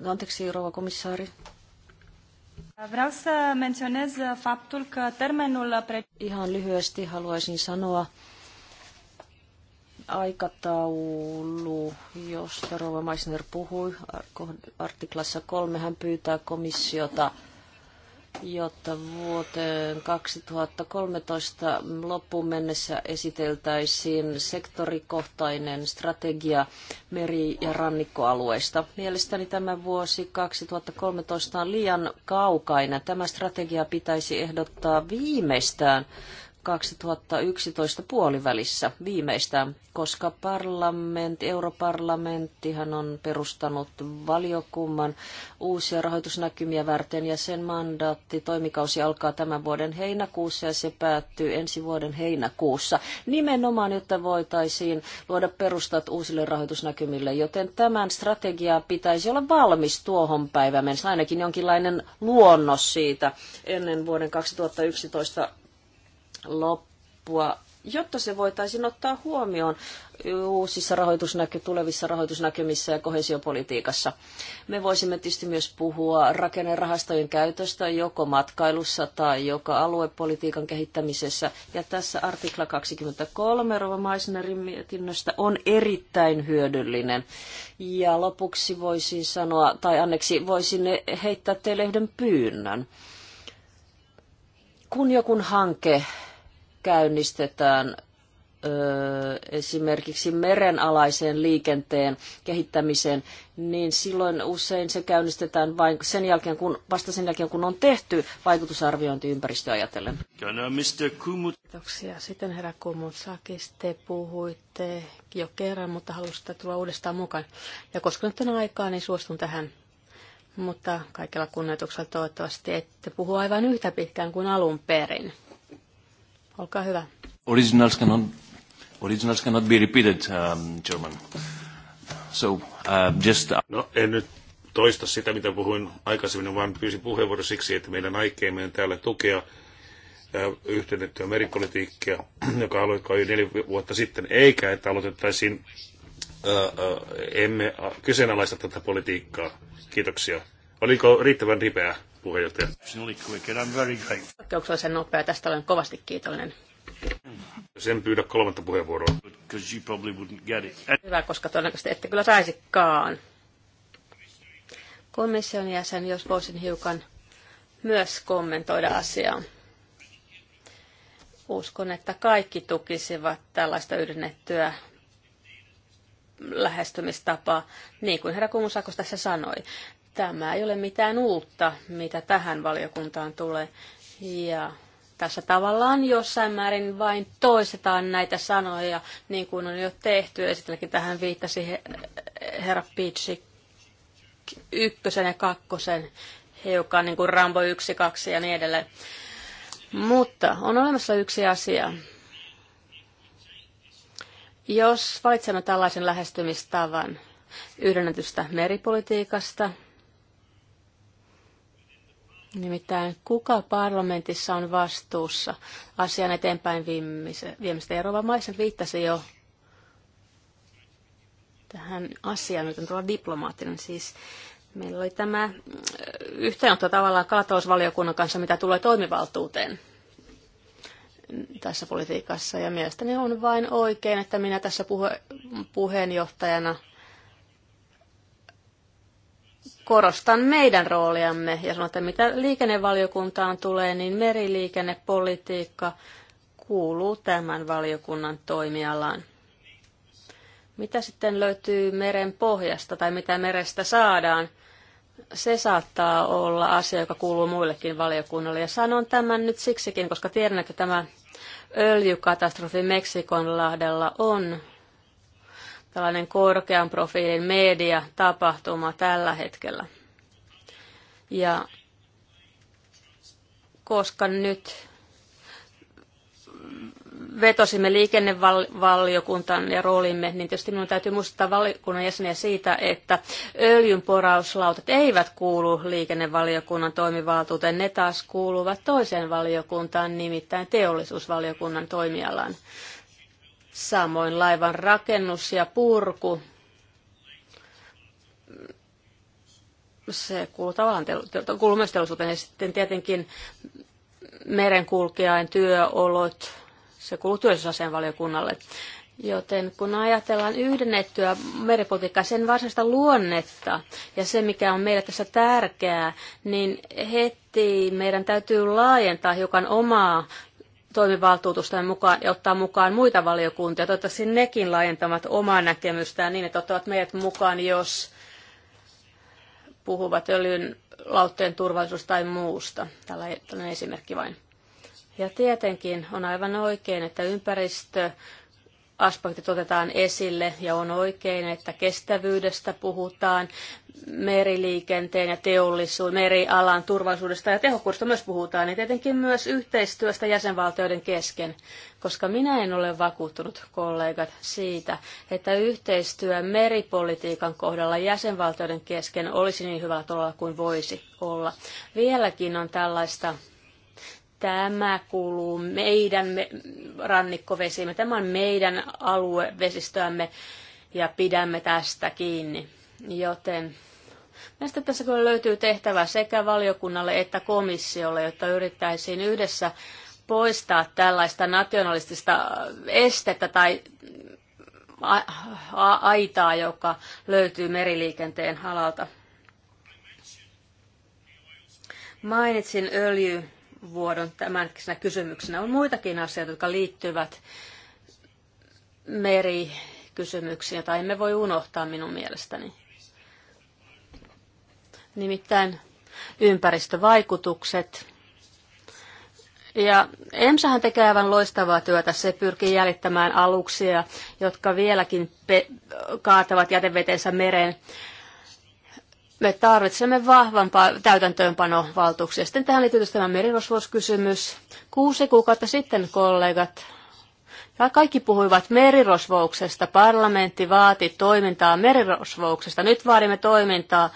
No, anteeksi, Rova komissaari. Äh, vreau să menționez faptul că termenul... Ihan lyhyesti haluaisin sanoa, aikataulu, josta Rova Meissner puhui, artiklassa kolme, hän pyytää komissiota, jotta vuoteen 2013 loppuun mennessä esiteltäisiin sektorikohtainen strategia meri- ja rannikkoalueista. Mielestäni tämä vuosi 2013 on liian kaukainen. Tämä strategia pitäisi ehdottaa viimeistään 2011 puolivälissä viimeistään, koska parlament, europarlamenttihan on perustanut valiokunnan uusia rahoitusnäkymiä varten ja sen mandaatti toimikausi alkaa tämän vuoden heinäkuussa ja se päättyy ensi vuoden heinäkuussa. Nimenomaan, jotta voitaisiin luoda perustat uusille rahoitusnäkymille, joten tämän strategiaa pitäisi olla valmis tuohon päivään mennessä, ainakin jonkinlainen luonnos siitä ennen vuoden 2011 loppua, jotta se voitaisiin ottaa huomioon uusissa rahoitusnäky, tulevissa rahoitusnäkymissä ja kohesiopolitiikassa. Me voisimme tietysti myös puhua rakennerahastojen käytöstä joko matkailussa tai joka aluepolitiikan kehittämisessä. Ja tässä artikla 23 Rova Maisnerin mietinnöstä on erittäin hyödyllinen. Ja lopuksi voisin sanoa, tai anneksi voisin heittää teille yhden pyynnön kun joku hanke käynnistetään esimerkiksi merenalaiseen liikenteen kehittämiseen, niin silloin usein se käynnistetään vain sen jälkeen, kun, vasta sen jälkeen, kun on tehty vaikutusarviointi ympäristöä ajatellen. Kiitoksia. Sitten herra Kumutsakis, te puhuitte jo kerran, mutta halusitte tulla uudestaan mukaan. Ja koska nyt on aikaa, niin suostun tähän. Mutta kaikilla kunnioituksella toivottavasti ette puhu aivan yhtä pitkään kuin alun perin. Olkaa hyvä. Originals cannot, originals cannot be repeated, um, German. So, uh, just... Uh, no, en nyt toista sitä, mitä puhuin aikaisemmin, vaan pyysin puheenvuoron siksi, että meidän aikeemme on täällä tukea uh, yhteydettyä meripolitiikkaa, joka aloittaa jo neljä vuotta sitten, eikä että aloitettaisiin, ää, uh, ää, emme kyseenalaista tätä politiikkaa. Kiitoksia. Oliko riittävän ripeä puheenjohtaja? Poikkeuksellisen nopea. Tästä olen kovasti kiitollinen. Sen pyydä kolmatta puheenvuoroa. Hyvä, koska todennäköisesti ette kyllä saisikaan. Komission jäsen, jos voisin hiukan myös kommentoida asiaa. Uskon, että kaikki tukisivat tällaista yhdennettyä lähestymistapaa, niin kuin herra Kumusakos tässä sanoi. Tämä ei ole mitään uutta, mitä tähän valiokuntaan tulee. Ja tässä tavallaan jossain määrin vain toistetaan näitä sanoja, niin kuin on jo tehty. Esitelläkin tähän viittasi herra Pitsi ykkösen ja kakkosen, on niin kuin Rambo 1, 2 ja niin edelleen. Mutta on olemassa yksi asia. Jos valitsemme tällaisen lähestymistavan yhdennetystä meripolitiikasta, Nimittäin kuka parlamentissa on vastuussa asian eteenpäin viemistä? Ja Rova Maisen viittasi jo tähän asiaan, nyt on tuolla diplomaattinen siis. Meillä oli tämä äh, yhteenotto tavallaan kalatalousvaliokunnan kanssa, mitä tulee toimivaltuuteen tässä politiikassa. Ja mielestäni on vain oikein, että minä tässä puhe, puheenjohtajana – korostan meidän rooliamme ja sanon, että mitä liikennevaliokuntaan tulee, niin meriliikennepolitiikka kuuluu tämän valiokunnan toimialaan. Mitä sitten löytyy meren pohjasta tai mitä merestä saadaan? Se saattaa olla asia, joka kuuluu muillekin valiokunnalle. Ja sanon tämän nyt siksikin, koska tiedän, että tämä öljykatastrofi Meksikon on tällainen korkean profiilin mediatapahtuma tällä hetkellä. Ja koska nyt vetosimme liikennevaliokuntaan ja roolimme, niin tietysti minun täytyy muistuttaa valiokunnan jäseniä siitä, että öljynporauslautat eivät kuulu liikennevaliokunnan toimivaltuuteen. Ne taas kuuluvat toiseen valiokuntaan, nimittäin teollisuusvaliokunnan toimialaan samoin laivan rakennus ja purku. Se kuuluu tavallaan kuuluu ja sitten tietenkin merenkulkijain työolot, se kuuluu työllisyysasian valiokunnalle. Joten kun ajatellaan yhdennettyä meripolitiikkaa, sen varsinaista luonnetta ja se, mikä on meille tässä tärkeää, niin heti meidän täytyy laajentaa hiukan omaa toimivaltuutusten mukaan ja ottaa mukaan muita valiokuntia. Toivottavasti nekin laajentavat omaa näkemystään niin, että ottavat meidät mukaan, jos puhuvat öljyn lautteen turvallisuus tai muusta. Tällainen esimerkki vain. Ja tietenkin on aivan oikein, että ympäristö aspektit otetaan esille ja on oikein, että kestävyydestä puhutaan, meriliikenteen ja teollisuuden, merialan turvallisuudesta ja tehokkuudesta myös puhutaan, ja tietenkin myös yhteistyöstä jäsenvaltioiden kesken, koska minä en ole vakuuttunut, kollegat, siitä, että yhteistyö meripolitiikan kohdalla jäsenvaltioiden kesken olisi niin hyvällä tolalla kuin voisi olla. Vieläkin on tällaista tämä kuuluu meidän rannikkovesiimme, tämä on meidän aluevesistöämme ja pidämme tästä kiinni. Joten Näistä tässä kyllä löytyy tehtävä sekä valiokunnalle että komissiolle, jotta yrittäisiin yhdessä poistaa tällaista nationalistista estettä tai aitaa, joka löytyy meriliikenteen halalta. Mainitsin öljy- vuodon tämän kysymyksenä. On muitakin asioita, jotka liittyvät merikysymyksiin, tai emme voi unohtaa minun mielestäni. Nimittäin ympäristövaikutukset. Ja EMSAhan tekee aivan loistavaa työtä. Se pyrkii jäljittämään aluksia, jotka vieläkin kaatavat jätevetensä mereen me tarvitsemme vahvampaa täytäntöönpanovaltuuksia. Sitten tähän liittyy tämä merirosvouskysymys. Kuusi kuukautta sitten kollegat ja kaikki puhuivat merirosvouksesta. Parlamentti vaati toimintaa merirosvouksesta. Nyt vaadimme toimintaa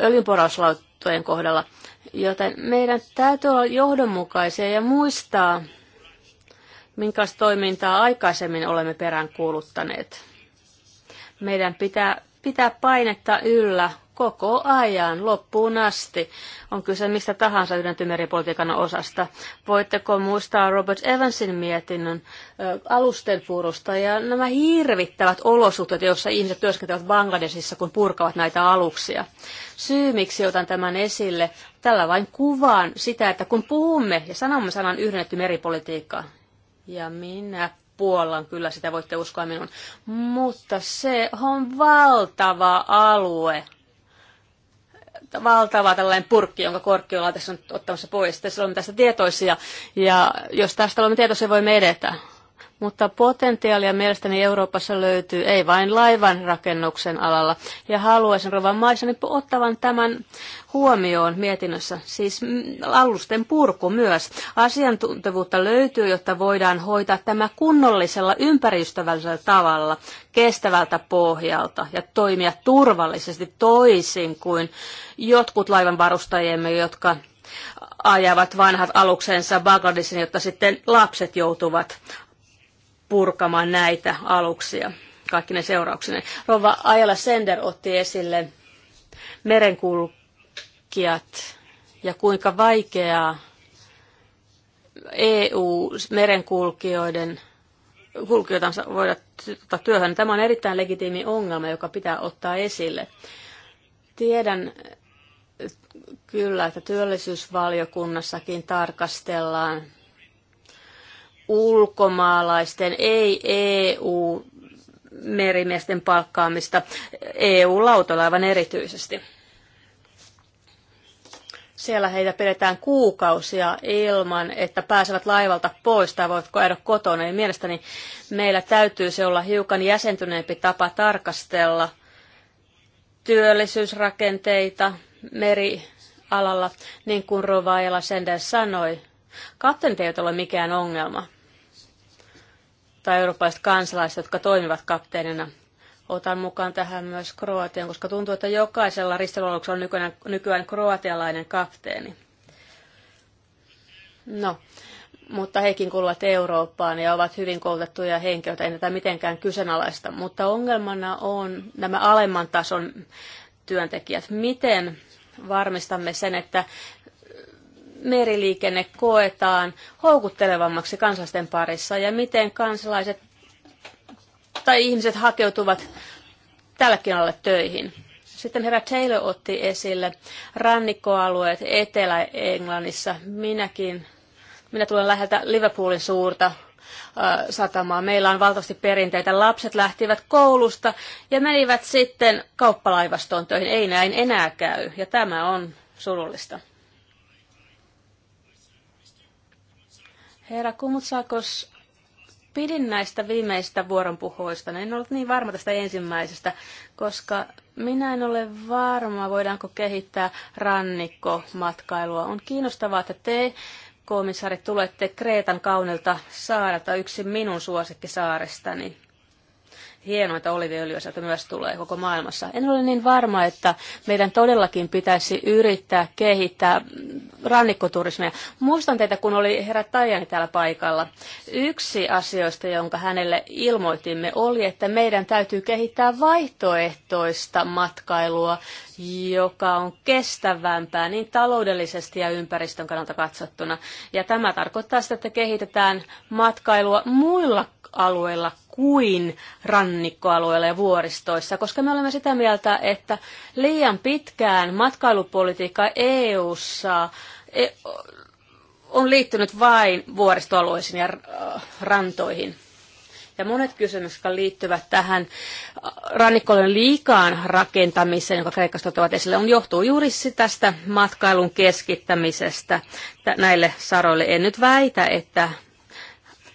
öljynporauslauttojen kohdalla. Joten meidän täytyy olla johdonmukaisia ja muistaa, minkälaista toimintaa aikaisemmin olemme peräänkuuluttaneet. Meidän pitää pitää painetta yllä koko ajan loppuun asti. On kyse mistä tahansa ydintymäripolitiikan osasta. Voitteko muistaa Robert Evansin mietinnön alusten purusta ja nämä hirvittävät olosuhteet, joissa ihmiset työskentelevät Bangladesissa, kun purkavat näitä aluksia. Syy, miksi otan tämän esille, tällä vain kuvaan sitä, että kun puhumme ja sanomme sanan yhdennetty meripolitiikka, ja minä puollan, kyllä sitä voitte uskoa minun. Mutta se on valtava alue, valtava tällainen purkki, jonka korkki ollaan tässä nyt ottamassa pois. Tässä olemme tästä tietoisia, ja jos tästä olemme tietoisia, voimme edetä mutta potentiaalia mielestäni Euroopassa löytyy ei vain laivan rakennuksen alalla. Ja haluaisin Rovan maisani ottavan tämän huomioon mietinnössä, siis mm, alusten purku myös. Asiantuntevuutta löytyy, jotta voidaan hoitaa tämä kunnollisella ympäristövällisellä tavalla kestävältä pohjalta ja toimia turvallisesti toisin kuin jotkut laivan varustajiemme, jotka ajavat vanhat aluksensa Bagladisin, jotta sitten lapset joutuvat purkamaan näitä aluksia kaikki ne seurauksineen. Rova Ajala Sender otti esille merenkulkijat ja kuinka vaikeaa EU-merenkulkijoiden kulkijoita voida ottaa työhön. Tämä on erittäin legitiimi ongelma, joka pitää ottaa esille. Tiedän eh, kyllä, että työllisyysvaliokunnassakin tarkastellaan ulkomaalaisten, ei EU merimiesten palkkaamista eu lautalaivan erityisesti. Siellä heitä pidetään kuukausia ilman, että pääsevät laivalta pois tai voitko jäädä kotona. Niin mielestäni meillä täytyy se olla hiukan jäsentyneempi tapa tarkastella työllisyysrakenteita merialalla, niin kuin Rovaajala Sender sanoi. Kapteenit eivät ole mikään ongelma tai eurooppalaiset kansalaiset, jotka toimivat kapteenina. Otan mukaan tähän myös Kroatian, koska tuntuu, että jokaisella risteilyaluksella on nykyään, nykyään kroatialainen kapteeni. No, mutta hekin kuuluvat Eurooppaan ja ovat hyvin koulutettuja henkilöitä, ei tätä mitenkään kyseenalaista. Mutta ongelmana on nämä alemman tason työntekijät. Miten varmistamme sen, että meriliikenne koetaan houkuttelevammaksi kansalaisten parissa ja miten kansalaiset tai ihmiset hakeutuvat tälläkin alle töihin. Sitten herra Taylor otti esille rannikkoalueet Etelä-Englannissa. Minäkin, minä tulen läheltä Liverpoolin suurta satamaa. Meillä on valtavasti perinteitä. Lapset lähtivät koulusta ja menivät sitten kauppalaivastoon töihin. Ei näin enää käy ja tämä on surullista. Herra Kumutsakos, pidin näistä viimeistä vuoronpuhoista. En ollut niin varma tästä ensimmäisestä, koska minä en ole varma, voidaanko kehittää rannikkomatkailua. On kiinnostavaa, että te, komissaari, tulette Kreetan kaunilta saarelta yksi minun suosikkisaarestani hienoa, että oliviöljyä myös tulee koko maailmassa. En ole niin varma, että meidän todellakin pitäisi yrittää kehittää rannikkoturismia. Muistan teitä, kun oli herra Tajani täällä paikalla. Yksi asioista, jonka hänelle ilmoitimme, oli, että meidän täytyy kehittää vaihtoehtoista matkailua, joka on kestävämpää niin taloudellisesti ja ympäristön kannalta katsottuna. Ja tämä tarkoittaa sitä, että kehitetään matkailua muilla alueilla kuin rannikkoalueilla ja vuoristoissa, koska me olemme sitä mieltä, että liian pitkään matkailupolitiikka EU:ssa e, on liittynyt vain vuoristoalueisiin ja äh, rantoihin. Ja monet kysymykset, jotka liittyvät tähän äh, rannikkoalueen liikaan rakentamiseen, joka Kreikasta tuovat esille, on, johtuu juuri tästä matkailun keskittämisestä näille saroille. En nyt väitä, että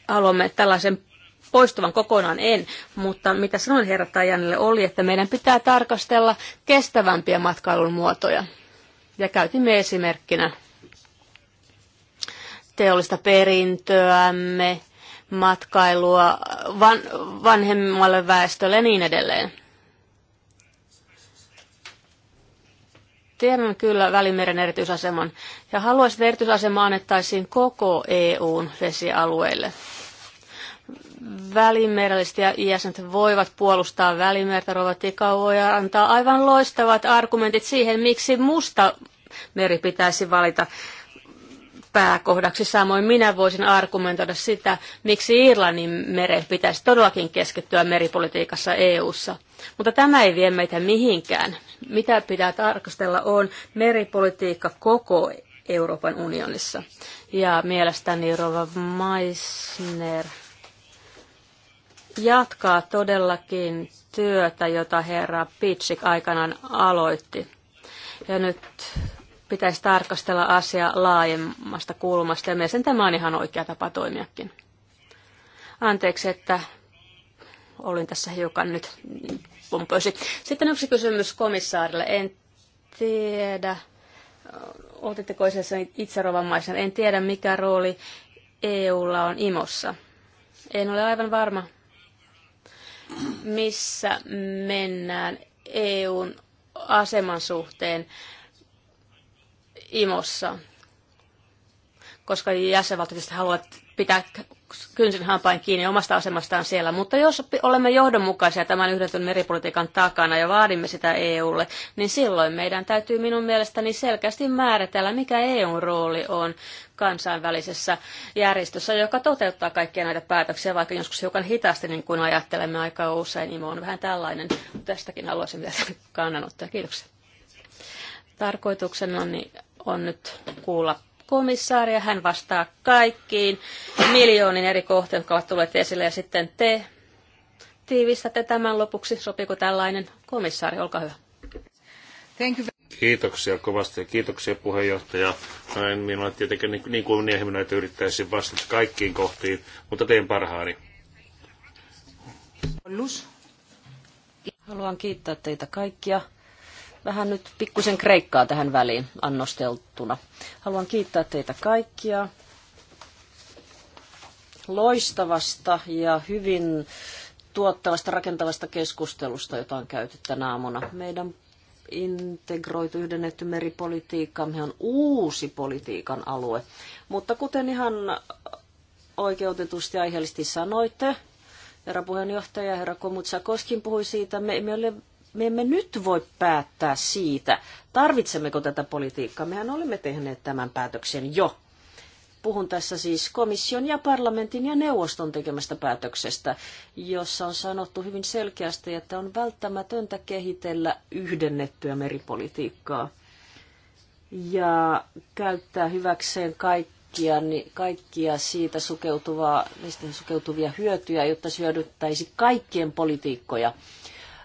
haluamme tällaisen poistuvan kokonaan en, mutta mitä sanoin herra Tajanille oli, että meidän pitää tarkastella kestävämpiä matkailun muotoja. Ja käytimme esimerkkinä teollista perintöämme, matkailua van, vanhemmalle väestölle ja niin edelleen. Tiedän kyllä Välimeren erityisaseman ja haluaisin, että erityisasema annettaisiin koko EUn vesialueille välimerelliset jäsenet voivat puolustaa välimerta. Rova voi antaa aivan loistavat argumentit siihen, miksi musta meri pitäisi valita pääkohdaksi. Samoin minä voisin argumentoida sitä, miksi Irlannin meren pitäisi todellakin keskittyä meripolitiikassa EU:ssa. Mutta tämä ei vie meitä mihinkään. Mitä pitää tarkastella on meripolitiikka koko Euroopan unionissa. Ja mielestäni Rova Meissner jatkaa todellakin työtä, jota herra Pitsik aikanaan aloitti. Ja nyt pitäisi tarkastella asiaa laajemmasta kulmasta, ja mielestäni tämä on ihan oikea tapa toimiakin. Anteeksi, että olin tässä hiukan nyt pompoisi. Sitten yksi kysymys komissaarille. En tiedä, otitteko itserovamaisen, en tiedä mikä rooli EUlla on IMOssa. En ole aivan varma, missä mennään EUn aseman suhteen imossa, koska jäsenvaltiot haluavat pitää kynsin hampain kiinni omasta asemastaan siellä. Mutta jos olemme johdonmukaisia tämän yhdentyn meripolitiikan takana ja vaadimme sitä EUlle, niin silloin meidän täytyy minun mielestäni selkeästi määritellä, mikä EUn rooli on kansainvälisessä järjestössä, joka toteuttaa kaikkia näitä päätöksiä, vaikka joskus hiukan hitaasti, niin kuin ajattelemme aika usein. niin on vähän tällainen. Tästäkin haluaisin vielä kannanottaa Kiitoksia. Tarkoituksena niin on nyt kuulla komissaari ja hän vastaa kaikkiin miljoonin eri kohteen, jotka ovat tulleet esille. Ja sitten te tiivistätte tämän lopuksi. Sopiiko tällainen komissaari? Olkaa hyvä. Thank you. Kiitoksia kovasti ja kiitoksia puheenjohtaja. No en minulla tietenkin niin, niin, kuin minä näitä yrittäisin vastata kaikkiin kohtiin, mutta teen parhaani. Haluan kiittää teitä kaikkia vähän nyt pikkusen kreikkaa tähän väliin annosteltuna. Haluan kiittää teitä kaikkia loistavasta ja hyvin tuottavasta, rakentavasta keskustelusta, jota on käyty tänä aamuna. Meidän integroitu, yhdennetty meripolitiikka on uusi politiikan alue. Mutta kuten ihan oikeutetusti aiheellisesti sanoitte, herra puheenjohtaja, herra Komutsa Koskin puhui siitä, me emme ole me emme nyt voi päättää siitä, tarvitsemmeko tätä politiikkaa. Mehän olemme tehneet tämän päätöksen jo. Puhun tässä siis komission ja parlamentin ja neuvoston tekemästä päätöksestä, jossa on sanottu hyvin selkeästi, että on välttämätöntä kehitellä yhdennettyä meripolitiikkaa ja käyttää hyväkseen kaikkia, niin kaikkia siitä sukeutuvaa, sukeutuvia hyötyjä, jotta se hyödyttäisi kaikkien politiikkoja –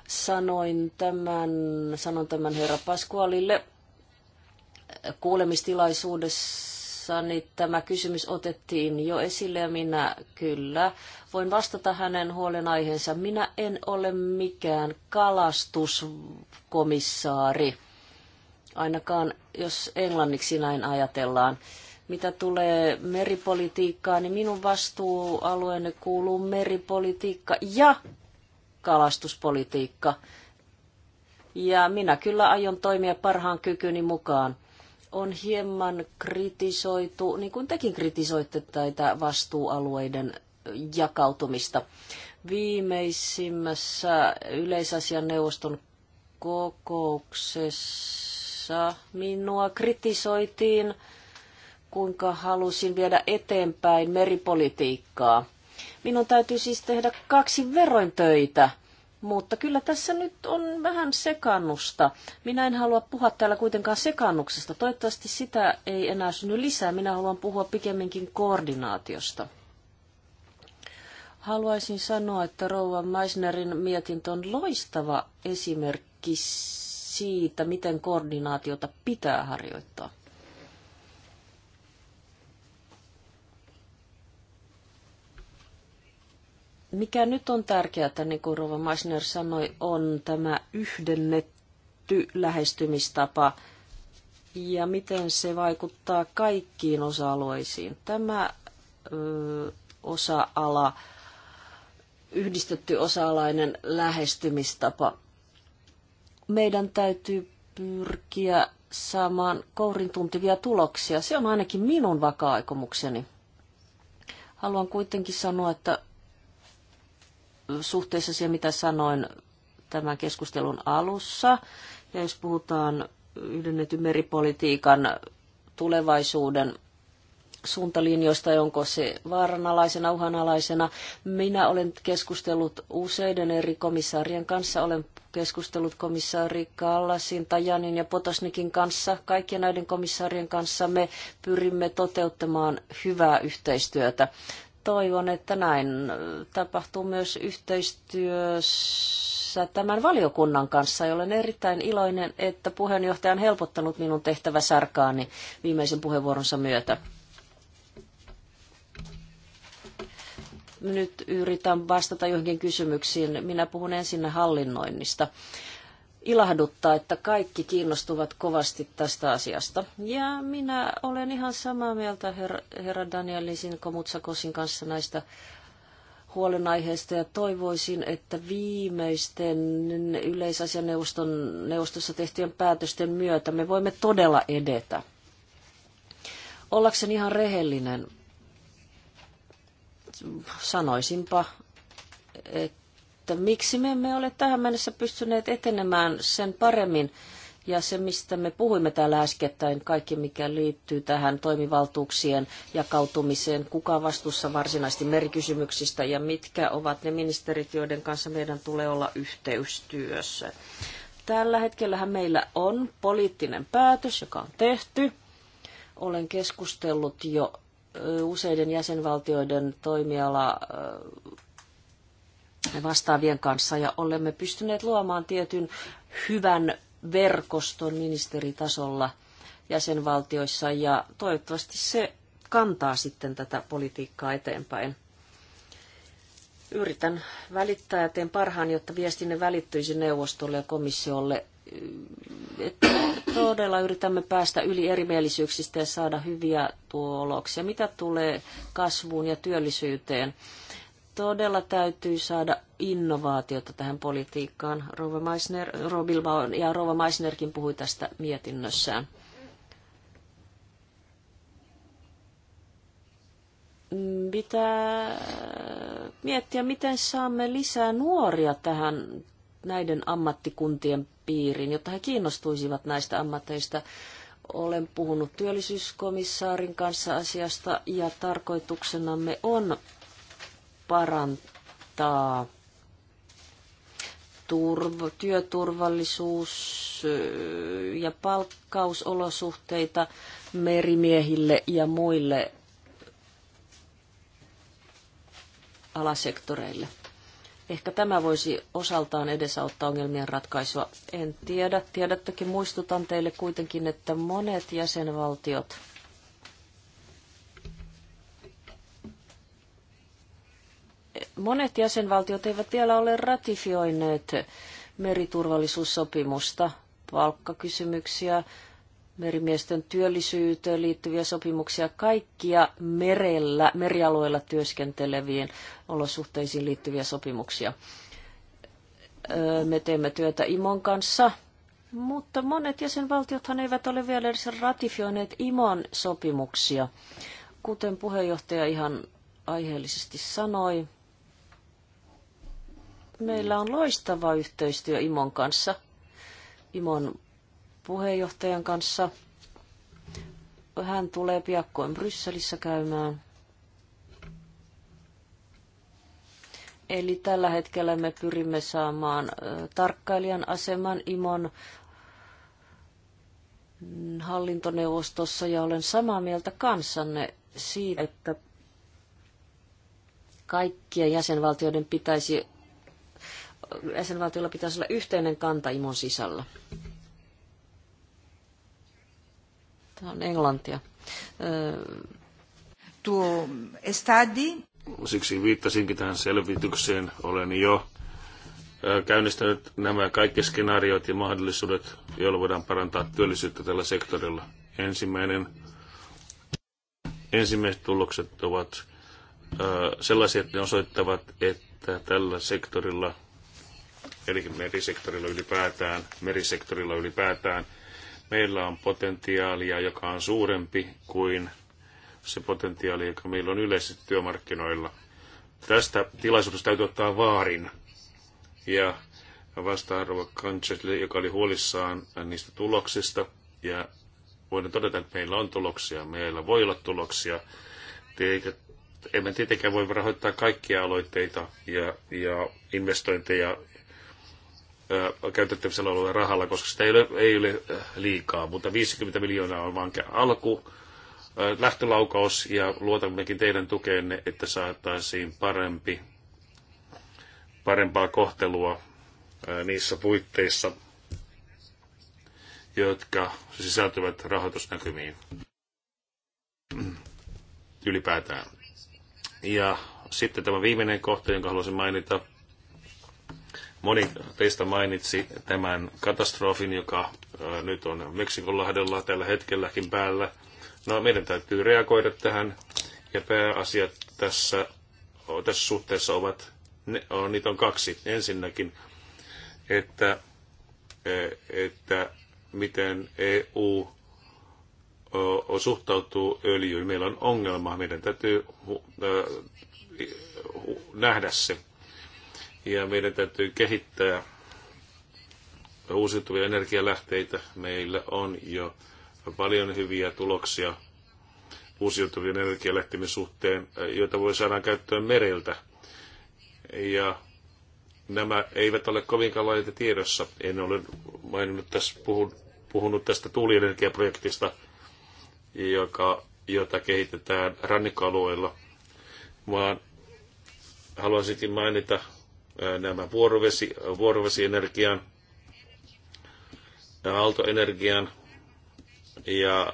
Sanoin tämän, sanon tämän herra Pasqualille kuulemistilaisuudessa, niin tämä kysymys otettiin jo esille ja minä kyllä voin vastata hänen huolenaiheensa. Minä en ole mikään kalastuskomissaari, ainakaan jos englanniksi näin ajatellaan mitä tulee meripolitiikkaan, niin minun vastuualueeni kuuluu meripolitiikka ja kalastuspolitiikka. Ja minä kyllä aion toimia parhaan kykyni mukaan. On hieman kritisoitu, niin kuin tekin kritisoitte tätä vastuualueiden jakautumista. Viimeisimmässä yleisasian neuvoston kokouksessa minua kritisoitiin, kuinka halusin viedä eteenpäin meripolitiikkaa – Minun täytyy siis tehdä kaksi veroin töitä. Mutta kyllä tässä nyt on vähän sekannusta. Minä en halua puhua täällä kuitenkaan sekannuksesta. Toivottavasti sitä ei enää synny lisää. Minä haluan puhua pikemminkin koordinaatiosta. Haluaisin sanoa, että Rouva Meisnerin mietintö on loistava esimerkki siitä, miten koordinaatiota pitää harjoittaa. Mikä nyt on tärkeää, niin kuin Rova Meissner sanoi, on tämä yhdennetty lähestymistapa ja miten se vaikuttaa kaikkiin osa-alueisiin. Tämä ö, osa-ala, yhdistetty osa-alainen lähestymistapa. Meidän täytyy pyrkiä saamaan kourin tuntivia tuloksia. Se on ainakin minun vakaa-aikomukseni. Haluan kuitenkin sanoa, että suhteessa siihen, mitä sanoin tämän keskustelun alussa. Ja jos puhutaan yhdennetyn meripolitiikan tulevaisuuden suuntalinjoista, onko se vaaranalaisena, uhanalaisena. Minä olen keskustellut useiden eri komissaarien kanssa, olen keskustellut komissaari Kallasin, Tajanin ja Potosnikin kanssa, kaikkien näiden komissaarien kanssa me pyrimme toteuttamaan hyvää yhteistyötä toivon, että näin tapahtuu myös yhteistyössä tämän valiokunnan kanssa. Ja olen erittäin iloinen, että puheenjohtaja on helpottanut minun sarkaani viimeisen puheenvuoronsa myötä. Nyt yritän vastata johonkin kysymyksiin. Minä puhun ensin hallinnoinnista ilahduttaa, että kaikki kiinnostuvat kovasti tästä asiasta. Ja minä olen ihan samaa mieltä herra, herra Danielisin Komutsakosin kanssa näistä huolenaiheista ja toivoisin, että viimeisten yleisasianeuvoston neuvostossa tehtyjen päätösten myötä me voimme todella edetä. Ollakseni ihan rehellinen, sanoisinpa, että että miksi me emme ole tähän mennessä pystyneet etenemään sen paremmin. Ja se, mistä me puhuimme täällä äskettäin, kaikki mikä liittyy tähän toimivaltuuksien jakautumiseen, kuka on vastuussa varsinaisesti merikysymyksistä ja mitkä ovat ne ministerit, joiden kanssa meidän tulee olla yhteystyössä. Tällä hetkellähän meillä on poliittinen päätös, joka on tehty. Olen keskustellut jo useiden jäsenvaltioiden toimiala vastaavien kanssa ja olemme pystyneet luomaan tietyn hyvän verkoston ministeritasolla jäsenvaltioissa ja toivottavasti se kantaa sitten tätä politiikkaa eteenpäin. Yritän välittää ja teen parhaan, jotta viestinne välittyisi neuvostolle ja komissiolle, että me todella yritämme päästä yli erimielisyyksistä ja saada hyviä tuloksia. Mitä tulee kasvuun ja työllisyyteen? todella täytyy saada innovaatiota tähän politiikkaan. Rova Meissner, Robilbao ja Rova Meissnerkin puhui tästä mietinnössään. Pitää miettiä, miten saamme lisää nuoria tähän näiden ammattikuntien piiriin, jotta he kiinnostuisivat näistä ammateista. Olen puhunut työllisyyskomissaarin kanssa asiasta ja tarkoituksenamme on parantaa turva, työturvallisuus ja palkkausolosuhteita merimiehille ja muille alasektoreille. Ehkä tämä voisi osaltaan edesauttaa ongelmien ratkaisua. En tiedä. Tiedättekin, muistutan teille kuitenkin, että monet jäsenvaltiot – Monet jäsenvaltiot eivät vielä ole ratifioineet meriturvallisuussopimusta, palkkakysymyksiä, merimiesten työllisyyteen liittyviä sopimuksia kaikkia merellä, merialueilla työskentelevien olosuhteisiin liittyviä sopimuksia. Me teemme työtä IMON kanssa, mutta monet jäsenvaltiothan eivät ole vielä edes ratifioineet IMON sopimuksia. Kuten puheenjohtaja ihan aiheellisesti sanoi, Meillä on loistava yhteistyö Imon kanssa, Imon puheenjohtajan kanssa. Hän tulee piakkoin Brysselissä käymään. Eli tällä hetkellä me pyrimme saamaan tarkkailijan aseman Imon hallintoneuvostossa ja olen samaa mieltä kanssanne siitä, että kaikkien jäsenvaltioiden pitäisi jäsenvaltiolla pitäisi olla yhteinen kanta imon sisällä. Tämä on englantia. Tuo estadi. Siksi viittasinkin tähän selvitykseen. Olen jo käynnistänyt nämä kaikki skenaariot ja mahdollisuudet, joilla voidaan parantaa työllisyyttä tällä sektorilla. Ensimmäinen, ensimmäiset tulokset ovat sellaisia, että ne osoittavat, että tällä sektorilla – eli merisektorilla ylipäätään, merisektorilla ylipäätään, meillä on potentiaalia, joka on suurempi kuin se potentiaali, joka meillä on yleisesti työmarkkinoilla. Tästä tilaisuudesta täytyy ottaa vaarin. Ja vasta-arvo Kanchesli, joka oli huolissaan niistä tuloksista, ja voidaan todeta, että meillä on tuloksia, meillä voi olla tuloksia. Eikä, emme tietenkään voi rahoittaa kaikkia aloitteita ja, ja investointeja käytettävissä olevalla rahalla, koska sitä ei ole, ei ole liikaa, mutta 50 miljoonaa on vain alku, lähtölaukaus ja luotammekin teidän tukeenne, että saataisiin parempi, parempaa kohtelua niissä puitteissa, jotka sisältyvät rahoitusnäkymiin ylipäätään. Ja sitten tämä viimeinen kohta, jonka haluaisin mainita, Moni teistä mainitsi tämän katastrofin, joka nyt on Meksikonlahdella tällä hetkelläkin päällä. No, meidän täytyy reagoida tähän, ja pääasiat tässä, tässä suhteessa ovat, ne, on, niitä on kaksi. Ensinnäkin, että, e, että miten EU suhtautuu öljyyn. Meillä on ongelma, meidän täytyy nähdä se ja meidän täytyy kehittää uusiutuvia energialähteitä. Meillä on jo paljon hyviä tuloksia uusiutuvien energialähteiden suhteen, joita voi saada käyttöön mereltä. Ja nämä eivät ole kovinkaan laajalti tiedossa. En ole maininnut tässä, puhun, puhunut tästä tuulienergiaprojektista, joka, jota kehitetään rannikkoalueilla, vaan haluaisinkin mainita nämä vuorovesi, vuorovesienergian, aaltoenergian ja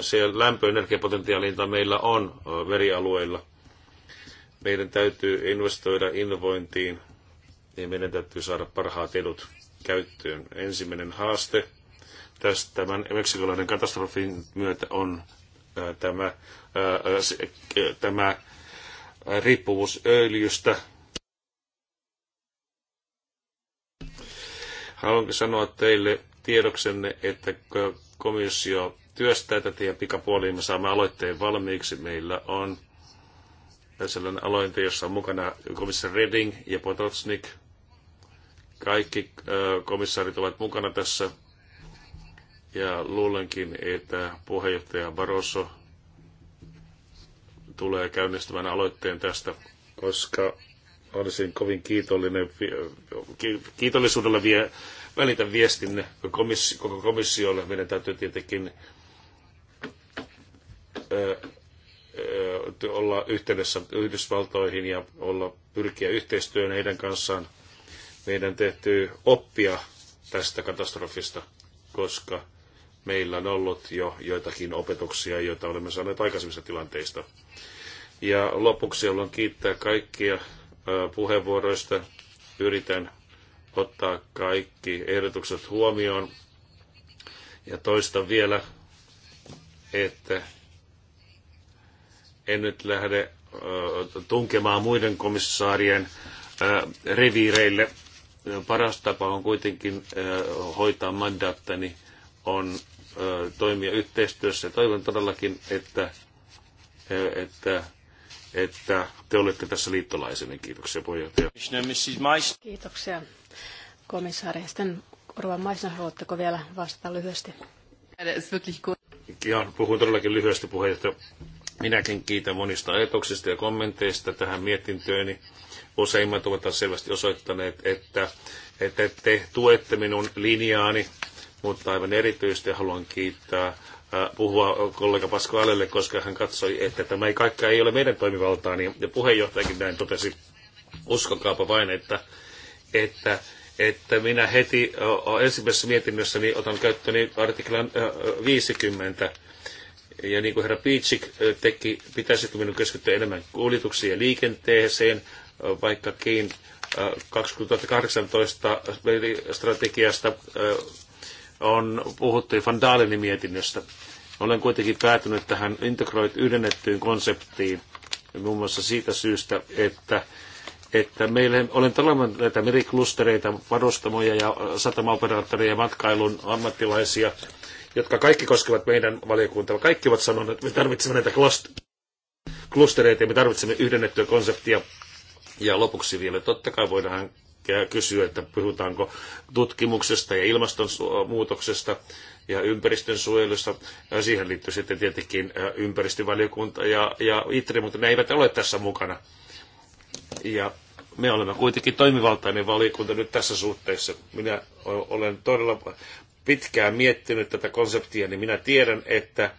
se lämpöenergiapotentiaali, jota meillä on verialueilla, Meidän täytyy investoida innovointiin ja meidän täytyy saada parhaat edut käyttöön. Ensimmäinen haaste tästä tämän meksikolainen katastrofin myötä on tämä, tämä riippuvuus öljystä Haluankin sanoa teille tiedoksenne, että komissio työstää tätä ja pikapuoliin me saamme aloitteen valmiiksi. Meillä on sellainen aloite, jossa on mukana komissaari Reding ja Potocnik. Kaikki komissaarit ovat mukana tässä. Ja luulenkin, että puheenjohtaja Barroso tulee käynnistämään aloitteen tästä, koska olisin kovin kiitollinen, kiitollisuudella vie, välitä viestinne komissi, koko komissiolle. Meidän täytyy tietenkin ö, ö, olla yhteydessä Yhdysvaltoihin ja olla pyrkiä yhteistyön heidän kanssaan. Meidän täytyy oppia tästä katastrofista, koska meillä on ollut jo joitakin opetuksia, joita olemme saaneet aikaisemmista tilanteista. Ja lopuksi haluan kiittää kaikkia puheenvuoroista. Yritän ottaa kaikki ehdotukset huomioon. Ja toistan vielä, että en nyt lähde tunkemaan muiden komissaarien reviireille. Paras tapa on kuitenkin hoitaa mandaattani on toimia yhteistyössä. Toivon todellakin, että, että että te olette tässä liittolaisena. Kiitoksia puheenjohtaja. Kiitoksia komissaari. Sitten Ruvan Maisner, haluatteko vielä vastata lyhyesti? Ihan puhun todellakin lyhyesti puheenjohtaja. Minäkin kiitän monista ajatuksista ja kommenteista tähän mietintööni. Useimmat ovat selvästi osoittaneet, että, että te tuette minun linjaani, mutta aivan erityisesti haluan kiittää Äh, puhua kollega Pasko Alelle, koska hän katsoi, että tämä ei kaikkea ei ole meidän toimivaltaa, niin, ja puheenjohtajakin näin totesi, uskokaapa vain, että, että, että minä heti äh, ensimmäisessä mietinnössäni otan käyttöön artiklan 50, äh, ja niin kuin herra Piitsik teki, pitäisikö minun keskittyä enemmän kuljetuksiin ja liikenteeseen, vaikkakin 2018 strategiasta on puhuttu Van Dalenin mietinnöstä. Olen kuitenkin päätynyt tähän integroit yhdennettyyn konseptiin muun muassa siitä syystä, että että meille olen talouden näitä meriklustereita, varustamoja ja satamaoperaattoreja ja matkailun ammattilaisia, jotka kaikki koskevat meidän valiokuntaa. Kaikki ovat sanoneet, että me tarvitsemme näitä klustereita ja me tarvitsemme yhdennettyä konseptia. Ja lopuksi vielä, totta kai voidaan tärkeää kysyä, että puhutaanko tutkimuksesta ja ilmastonmuutoksesta ja ympäristönsuojelusta. suojelusta. Siihen liittyy sitten tietenkin ympäristövaliokunta ja, ja ITRI, mutta ne eivät ole tässä mukana. Ja me olemme kuitenkin toimivaltainen valiokunta nyt tässä suhteessa. Minä olen todella pitkään miettinyt tätä konseptia, niin minä tiedän, että,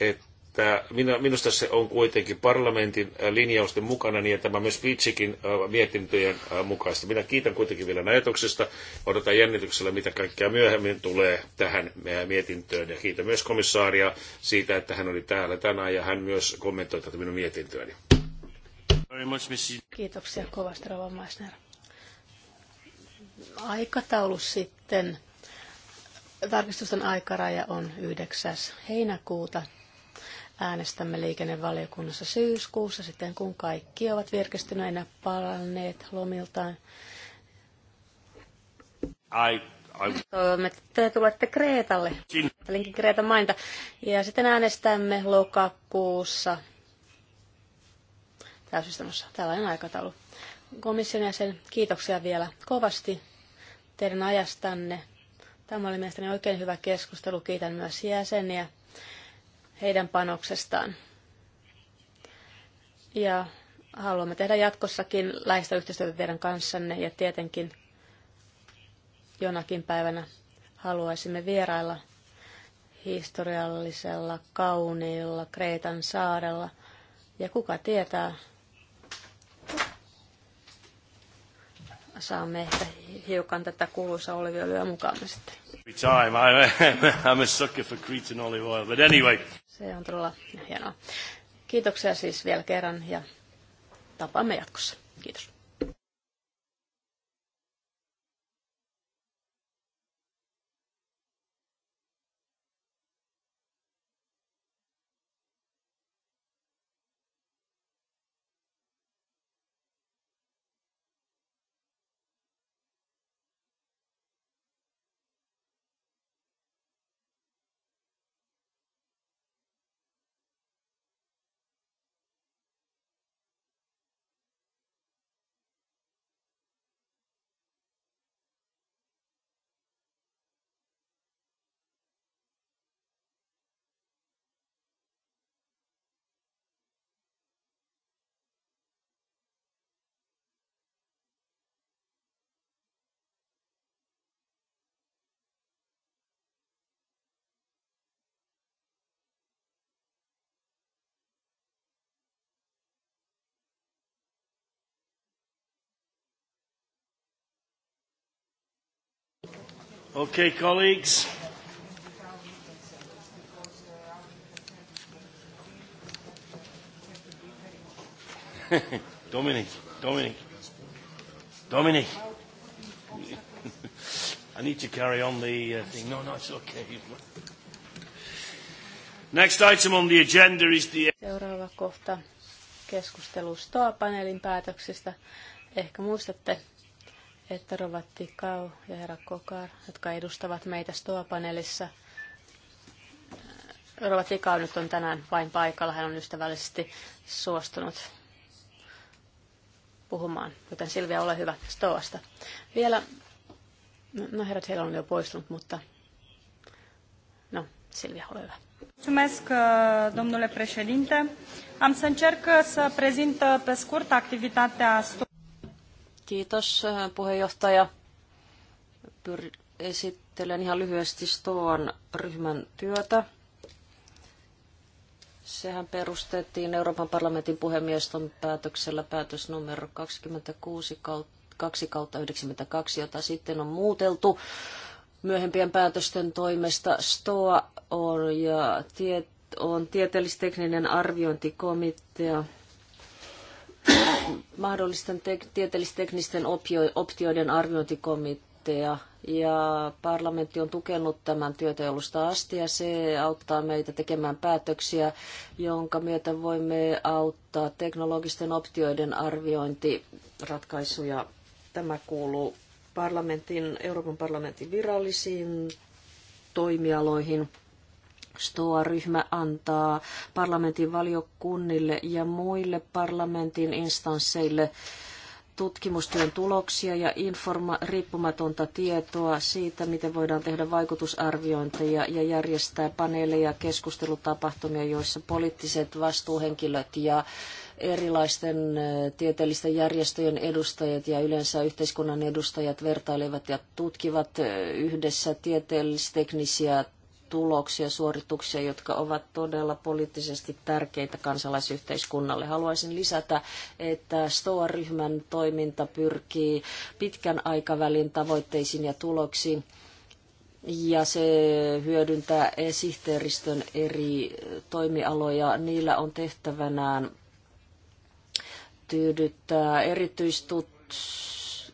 että että minusta se on kuitenkin parlamentin äh, linjausten mukana, niin tämä myös Fitchikin äh, mietintöjen äh, mukaista. Minä kiitän kuitenkin vielä ajatuksesta. Odotan jännityksellä, mitä kaikkea myöhemmin tulee tähän mietintöön. Ja kiitän myös komissaaria siitä, että hän oli täällä tänään ja hän myös kommentoi tätä minun mietintöäni. Kiitoksia kovasti, Rova Meissner. Aikataulu sitten. Tarkistusten aikaraja on 9. heinäkuuta Äänestämme liikennevaliokunnassa syyskuussa sitten, kun kaikki ovat virkistyneinä palanneet lomiltaan. I, I... Toivomme, että te tulette Kreetalle. Linkin Kreetan mainita. Ja sitten äänestämme lokakuussa täysistunnossa. Tällainen aikataulu. Komission jäsen, kiitoksia vielä kovasti teidän ajastanne. Tämä oli mielestäni oikein hyvä keskustelu. Kiitän myös jäseniä heidän panoksestaan. Ja haluamme tehdä jatkossakin läheistä yhteistyötä teidän kanssanne ja tietenkin jonakin päivänä haluaisimme vierailla historiallisella, kauniilla Kreetan saarella. Ja kuka tietää, saamme ehkä hiukan tätä kuuluisa oliviöljyä mukaan sitten. Time. I'm a sucker for Cretan olive oil, but anyway. Se on todella hienoa. Kiitoksia siis vielä kerran ja tapaamme jatkossa. Kiitos. Okay, colleagues. Dominic, Dominic, Dominic. I need to carry on the uh, thing. No, no, it's okay. Next item on the agenda is the... Seuraava kohta keskustelu STOA-paneelin päätöksestä. Ehkä muistatte, että Rova kau ja herra Kokar, jotka edustavat meitä STOA-paneelissa, Rovatti Kau nyt on tänään vain paikalla. Hän on ystävällisesti suostunut puhumaan, joten Silvia, ole hyvä STOAsta. Vielä, no, no herrat, heillä on jo poistunut, mutta no, Silvia, ole hyvä. Mulțumesc, domnule președinte. Am să încerc să prezint pe scurt activitatea Kiitos eh, puheenjohtaja. Esittelen ihan lyhyesti Stoan ryhmän työtä. Sehän perustettiin Euroopan parlamentin puhemieston päätöksellä päätös numero 26 2 kautta 92, jota sitten on muuteltu myöhempien päätösten toimesta. STOA on, ja tie, on tieteellistekninen arviointikomitea mahdollisten tieteellis-teknisten optioiden arviointikomitea ja parlamentti on tukenut tämän työtä alusta asti ja se auttaa meitä tekemään päätöksiä, jonka myötä voimme auttaa teknologisten optioiden arviointiratkaisuja. Tämä kuuluu parlamentin, Euroopan parlamentin virallisiin toimialoihin. STOA-ryhmä antaa parlamentin valiokunnille ja muille parlamentin instansseille tutkimustyön tuloksia ja informa- riippumatonta tietoa siitä, miten voidaan tehdä vaikutusarviointeja ja järjestää paneeleja ja keskustelutapahtumia, joissa poliittiset vastuuhenkilöt ja erilaisten tieteellisten järjestöjen edustajat ja yleensä yhteiskunnan edustajat vertailevat ja tutkivat yhdessä tieteellisteknisiä tuloksia, suorituksia, jotka ovat todella poliittisesti tärkeitä kansalaisyhteiskunnalle. Haluaisin lisätä, että STOA-ryhmän toiminta pyrkii pitkän aikavälin tavoitteisiin ja tuloksiin ja se hyödyntää sihteeristön eri toimialoja. Niillä on tehtävänään tyydyttää erityistut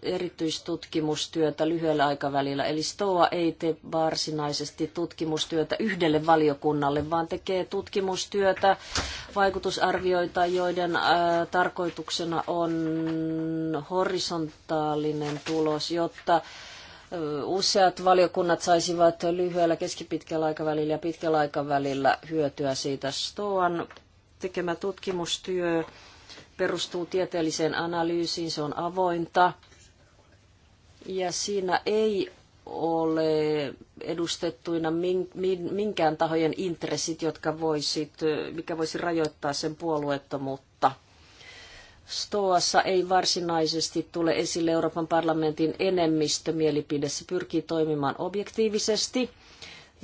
erityistutkimustyötä lyhyellä aikavälillä. Eli STOA ei tee varsinaisesti tutkimustyötä yhdelle valiokunnalle, vaan tekee tutkimustyötä, vaikutusarvioita, joiden ää, äh, tarkoituksena on horisontaalinen tulos, jotta äh, useat valiokunnat saisivat lyhyellä, keskipitkällä aikavälillä ja pitkällä aikavälillä hyötyä siitä. STOAN tekemä tutkimustyö perustuu tieteelliseen analyysiin, se on avointa ja siinä ei ole edustettuina minkään tahojen intressit, jotka voisit, mikä voisi rajoittaa sen puolueettomuutta. Stoassa ei varsinaisesti tule esille Euroopan parlamentin enemmistömielipide. Se pyrkii toimimaan objektiivisesti.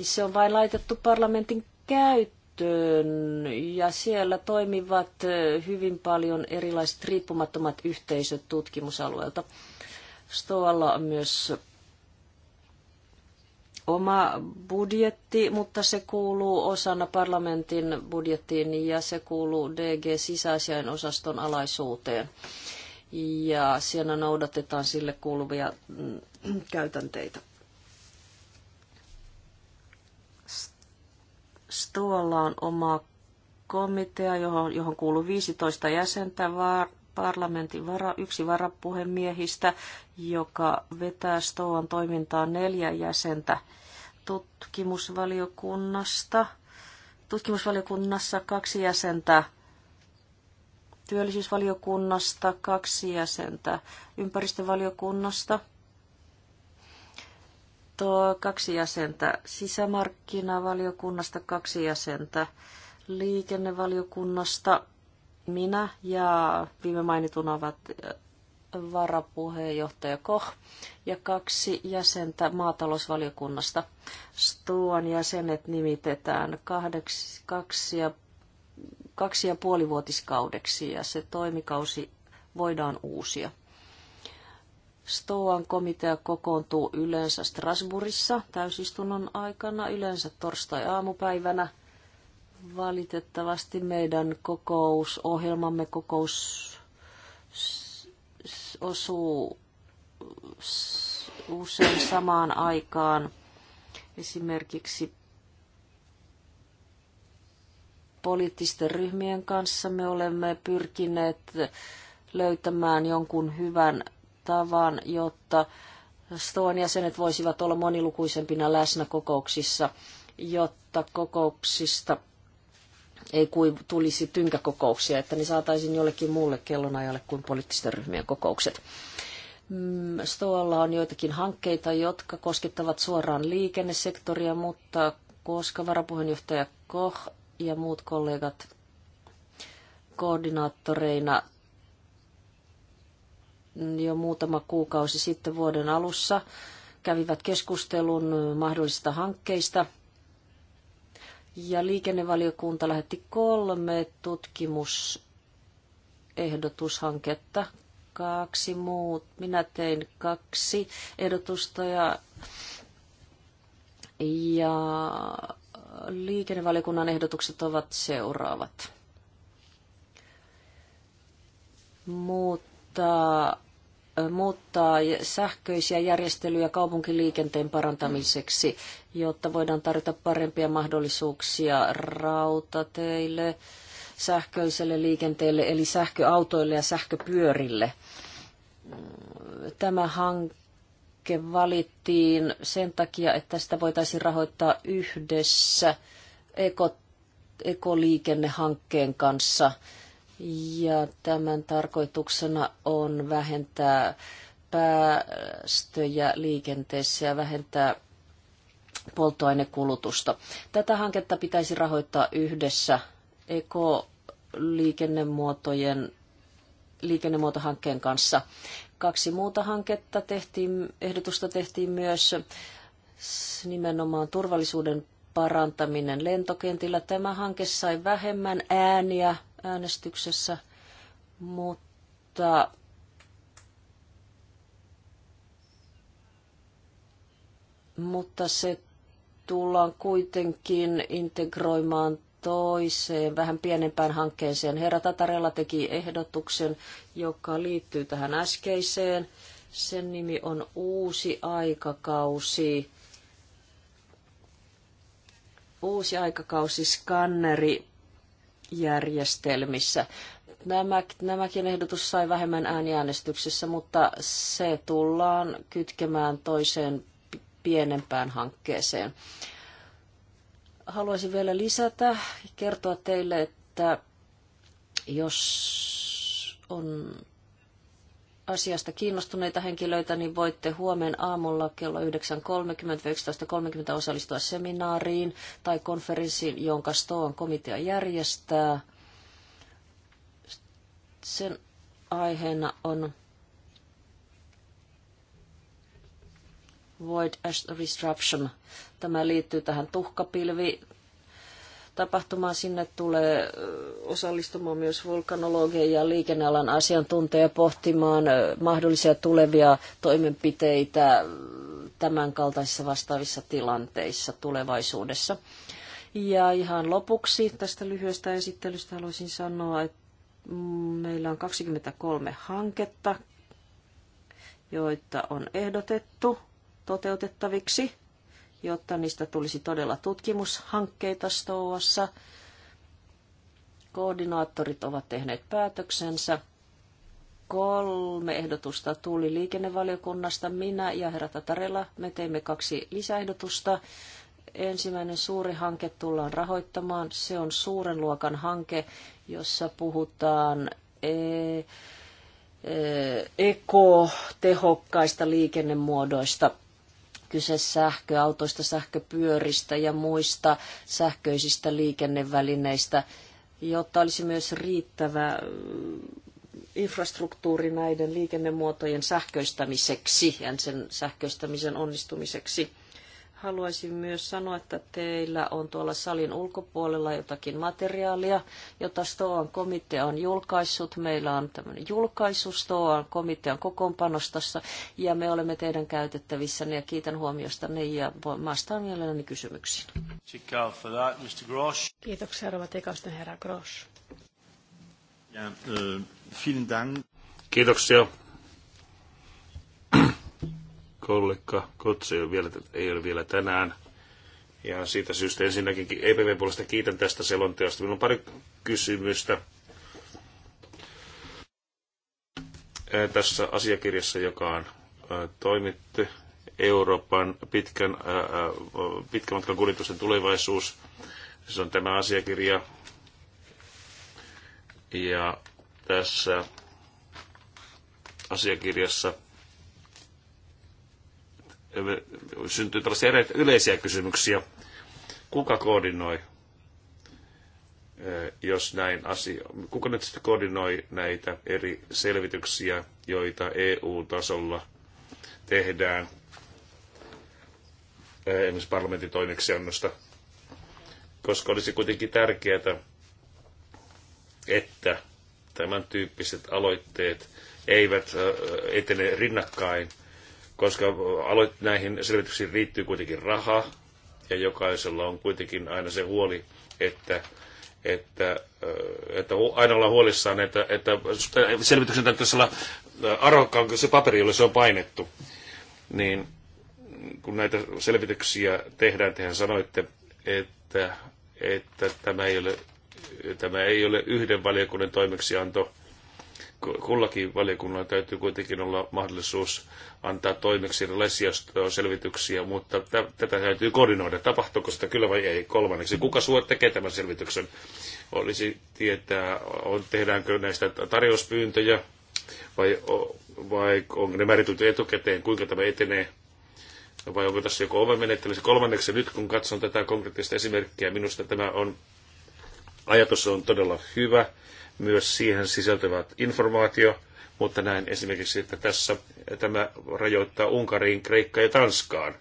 Se on vain laitettu parlamentin käyttöön ja siellä toimivat hyvin paljon erilaiset riippumattomat yhteisöt tutkimusalueelta. Stoalla on myös oma budjetti, mutta se kuuluu osana parlamentin budjettiin ja se kuuluu DG sisäisen osaston alaisuuteen. Ja siellä noudatetaan sille kuuluvia mm, käytänteitä. Stoalla on oma komitea, johon, johon kuuluu 15 jäsentä, var, parlamentin vara, yksi varapuhemiehistä joka vetää Stoan toimintaan neljä jäsentä tutkimusvaliokunnasta. Tutkimusvaliokunnassa kaksi jäsentä työllisyysvaliokunnasta, kaksi jäsentä ympäristövaliokunnasta, tuo kaksi jäsentä sisämarkkinavaliokunnasta, kaksi jäsentä liikennevaliokunnasta, minä ja viime mainitun ovat varapuheenjohtaja Koch ja kaksi jäsentä maatalousvaliokunnasta. Stuan jäsenet nimitetään kahdeksi, kaksi, ja, kaksi ja puolivuotiskaudeksi ja se toimikausi voidaan uusia. Stoan komitea kokoontuu yleensä Strasbourgissa täysistunnon aikana, yleensä torstai-aamupäivänä. Valitettavasti meidän kokousohjelmamme kokous osuu usein samaan aikaan esimerkiksi poliittisten ryhmien kanssa. Me olemme pyrkineet löytämään jonkun hyvän tavan, jotta Stoan jäsenet voisivat olla monilukuisempina läsnä kokouksissa, jotta kokouksista ei kuin tulisi tynkäkokouksia, että ne saataisiin jollekin muulle kellonajalle kuin poliittisten ryhmien kokoukset. Mm, Stoalla on joitakin hankkeita, jotka koskettavat suoraan liikennesektoria, mutta koska varapuheenjohtaja Koch ja muut kollegat koordinaattoreina jo muutama kuukausi sitten vuoden alussa kävivät keskustelun mahdollisista hankkeista – ja liikennevaliokunta lähetti kolme tutkimusehdotushanketta. Kaksi muut. Minä tein kaksi ehdotusta ja, ja liikennevaliokunnan ehdotukset ovat seuraavat. Mutta muuttaa sähköisiä järjestelyjä kaupunkiliikenteen parantamiseksi, jotta voidaan tarjota parempia mahdollisuuksia rautateille, sähköiselle liikenteelle, eli sähköautoille ja sähköpyörille. Tämä hanke valittiin sen takia, että sitä voitaisiin rahoittaa yhdessä ekoliikennehankkeen kanssa – ja tämän tarkoituksena on vähentää päästöjä liikenteessä ja vähentää polttoainekulutusta. Tätä hanketta pitäisi rahoittaa yhdessä ekoliikennemuotojen liikennemuotohankkeen kanssa. Kaksi muuta hanketta tehtiin, ehdotusta tehtiin myös nimenomaan turvallisuuden parantaminen lentokentillä. Tämä hanke sai vähemmän ääniä äänestyksessä, mutta mutta se tullaan kuitenkin integroimaan toiseen, vähän pienempään hankkeeseen. Herra Tatarella teki ehdotuksen, joka liittyy tähän äskeiseen. Sen nimi on Uusi aikakausi. Uusi aikakausi skanneri järjestelmissä. Nämä, nämäkin ehdotus sai vähemmän ääniäänestyksessä, mutta se tullaan kytkemään toiseen pienempään hankkeeseen. Haluaisin vielä lisätä, kertoa teille, että jos on asiasta kiinnostuneita henkilöitä, niin voitte huomenna aamulla kello 9.30-11.30 osallistua seminaariin tai konferenssiin, jonka Stoon komitea järjestää. Sen aiheena on Void as a Disruption. Tämä liittyy tähän tuhkapilvi tapahtumaan. Sinne tulee osallistumaan myös vulkanologian ja liikennealan asiantuntija pohtimaan mahdollisia tulevia toimenpiteitä tämän kaltaisissa vastaavissa tilanteissa tulevaisuudessa. Ja ihan lopuksi tästä lyhyestä esittelystä haluaisin sanoa, että meillä on 23 hanketta, joita on ehdotettu toteutettaviksi jotta niistä tulisi todella tutkimushankkeita Stouassa. Koordinaattorit ovat tehneet päätöksensä. Kolme ehdotusta tuli liikennevaliokunnasta. Minä ja herra Tatarella me teimme kaksi lisäehdotusta. Ensimmäinen suuri hanke tullaan rahoittamaan. Se on suuren luokan hanke, jossa puhutaan e, e, ekotehokkaista liikennemuodoista – kyse sähköautoista, sähköpyöristä ja muista sähköisistä liikennevälineistä, jotta olisi myös riittävä mm, infrastruktuuri näiden liikennemuotojen sähköistämiseksi ja sen sähköistämisen onnistumiseksi. Haluaisin myös sanoa, että teillä on tuolla salin ulkopuolella jotakin materiaalia, jota Stoan komitea on julkaissut. Meillä on tämmöinen julkaisu Stoan komitean kokoonpanostossa ja me olemme teidän käytettävissä ja kiitän huomiosta ne ja vastaan mielelläni kysymyksiin. Kiitoksia, Rova Tekasten herra Grosch. Kiitoksia kollega Kotse ei ole vielä, ei ole vielä tänään. Ja siitä syystä ensinnäkin EPV puolesta kiitän tästä selonteosta. Minulla on pari kysymystä tässä asiakirjassa, joka on toimittu. Euroopan pitkän, pitkän matkan kuljetusten tulevaisuus. Se on tämä asiakirja. Ja tässä asiakirjassa syntyy tällaisia yleisiä kysymyksiä. Kuka koordinoi, jos näin asia, kuka nyt sitten koordinoi näitä eri selvityksiä, joita EU-tasolla tehdään esimerkiksi parlamentin toimeksiannosta, koska olisi kuitenkin tärkeää, että tämän tyyppiset aloitteet eivät etene rinnakkain – koska aloit, näihin selvityksiin riittyy kuitenkin raha, ja jokaisella on kuitenkin aina se huoli, että, että, että aina ollaan huolissaan, että, että selvityksen täytyisi olla arvokkaan kun se paperi, jolle se on painettu. Niin kun näitä selvityksiä tehdään, tehän sanoitte, että, että tämä, ei ole, tämä ei ole yhden valiokunnan toimeksianto, kullakin valiokunnalla täytyy kuitenkin olla mahdollisuus antaa toimeksi erilaisia selvityksiä, mutta tätä täytyy koordinoida. Tapahtuuko sitä kyllä vai ei? Kolmanneksi, kuka sua tekee tämän selvityksen? Olisi tietää, on, tehdäänkö näistä tarjouspyyntöjä vai, vai onko ne määritelty etukäteen, kuinka tämä etenee? Vai onko tässä joku ovenmenettely? Kolmanneksi nyt, kun katson tätä konkreettista esimerkkiä, minusta tämä on, ajatus on todella hyvä myös siihen sisältyvät informaatio, mutta näin esimerkiksi, että tässä tämä rajoittaa Unkariin, Kreikkaan ja Tanskaan.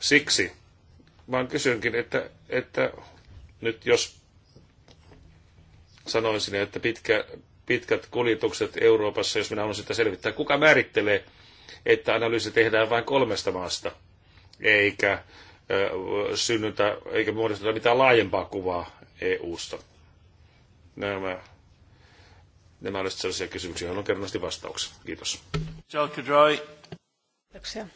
Siksi vaan kysynkin, että, että nyt jos sanoisin, että pitkä, pitkät kuljetukset Euroopassa, jos minä haluan sitä selvittää, kuka määrittelee, että analyysi tehdään vain kolmesta maasta, eikä synnytä, eikä muodosteta mitään laajempaa kuvaa EU-sta nämä nämä olisivat sellaisia kysymyksiä, joihin on kerrannasti vastauksia. Kiitos. Kiitoksia.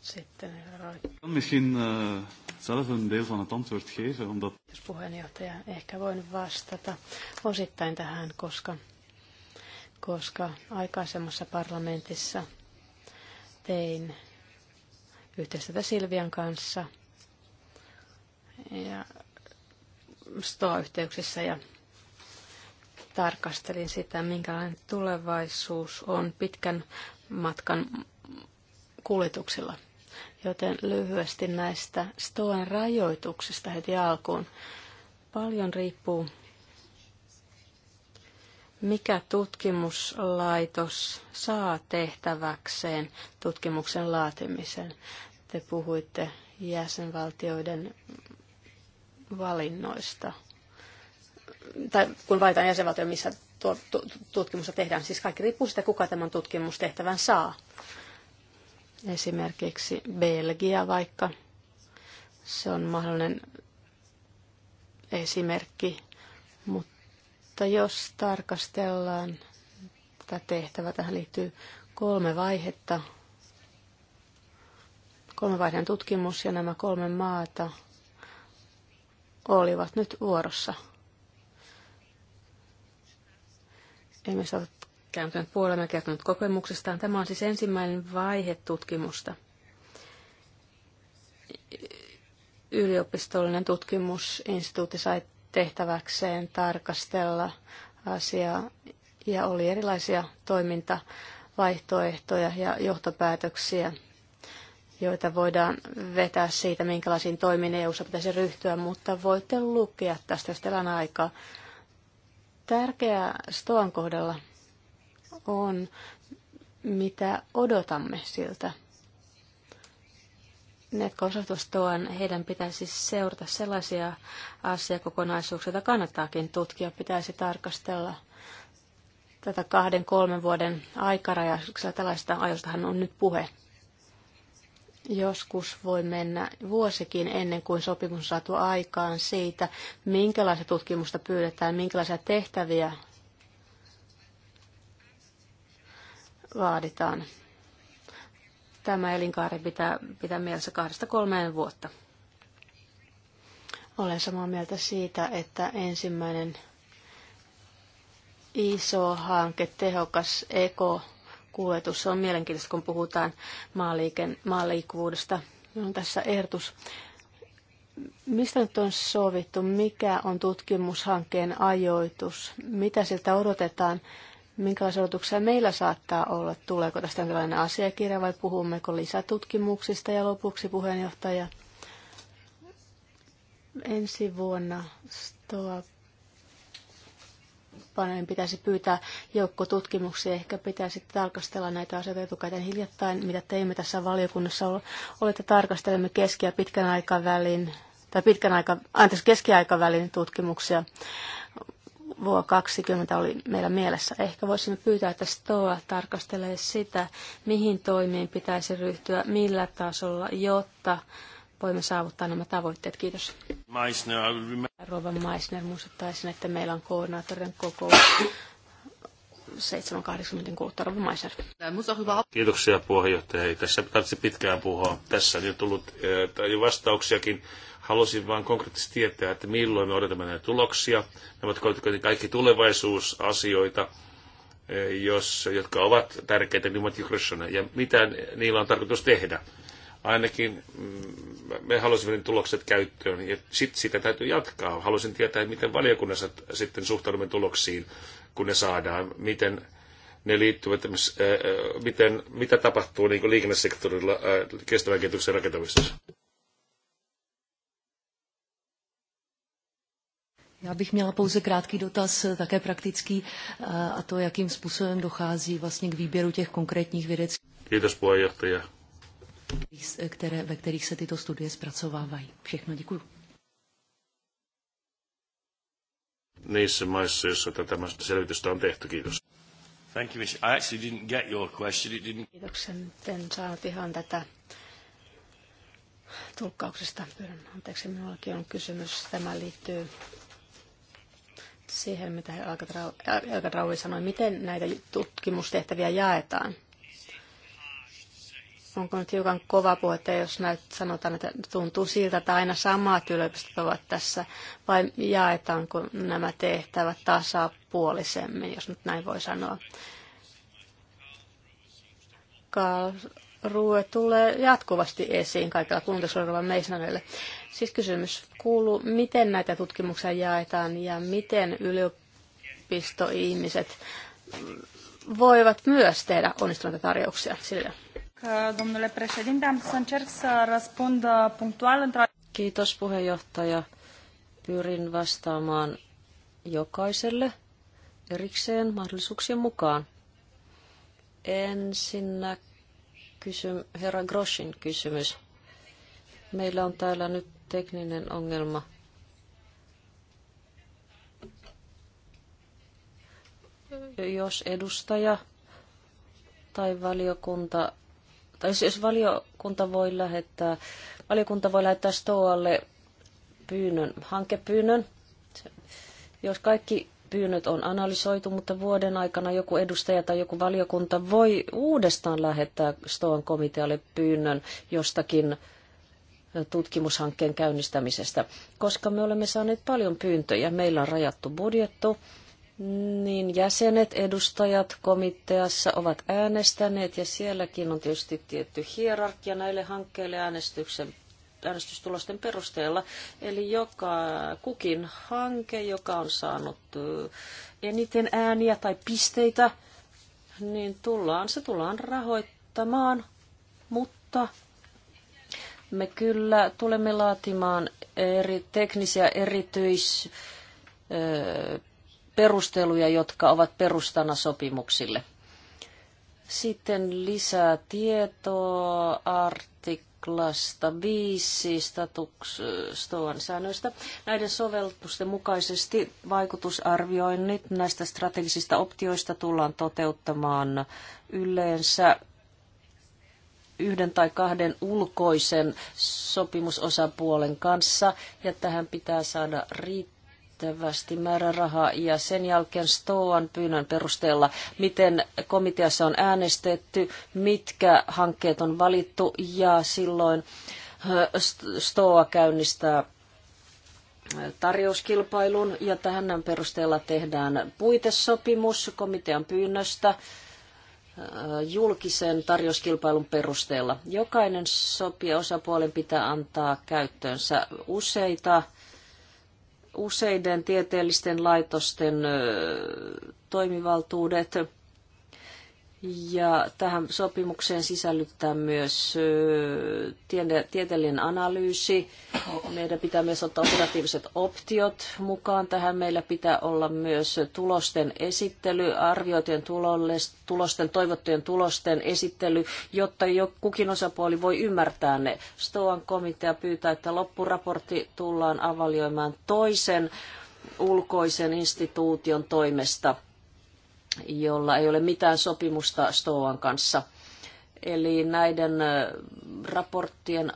Sitten eh, zelf een deel van het antwoord geven, omdat... Jos puheenjohtaja, ehkä voin vastata osittain tähän, koska, koska aikaisemmassa parlamentissa tein yhteistyötä Silvian kanssa ja stoa-yhteyksissä ja tarkastelin sitä, minkälainen tulevaisuus on pitkän matkan kuljetuksilla. Joten lyhyesti näistä Stoen rajoituksista heti alkuun. Paljon riippuu, mikä tutkimuslaitos saa tehtäväkseen tutkimuksen laatimisen. Te puhuitte jäsenvaltioiden valinnoista – tai kun valitaan jäsenvaltio, missä tuo, tutkimusta tehdään. Siis kaikki riippuu siitä, kuka tämän tutkimustehtävän saa. Esimerkiksi Belgia vaikka. Se on mahdollinen esimerkki. Mutta jos tarkastellaan tätä tehtävää, tähän liittyy kolme vaihetta. Kolme vaiheen tutkimus ja nämä kolme maata olivat nyt vuorossa – Emme saa kääntynyt puolemme kertonut kokemuksestaan. Tämä on siis ensimmäinen vaihe tutkimusta. Yliopistollinen tutkimusinstituutti sai tehtäväkseen tarkastella asiaa ja oli erilaisia toimintavaihtoehtoja ja johtopäätöksiä, joita voidaan vetää siitä, minkälaisiin toimiin EU-ssa pitäisi ryhtyä, mutta voitte lukea tästä, jos teillä on aikaa. Tärkeää Stoan kohdalla on, mitä odotamme siltä. Ne konsultustoan heidän pitäisi seurata sellaisia asiakokonaisuuksia, joita kannattaakin tutkia, pitäisi tarkastella tätä kahden, kolmen vuoden aikarajaa, tällaista ajoistahan on nyt puhe. Joskus voi mennä vuosikin ennen kuin sopimus on saatu aikaan siitä, minkälaista tutkimusta pyydetään, minkälaisia tehtäviä vaaditaan. Tämä elinkaari pitää pitää mielessä kahdesta kolmeen vuotta. Olen samaa mieltä siitä, että ensimmäinen iso hanke, tehokas eko kuljetus. Se on mielenkiintoista, kun puhutaan maaliiken, maaliikkuvuudesta. On tässä ehdotus. Mistä nyt on sovittu? Mikä on tutkimushankkeen ajoitus? Mitä siltä odotetaan? Minkälaisia odotuksia meillä saattaa olla? Tuleeko tästä jonkinlainen asiakirja vai puhummeko lisätutkimuksista? Ja lopuksi puheenjohtaja ensi vuonna STOA Panen pitäisi pyytää joukkotutkimuksia. Ehkä pitäisi tarkastella näitä asioita etukäteen hiljattain, mitä teimme tässä valiokunnassa. Olette tarkastelemme keski- ja pitkän aikavälin, tai pitkän aika, anteeksi, keskiaikavälin tutkimuksia. Vuo 20 oli meillä mielessä. Ehkä voisimme pyytää, että STOA tarkastelee sitä, mihin toimiin pitäisi ryhtyä, millä tasolla, jotta voimme saavuttaa nämä tavoitteet. Kiitos. Meissner. Rova Meissner, muistuttaisin, että meillä on koordinaattorin kokous 7 Rova Meissner. Kiitoksia puheenjohtaja. Ei tässä tarvitse pitkään puhua. Tässä on jo tullut eh, jo vastauksiakin. Halusin vain konkreettisesti tietää, että milloin me odotamme näitä tuloksia. Ne ovat kaikki tulevaisuusasioita eh, jos, jotka ovat tärkeitä, niin Ja mitä niillä on tarkoitus tehdä? ainakin mm, me halusimme ne tulokset käyttöön ja sitten sitä täytyy jatkaa. Haluaisin tietää, miten valiokunnassa sitten suhtaudumme tuloksiin, kun ne saadaan, miten ne liittyvät, miten, mitä tapahtuu niin kuin liikennesektorilla kestävän kehityksen rakentamisessa. Já bych měla pouze krátký dotaz, eh, také praktický, eh, a to, jakým způsobem dochází vlastně k výběru těch konkrétních vědeckých. Kiitos puheenjohtaja které, ve kterých se tyto studie zpracovávají. Všechno děkuji. Niissä maissa, joissa tätä selvitystä on tehty, kiitos. Thank you, Miss. I actually didn't get your question. It didn't... Kiitoksen. En saanut ihan tätä tulkkauksesta. Pyydän anteeksi, minullakin on kysymys. Tämä liittyy siihen, mitä Elka Traui sanoi. Miten näitä tutkimustehtäviä jaetaan? onko nyt hiukan kova puhetta, jos näyt, sanotaan, että tuntuu siltä, että aina samat yliopistot ovat tässä, vai jaetaanko nämä tehtävät tasapuolisemmin, jos nyt näin voi sanoa. Karlsruhe tulee jatkuvasti esiin kaikilla kunnallisuudella meisnareille. Siis kysymys kuuluu, miten näitä tutkimuksia jaetaan ja miten yliopistoihmiset voivat myös tehdä onnistuneita tarjouksia sille domnule președinte. Am să încerc să răspund uh, punctual. Kiitos puheenjohtaja. Pyrin vastaamaan jokaiselle erikseen mahdollisuuksien mukaan. Ensinnä kysym, herra Groshin kysymys. Meillä on täällä nyt tekninen ongelma. Jos edustaja tai valiokunta tai siis valiokunta voi lähettää, valiokunta voi lähettää Stoalle pyynnön, hankepyynnön, jos kaikki pyynnöt on analysoitu, mutta vuoden aikana joku edustaja tai joku valiokunta voi uudestaan lähettää Stoan komitealle pyynnön jostakin tutkimushankkeen käynnistämisestä, koska me olemme saaneet paljon pyyntöjä. Meillä on rajattu budjettu, niin jäsenet, edustajat komiteassa ovat äänestäneet ja sielläkin on tietysti tietty hierarkia näille hankkeille äänestyksen äänestystulosten perusteella. Eli joka, kukin hanke, joka on saanut eniten ääniä tai pisteitä, niin tullaan, se tullaan rahoittamaan, mutta me kyllä tulemme laatimaan eri teknisiä erityis perusteluja, jotka ovat perustana sopimuksille. Sitten lisää tietoa artiklasta 5 statuksen säännöistä. Näiden soveltusten mukaisesti vaikutusarvioinnit näistä strategisista optioista tullaan toteuttamaan yleensä yhden tai kahden ulkoisen sopimusosapuolen kanssa, ja tähän pitää saada riittävästi riittävästi määrärahaa ja sen jälkeen Stoan pyynnön perusteella, miten komiteassa on äänestetty, mitkä hankkeet on valittu ja silloin Stoa käynnistää tarjouskilpailun ja tähän perusteella tehdään puitesopimus komitean pyynnöstä julkisen tarjouskilpailun perusteella. Jokainen sopia osapuolen pitää antaa käyttöönsä useita useiden tieteellisten laitosten toimivaltuudet – ja tähän sopimukseen sisällyttää myös tieteellinen analyysi. Meidän pitää myös ottaa operatiiviset optiot mukaan tähän. Meillä pitää olla myös tulosten esittely, arvioitujen tulosten, toivottujen tulosten esittely, jotta jo kukin osapuoli voi ymmärtää ne. Stoan komitea pyytää, että loppuraportti tullaan avalioimaan toisen ulkoisen instituution toimesta – jolla ei ole mitään sopimusta Stoan kanssa. Eli näiden raporttien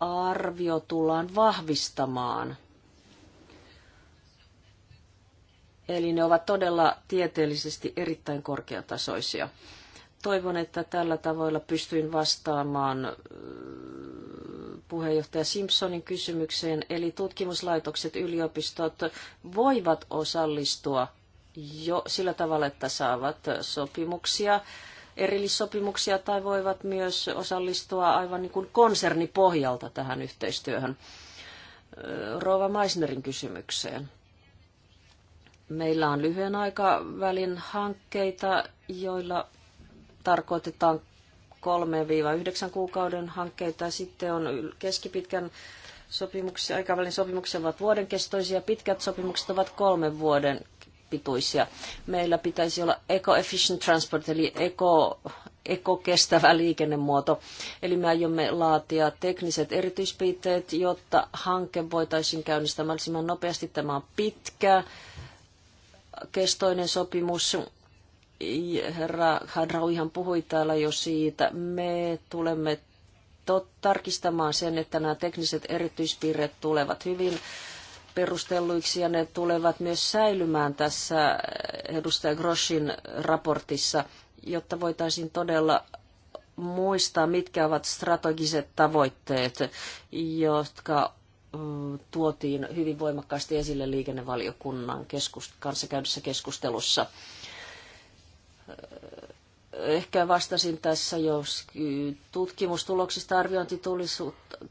arvio tullaan vahvistamaan. Eli ne ovat todella tieteellisesti erittäin korkeatasoisia. Toivon, että tällä tavoilla pystyin vastaamaan puheenjohtaja Simpsonin kysymykseen. Eli tutkimuslaitokset, yliopistot voivat osallistua jo sillä tavalla, että saavat sopimuksia, erillissopimuksia tai voivat myös osallistua aivan niin kuin konsernipohjalta tähän yhteistyöhön. Rova Meissnerin kysymykseen. Meillä on lyhyen aikavälin hankkeita, joilla tarkoitetaan 3-9 kuukauden hankkeita. Sitten on keskipitkän sopimuksia, aikavälin sopimuksia. ovat vuoden kestoisia, pitkät sopimukset ovat kolmen vuoden pituisia. Meillä pitäisi olla eco-efficient transport, eli eco, ekokestävä liikennemuoto. Eli me aiomme laatia tekniset erityispiitteet, jotta hanke voitaisiin käynnistää mahdollisimman nopeasti. Tämä on pitkä kestoinen sopimus. Herra ihan puhui täällä jo siitä. Me tulemme tarkistamaan sen, että nämä tekniset erityispiirteet tulevat hyvin perustelluiksi ja ne tulevat myös säilymään tässä edustaja Groshin raportissa, jotta voitaisiin todella muistaa, mitkä ovat strategiset tavoitteet, jotka tuotiin hyvin voimakkaasti esille liikennevaliokunnan keskust- kanssa käydyssä keskustelussa. Ehkä vastasin tässä jo tutkimustuloksista,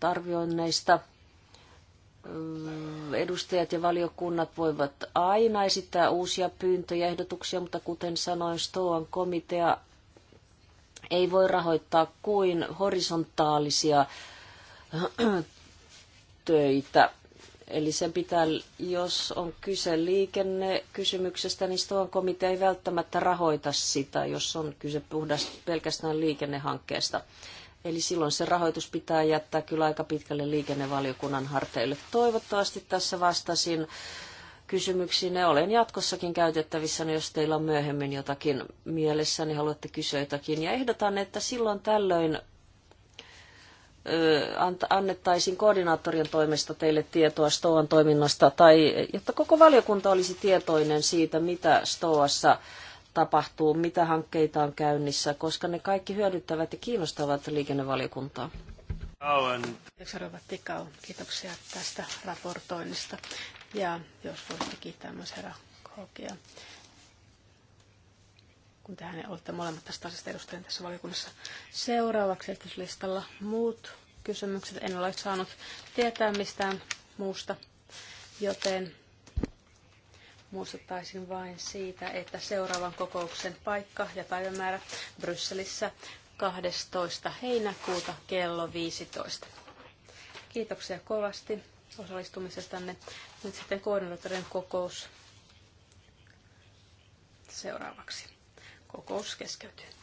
arvioinneista, edustajat ja valiokunnat voivat aina esittää uusia pyyntöjä ja ehdotuksia, mutta kuten sanoin, Stoan komitea ei voi rahoittaa kuin horisontaalisia töitä. Eli sen pitää, jos on kyse liikennekysymyksestä, niin Stoan komitea ei välttämättä rahoita sitä, jos on kyse puhdas pelkästään liikennehankkeesta. Eli silloin se rahoitus pitää jättää kyllä aika pitkälle liikennevaliokunnan harteille. Toivottavasti tässä vastasin kysymyksiin. Ne olen jatkossakin käytettävissä, niin jos teillä on myöhemmin jotakin mielessä, niin haluatte kysyä jotakin. Ja ehdotan, että silloin tällöin annettaisiin koordinaattorien toimesta teille tietoa STOAN toiminnasta, tai jotta koko valiokunta olisi tietoinen siitä, mitä STOAssa tapahtuu, mitä hankkeita on käynnissä, koska ne kaikki hyödyttävät ja kiinnostavat liikennevaliokuntaa. Kiitoksia, Kiitoksia tästä raportoinnista. Ja jos voisitte kiittää myös herra Kokia, kun tähän olette molemmat tästä asiasta edustajan tässä valiokunnassa. Seuraavaksi esityslistalla muut kysymykset. En ole saanut tietää mistään muusta, joten Muistuttaisin vain siitä, että seuraavan kokouksen paikka ja päivämäärä Brysselissä 12. heinäkuuta kello 15. Kiitoksia kovasti osallistumisestanne. Nyt sitten koordinaattorien kokous seuraavaksi. Kokous keskeytyy.